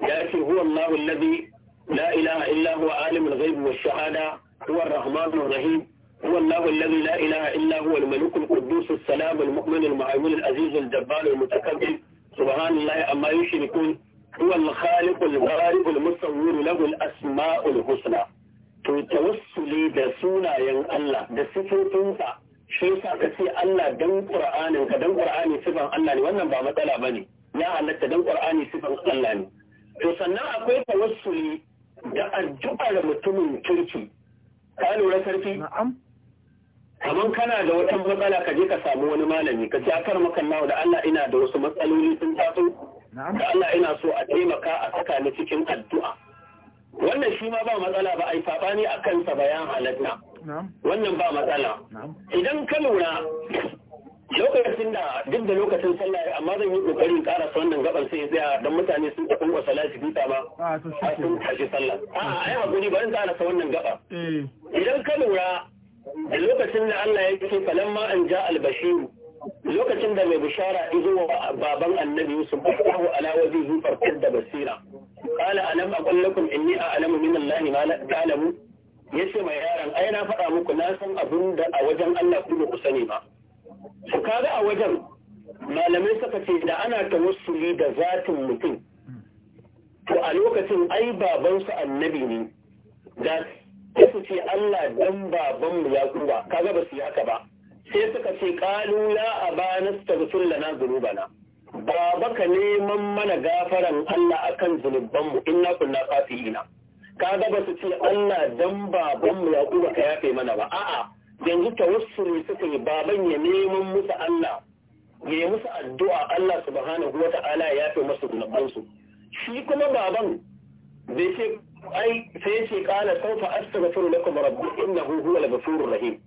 ya ce huwa Allahu allazi la ilaha illa huwa alimul ghaibi wash shahada huwa ar-rahmanur rahim هو الله الذي لا إله إلا هو الملك القدوس السلام المؤمن المهيمن العزيز الجبار المتكبر سبحان الله أما يشركون هو الخالق البارئ المصور له الأسماء الحسنى توسلي da sunayen Allah da sifofinsa shi yasa ka ce Allah dan Qur'anin ka dan Qur'ani sifan Allah ne wannan ba matsala bane ya halatta dan Qur'ani sifan Allah ne to sannan akwai tawassuli da addu'ar mutumin kirki ka lura sarki na'am kamar kana da wata matsala ka je ka samu wani malami ka ci akar makan nawa da Allah ina da wasu matsaloli sun taso da Allah ina so a taimaka a saka ni cikin addu'a wannan shi ma ba matsala ba ai sabani akan sa bayan halatta wannan ba matsala idan ka lura lokacin da duk da lokacin sallah amma zan yi kokarin karasa wannan gaban sai ya tsaya don mutane sun tafi wa salati bita ba a sun tashi sallah a ai hakuri bari in karasa wannan gaba eh. idan ka lura lokacin da Allah ya ce ma an ja albashiru lokacin da mai bishara izo wa baban annabi Yusuf Allahu ala wajihi farkin da basira qala alam aqul lakum inni a'lamu min Allah ma la ta'lamu yace mai yaran, ai na faɗa muku na san abin da a wajen Allah ku ba ku sani ba to kaga a wajen malamai suka ce da ana tawassuli da zatin mutum to a lokacin ai babansu annabi ne da sai su ce Allah dan babanmu ya kuwa kaga ba su yi haka ba sai suka ce kalu ya abana na lana dhunubana baba ka neman mana gafaran Allah akan zunubanmu na kunna ina. kaga ba su ce Allah dan babanmu ya kuwa ka yafe mana ba a'a yanzu ne suka yi baban ya neman musu Allah ya yi musu addu'a Allah subhanahu wa ta'ala ya yafe musu zunubansu shi kuma baban bai ce ai sai yace qala sawfa astaghfiru lakum rabbi innahu huwal ghafurur rahim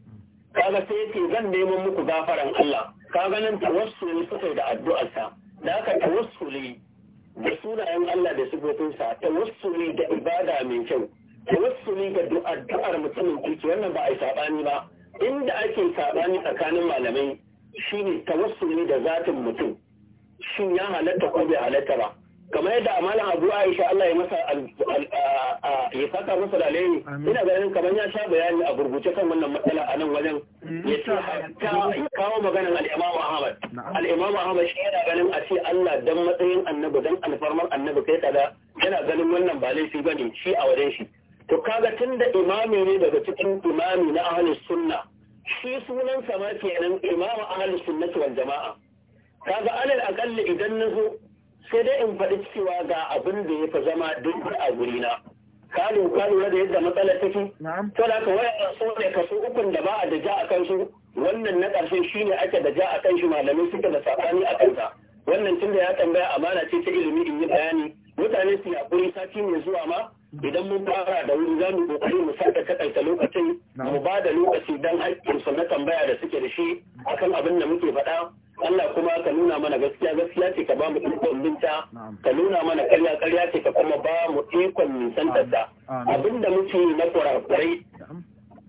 kaga sai yace zan neman muku gafaran Allah kaga nan tawassuli suka da addu'arsa da haka tawassuli da sunayen Allah da sifofinsa tawassuli da ibada mai kyau tawassuli da addu'ar mutumin kirki wannan ba a yi sabani ba inda ake sabani tsakanin malamai shine tawassuli da zatin mutum shin ya halatta ko bai halatta ba kamar yadda amalan abu aisha Allah ya masa ya saka masa lalai ina ganin kamar ya sha bayani a gurguce kan wannan matsala a nan wajen mm-hmm. ya ce kawo maganin al'imam ahmad al'imam ahmad shi yana ganin a ce Allah dan matsayin annabi dan alfarmar annabi kai kada yana ganin wannan ba laifi bane shi a wajen shi to kaga da imami ne daga cikin imami na ahlus sunna shi sunan sama kenan imamu ahlus sunnati wal jama'a kaga alal aqalli idan nazo sai dai in faɗi cewa ga abin da ya fi zama dubu a na ka lura da yadda matsalar take to da ka waya su ne kaso ukun da ba a da ja a kansu wannan na ƙarshe ne ake da ja a kan shi malamai suke da sabani a kansa wannan tun da ya tambaya amana ce ta ilimi in yi bayani mutane su yaƙuri sati mai zuwa ma idan mun fara da wuri za mu kokari mu sake takaita lokacin mu ba da lokaci don haƙƙinsu na tambaya da suke da shi akan abin da muke faɗa Allah kuma ka nuna mana gaskiya gaskiya ce ka ba mu ikon binta ka nuna mana karya karya ce ka kuma ba mu ikon nisantar da abin da muke na kurakurai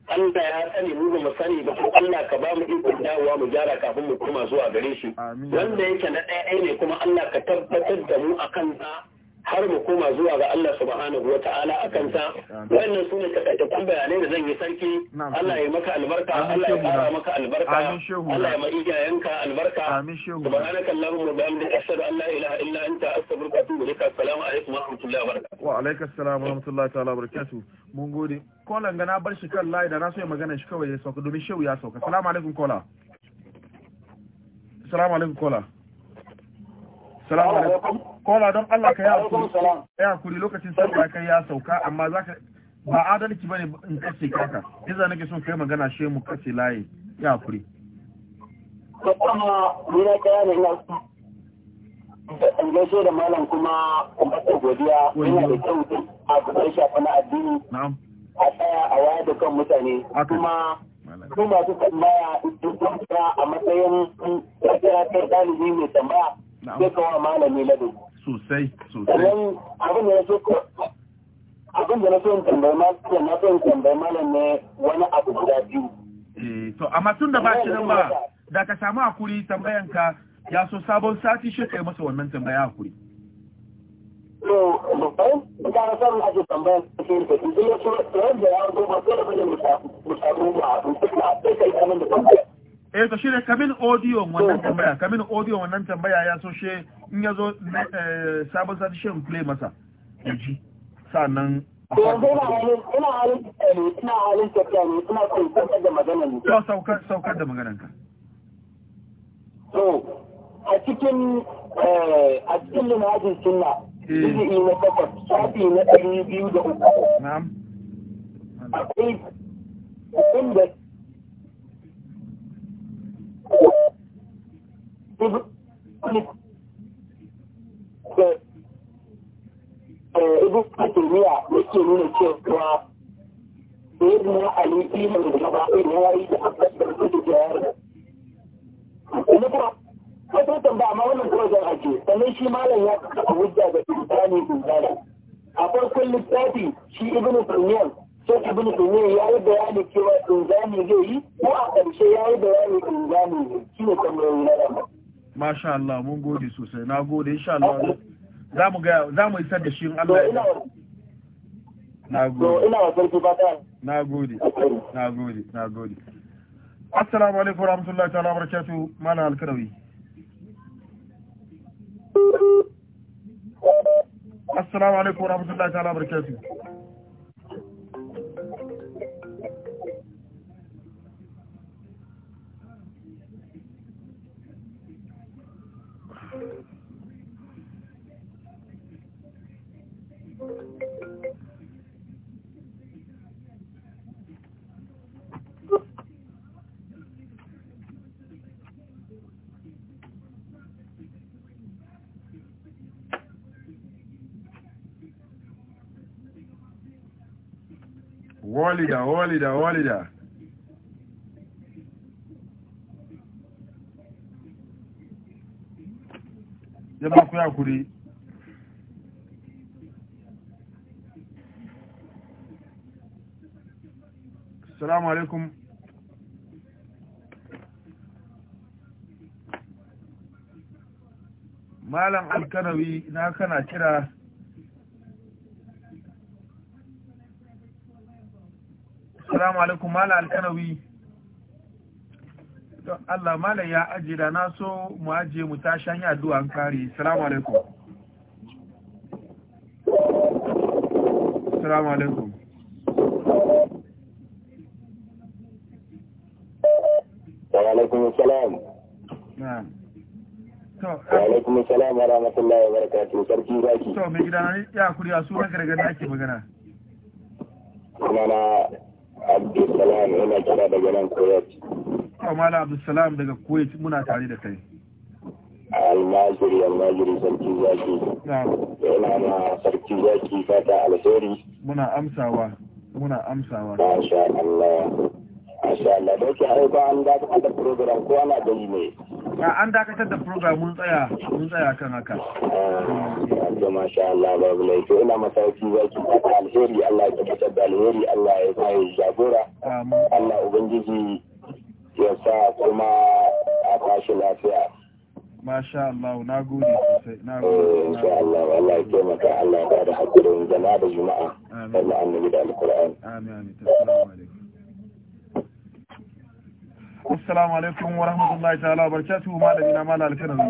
Allah ya sani mu mu sani ba ko Allah ka ba mu ikon dawowa mu gyara kafin mu kuma zuwa gare shi wanda yake na ɗaya ne kuma Allah ka tabbatar da mu akan sa har mu koma zuwa ga Allah subhanahu wa ta'ala a kanta wannan su ne takaitattun bayanai da zan yi sarki Allah ya maka albarka Allah ya kara maka albarka Allah ya mai iyayenka albarka subhanaka allahumma wa bihamdika ashhadu an la ilaha illa anta astaghfiruka wa atubu ilaik assalamu alaikum wa rahmatullahi wa barakatuh wa alaikum assalam wa rahmatullahi wa barakatuh mun gode kolan ga na bar shi kan layi da na so ya magana shi kawai ya sauka domin shehu ya sauka assalamu alaikum kola assalamu alaikum kola salamu alaikum kola don Allah ka yi hakuri lokacin sallah kai ya sauka amma zaka ba adalci ba ne in kace kaka idan nake son kai magana shi mu kace layi ya hakuri kuma ni na kai ne na gaishe da malam kuma kuma godiya ina da kyau a kuma shafa na addini na'am a tsaya a wayar da kan mutane kuma kuma su tambaya duk a matsayin kira kai dalibi mai tambaya sai kawo malami na dubu sosai sosai abin da nake abin da nake yin tambayi malam na son tambayi malam ne wani abu guda biyu eh to amma tun da ba shi nan ba da ka samu hakuri tambayanka ya so sabon sati shi kai masa wannan tambaya hakuri to babban da na san aje tambayar cikin da shi ne da ya rubuta da da musabu musabu ba a cikin da kai da tambaya eh to shine kamin audio wannan tambaya kamin audio wannan tambaya ya so she in ya zo eh, sabon sati shi play masa ji sannan ina ne ina da ne to sauka sauka da maganar ka to a cikin eh, a cikin limajin sunna eh. jizgi na takwas shafi na ɗari biyu da uku na'am akwai inda ibu katimiya yake nuna cewa da yi na alifi na gaba irin wari da abubakar kudu da yaro. Wani kuma, wata tamba amma wannan kuma zan ake, sannan shi malam ya kasa hujja da Ibrahim Gunzala. A farkon littafi shi Ibn Taymiyyah sai ibn Umayr ya yi bayani cewa inzami zai yi ko a ƙarshe ya yi bayani inzami shi ne tambayoyi na rama masha Allah mun gode sosai na gode insha Allah za mu ga za mu isar da shi in Allah ya na gode ina wa sarki fata na gode na gode na gode assalamu alaikum warahmatullahi ta'ala barakatuh mana alkarawi assalamu alaikum warahmatullahi ta'ala barakatuh Walida walida walida jama ku yakuri assalamu alaikum malam alkanawi na kana kira assalamu alaikum mala alkanawi Allah mala ya ajiye da na so mu ajiye mu ta shan addu'a an kare assalamu alaikum assalamu alaikum salam wa rahmatullahi wa barakatuh sarki zaki to mai gidana ya kuri a su ake magana Mana Abdulsalam yana kira daga nan Kuwait. Yau Mala Abdulsalam daga Kuwait muna tare da kai. Almajiri almajiri sarki zaki. Yana ma sarki zaki fata alheri. Muna amsawa. Muna amsawa. Masha Allah. Masha Allah. Dauki haifa an da program ko ana da ne. an dakatar da program mun tsaya mun tsaya kan haka da masha Allah babu laifi ina mataki za ki fata alheri Allah ya tabbatar da alheri Allah ya sa ya jagora Allah ubangiji ya sa kuma a tashi lafiya Masha Allah, na gode sosai, na gode. Eh, insha Allah, Allah ya taimaka, Allah ya bada da hakurin jama'a da juma'a, da annabi da Alƙur'an. Amin, amin, assalamu alaikum. assalamu alaikum wa rahmatullahi ta'ala wa barakatuhu malami na malal zuwa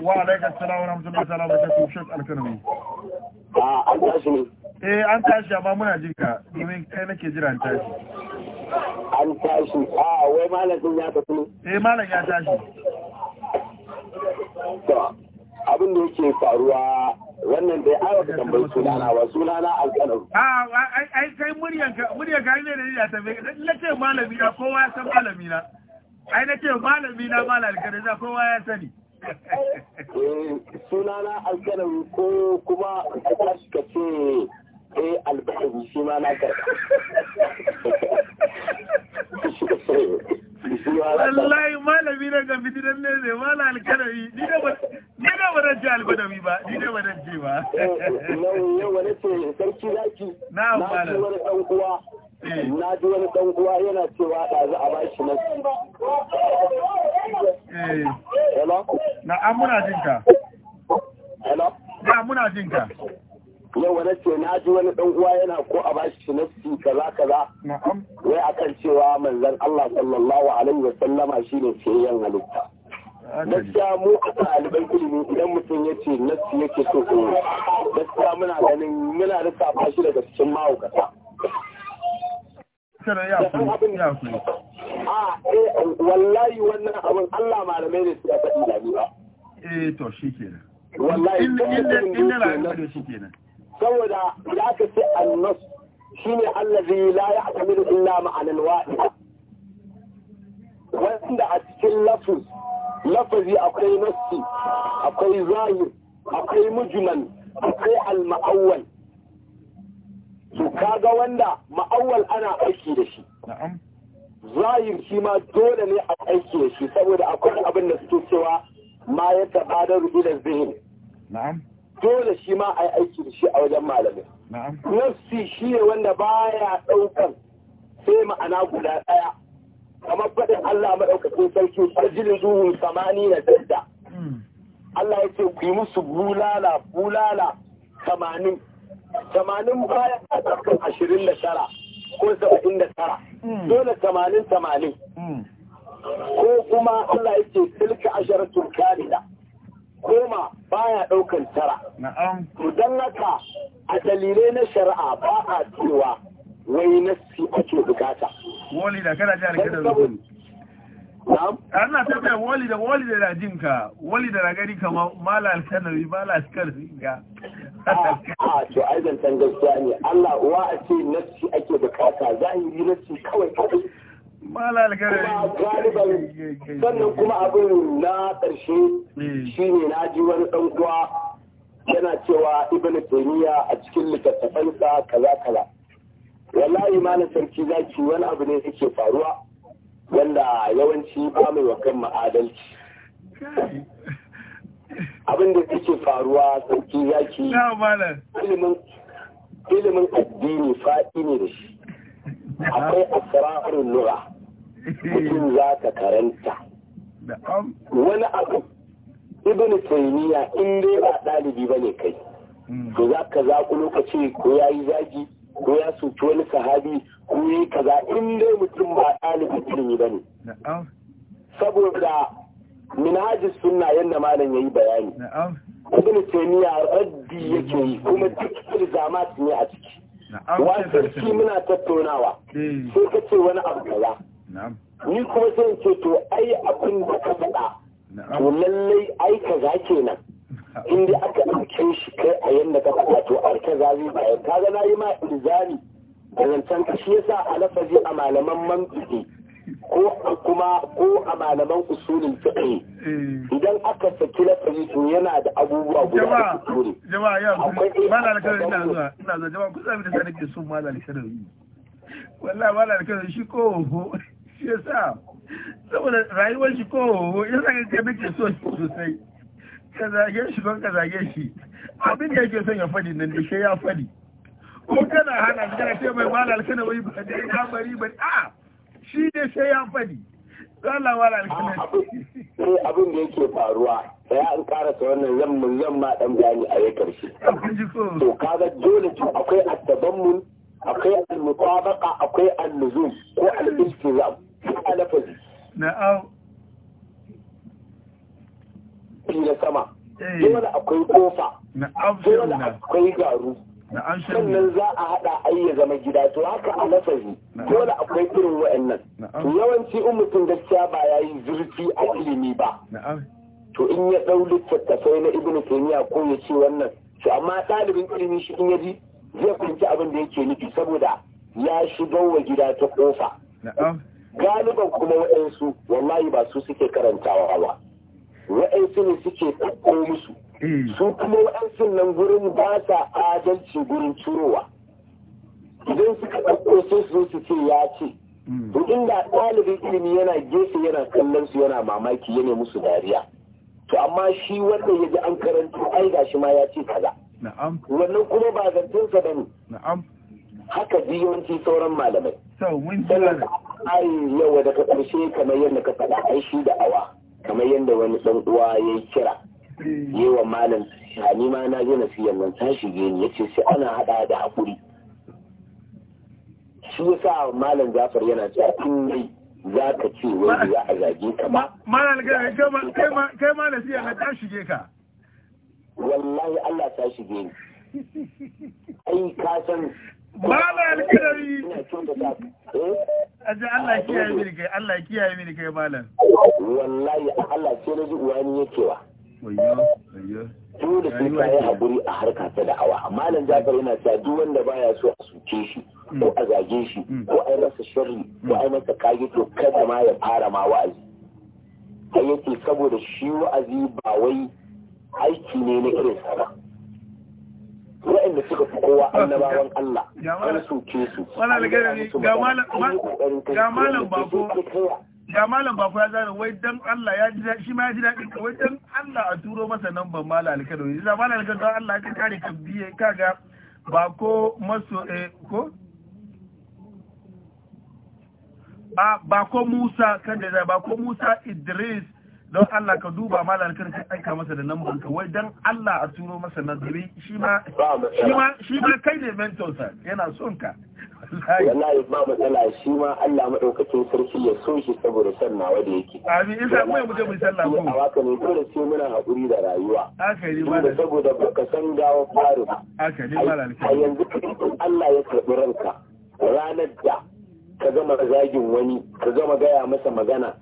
wa alaikum assalamu wa rahmatullahi ta'ala wa barakatuhu shek alkanan a ah, an tashi eh an tashi amma muna jinka domin kai nake jira an tashi an tashi ah wai malamin ya tafi eh malam ya tashi abin da yake faruwa wannan dai ai da tambayi sunana ba sunana alƙalau a ai kai muryanka ka ne da ya tambaye na ce malami na kowa ya san malami na ai na ce malami na malal alƙalau za kowa ya sani eh, sunana alƙalau ko kuma a tashi ka ce eh albashi shi ma na karɓa wallahi malami na gabi dinan ne ne mala alkarami ni da ba ni da ba rajja albadami ba ni da ba rajje ba nan yau wani ce sarki zaki na mala na wani dan uwa eh. na ji wani dan uwa yana cewa da za a ba shi na eh hello na amuna jinka hello na amuna jinka yau wani ce na ji wani dan uwa yana ko a bashi sinasti kaza kaza wai akan cewa manzon Allah sallallahu alaihi wa sallama shine fiyayyen halitta gaskiya mu a ɗaliban ilimi idan mutum ya ce nasti yake so ko gaskiya muna ganin muna ba shi daga cikin mahaukata kana eh, wallahi wannan abin Allah malamai ne suka faɗi da ni ba eh to shikenan wallahi in in da shi ke shikenan saboda za ka ce annas shine allazi la ya'tamidu illa ma'anin wahida wanda a cikin lafuz lafazi akwai nassi akwai zahir akwai mujmal akwai al-ma'awwal to kaga wanda ma'awwal ana aiki da shi zahir shi ma dole ne a aiki da shi saboda akwai abin da suke cewa ma ya tabadar ila zihin na'am dole shi ma a yi aiki da shi a wajen malamin. Nafsi shi ne wanda baya ɗaukan sai ma'ana guda ɗaya. Kamar faɗin Allah maɗaukakin sarki farjin zuhun samani na dadda. Hmm. Allah ya ce ku yi musu bulala bulala tamanin. Tamanin baya a ɗaukan ashirin da tara ko saba'in da tara. Hmm. Dole tamanin tamanin. Hmm. Ko kuma Allah ya ce tilka ashirin turkani da. goma baya ɗaukan tara. To don haka a dalilai na shari'a ba a cewa wai su ake bukata. Wali da kana jihar kada zuwa. Ana tafiya wali da wali da na jin ka, wali da na gani kama mala alkanari mala alkanari ga. A to ai zantan gaskiya ne Allah wa a ce nassi ake bukata zahiri nassi kawai kawai sannan kuma abin na ƙarshe eh. ne na ji wani ɗan uwa yana cewa ibn taymiya a cikin littattafansa kaza kaza wallahi malam sarki zaki wani abu ne yake faruwa wanda yawanci ba mai wa kan ma'adalci abin da yake faruwa sarki zaki ilimin addini faɗi ne da shi akwai asrarun lura mutum za ka karanta wani abu ibn taymiya in dai ba ɗalibi ba ne kai hmm. to za ka za ku lokaci ko ya yi zagi ko ya soki wani sahabi ko ya yi kaza in dai mutum ba ɗalibin ilimi ba ne saboda minhajis sunna yadda malam ya yi bayani ibn taymiya raddi yake yi kuma duk ilzamat ne a ciki wasu shi muna tattaunawa eh. sai ka ce wani abu kaza ni kuma sai ce to ai abin da ka faɗa to lallai ai kaza kenan in dai aka ɗauke shi kai a yadda ka faɗa to ai kaza zai bayar kaga na yi ma inzari da zancen ka shi yasa a lafazi a malaman mantiki ko kuma ko a malaman usulin fiqh eh. idan aka saki na lafazi to yana da abubuwa guda da uku ne jama'a ya malal kada ina zuwa ina zuwa jama'a ku sami da sanin ke sun malal yi. wallahi malal kada shi ko shi ya sa saboda rayuwar shi ko ya sa ka nake so sosai ka zage shi don ka zage shi abin da yake son ya faɗi nan da shi ya faɗi ko kana hana shi kana ce mai malal kada wai ba dai ka bari ba a'a shi ne sai ya faɗi ah, sai abin da yake faruwa sai an karasa wannan zammun zamma dan bayani a yayin karshe to kaga dole ce akwai at-tabammun akwai al-mutabaqa akwai al-luzum ko al istizam a fazi na'am fi sama eh. dole akwai kofa dole akwai garu sannan za a haɗa ai zama gida to haka a lafazi dole akwai irin wa'annan to yawanci in mutum gaskiya ba ya yi zurfi a ilimi ba to in ya ɗau littattafai na ibnu taymiya ko ya ce wannan to amma ɗalibin ilimi shi in ya ji zai kunci abin da yake nufi saboda ya shiga wa gida ta ƙofa. galiban kuma wa'ansu wallahi ba su suke karantawa ba wa'ansu ne suke ɗauko musu Mm. su kuma nan gurin ba sa adalci gurin turowa idan suka ɗauko sai su su ce ya ce mm. to inda ɗalibin ilimi yana gefe yana kallon su yana mamaki yana musu dariya to amma shi wanda ya ji an karanta ai gashi ma ya ce kaza wannan kuma ba zantunsa ba ne haka biyanci sauran malamai sannan ai yawa daga ƙarshe kamar yadda ka faɗa ai shi da awa kamar yadda wani ɗan uwa ya kira yi wa malam shani ma na je siyan nan ta shige ni yace sai ana hada da hakuri shi yasa malam Jafar yana cewa tun dai za ka ce wani za a zage ka ba malam ga kai ma kai ma nasiya ta shige ka wallahi Allah ta shige ni ai ka san Baba alkadari. Aji Allah kiyaye mini kai, Allah kiyaye mini kai malam. Wallahi Allah ce na ji uwani wa. dole da ka yi haƙuri a harka ta da'awa malam jafar yana cewa duk wanda baya so a suke shi ko a zage shi mm. ko a yi masa sharri ko a yi masa kage to kada ma ya fara ma wa'azi sai yake saboda shi wa'azi ba wai aiki ne na irin sa ba waɗanda suka fi kowa annabawan Allah an suke su ga malam babu. ya malam ba ya zara wai dan Allah ya ji shi ma ya ji daɗi wai dan Allah a turo masa nan ban malam alkado ya zama malam alkado don Allah ya kare ka biye kaga ba ko maso eh ko ba ba ko Musa kan da ba ko Musa Idris don Allah ka duba malam alkado ka aika masa da nan banka wai dan Allah a turo masa nan dare shi ma shi ma shi ma kai ne mentor sa yana son ka wallahi ba matsala shi ma Allah maɗaukacin sarki ya so shi saboda san nawa da yake amin isa mai mu mu a waka ne dole sai muna haƙuri da rayuwa akali saboda baka san gawa faru a yanzu Allah ya karɓi ranka ranar da ka gama zagin wani ka gama gaya masa magana ka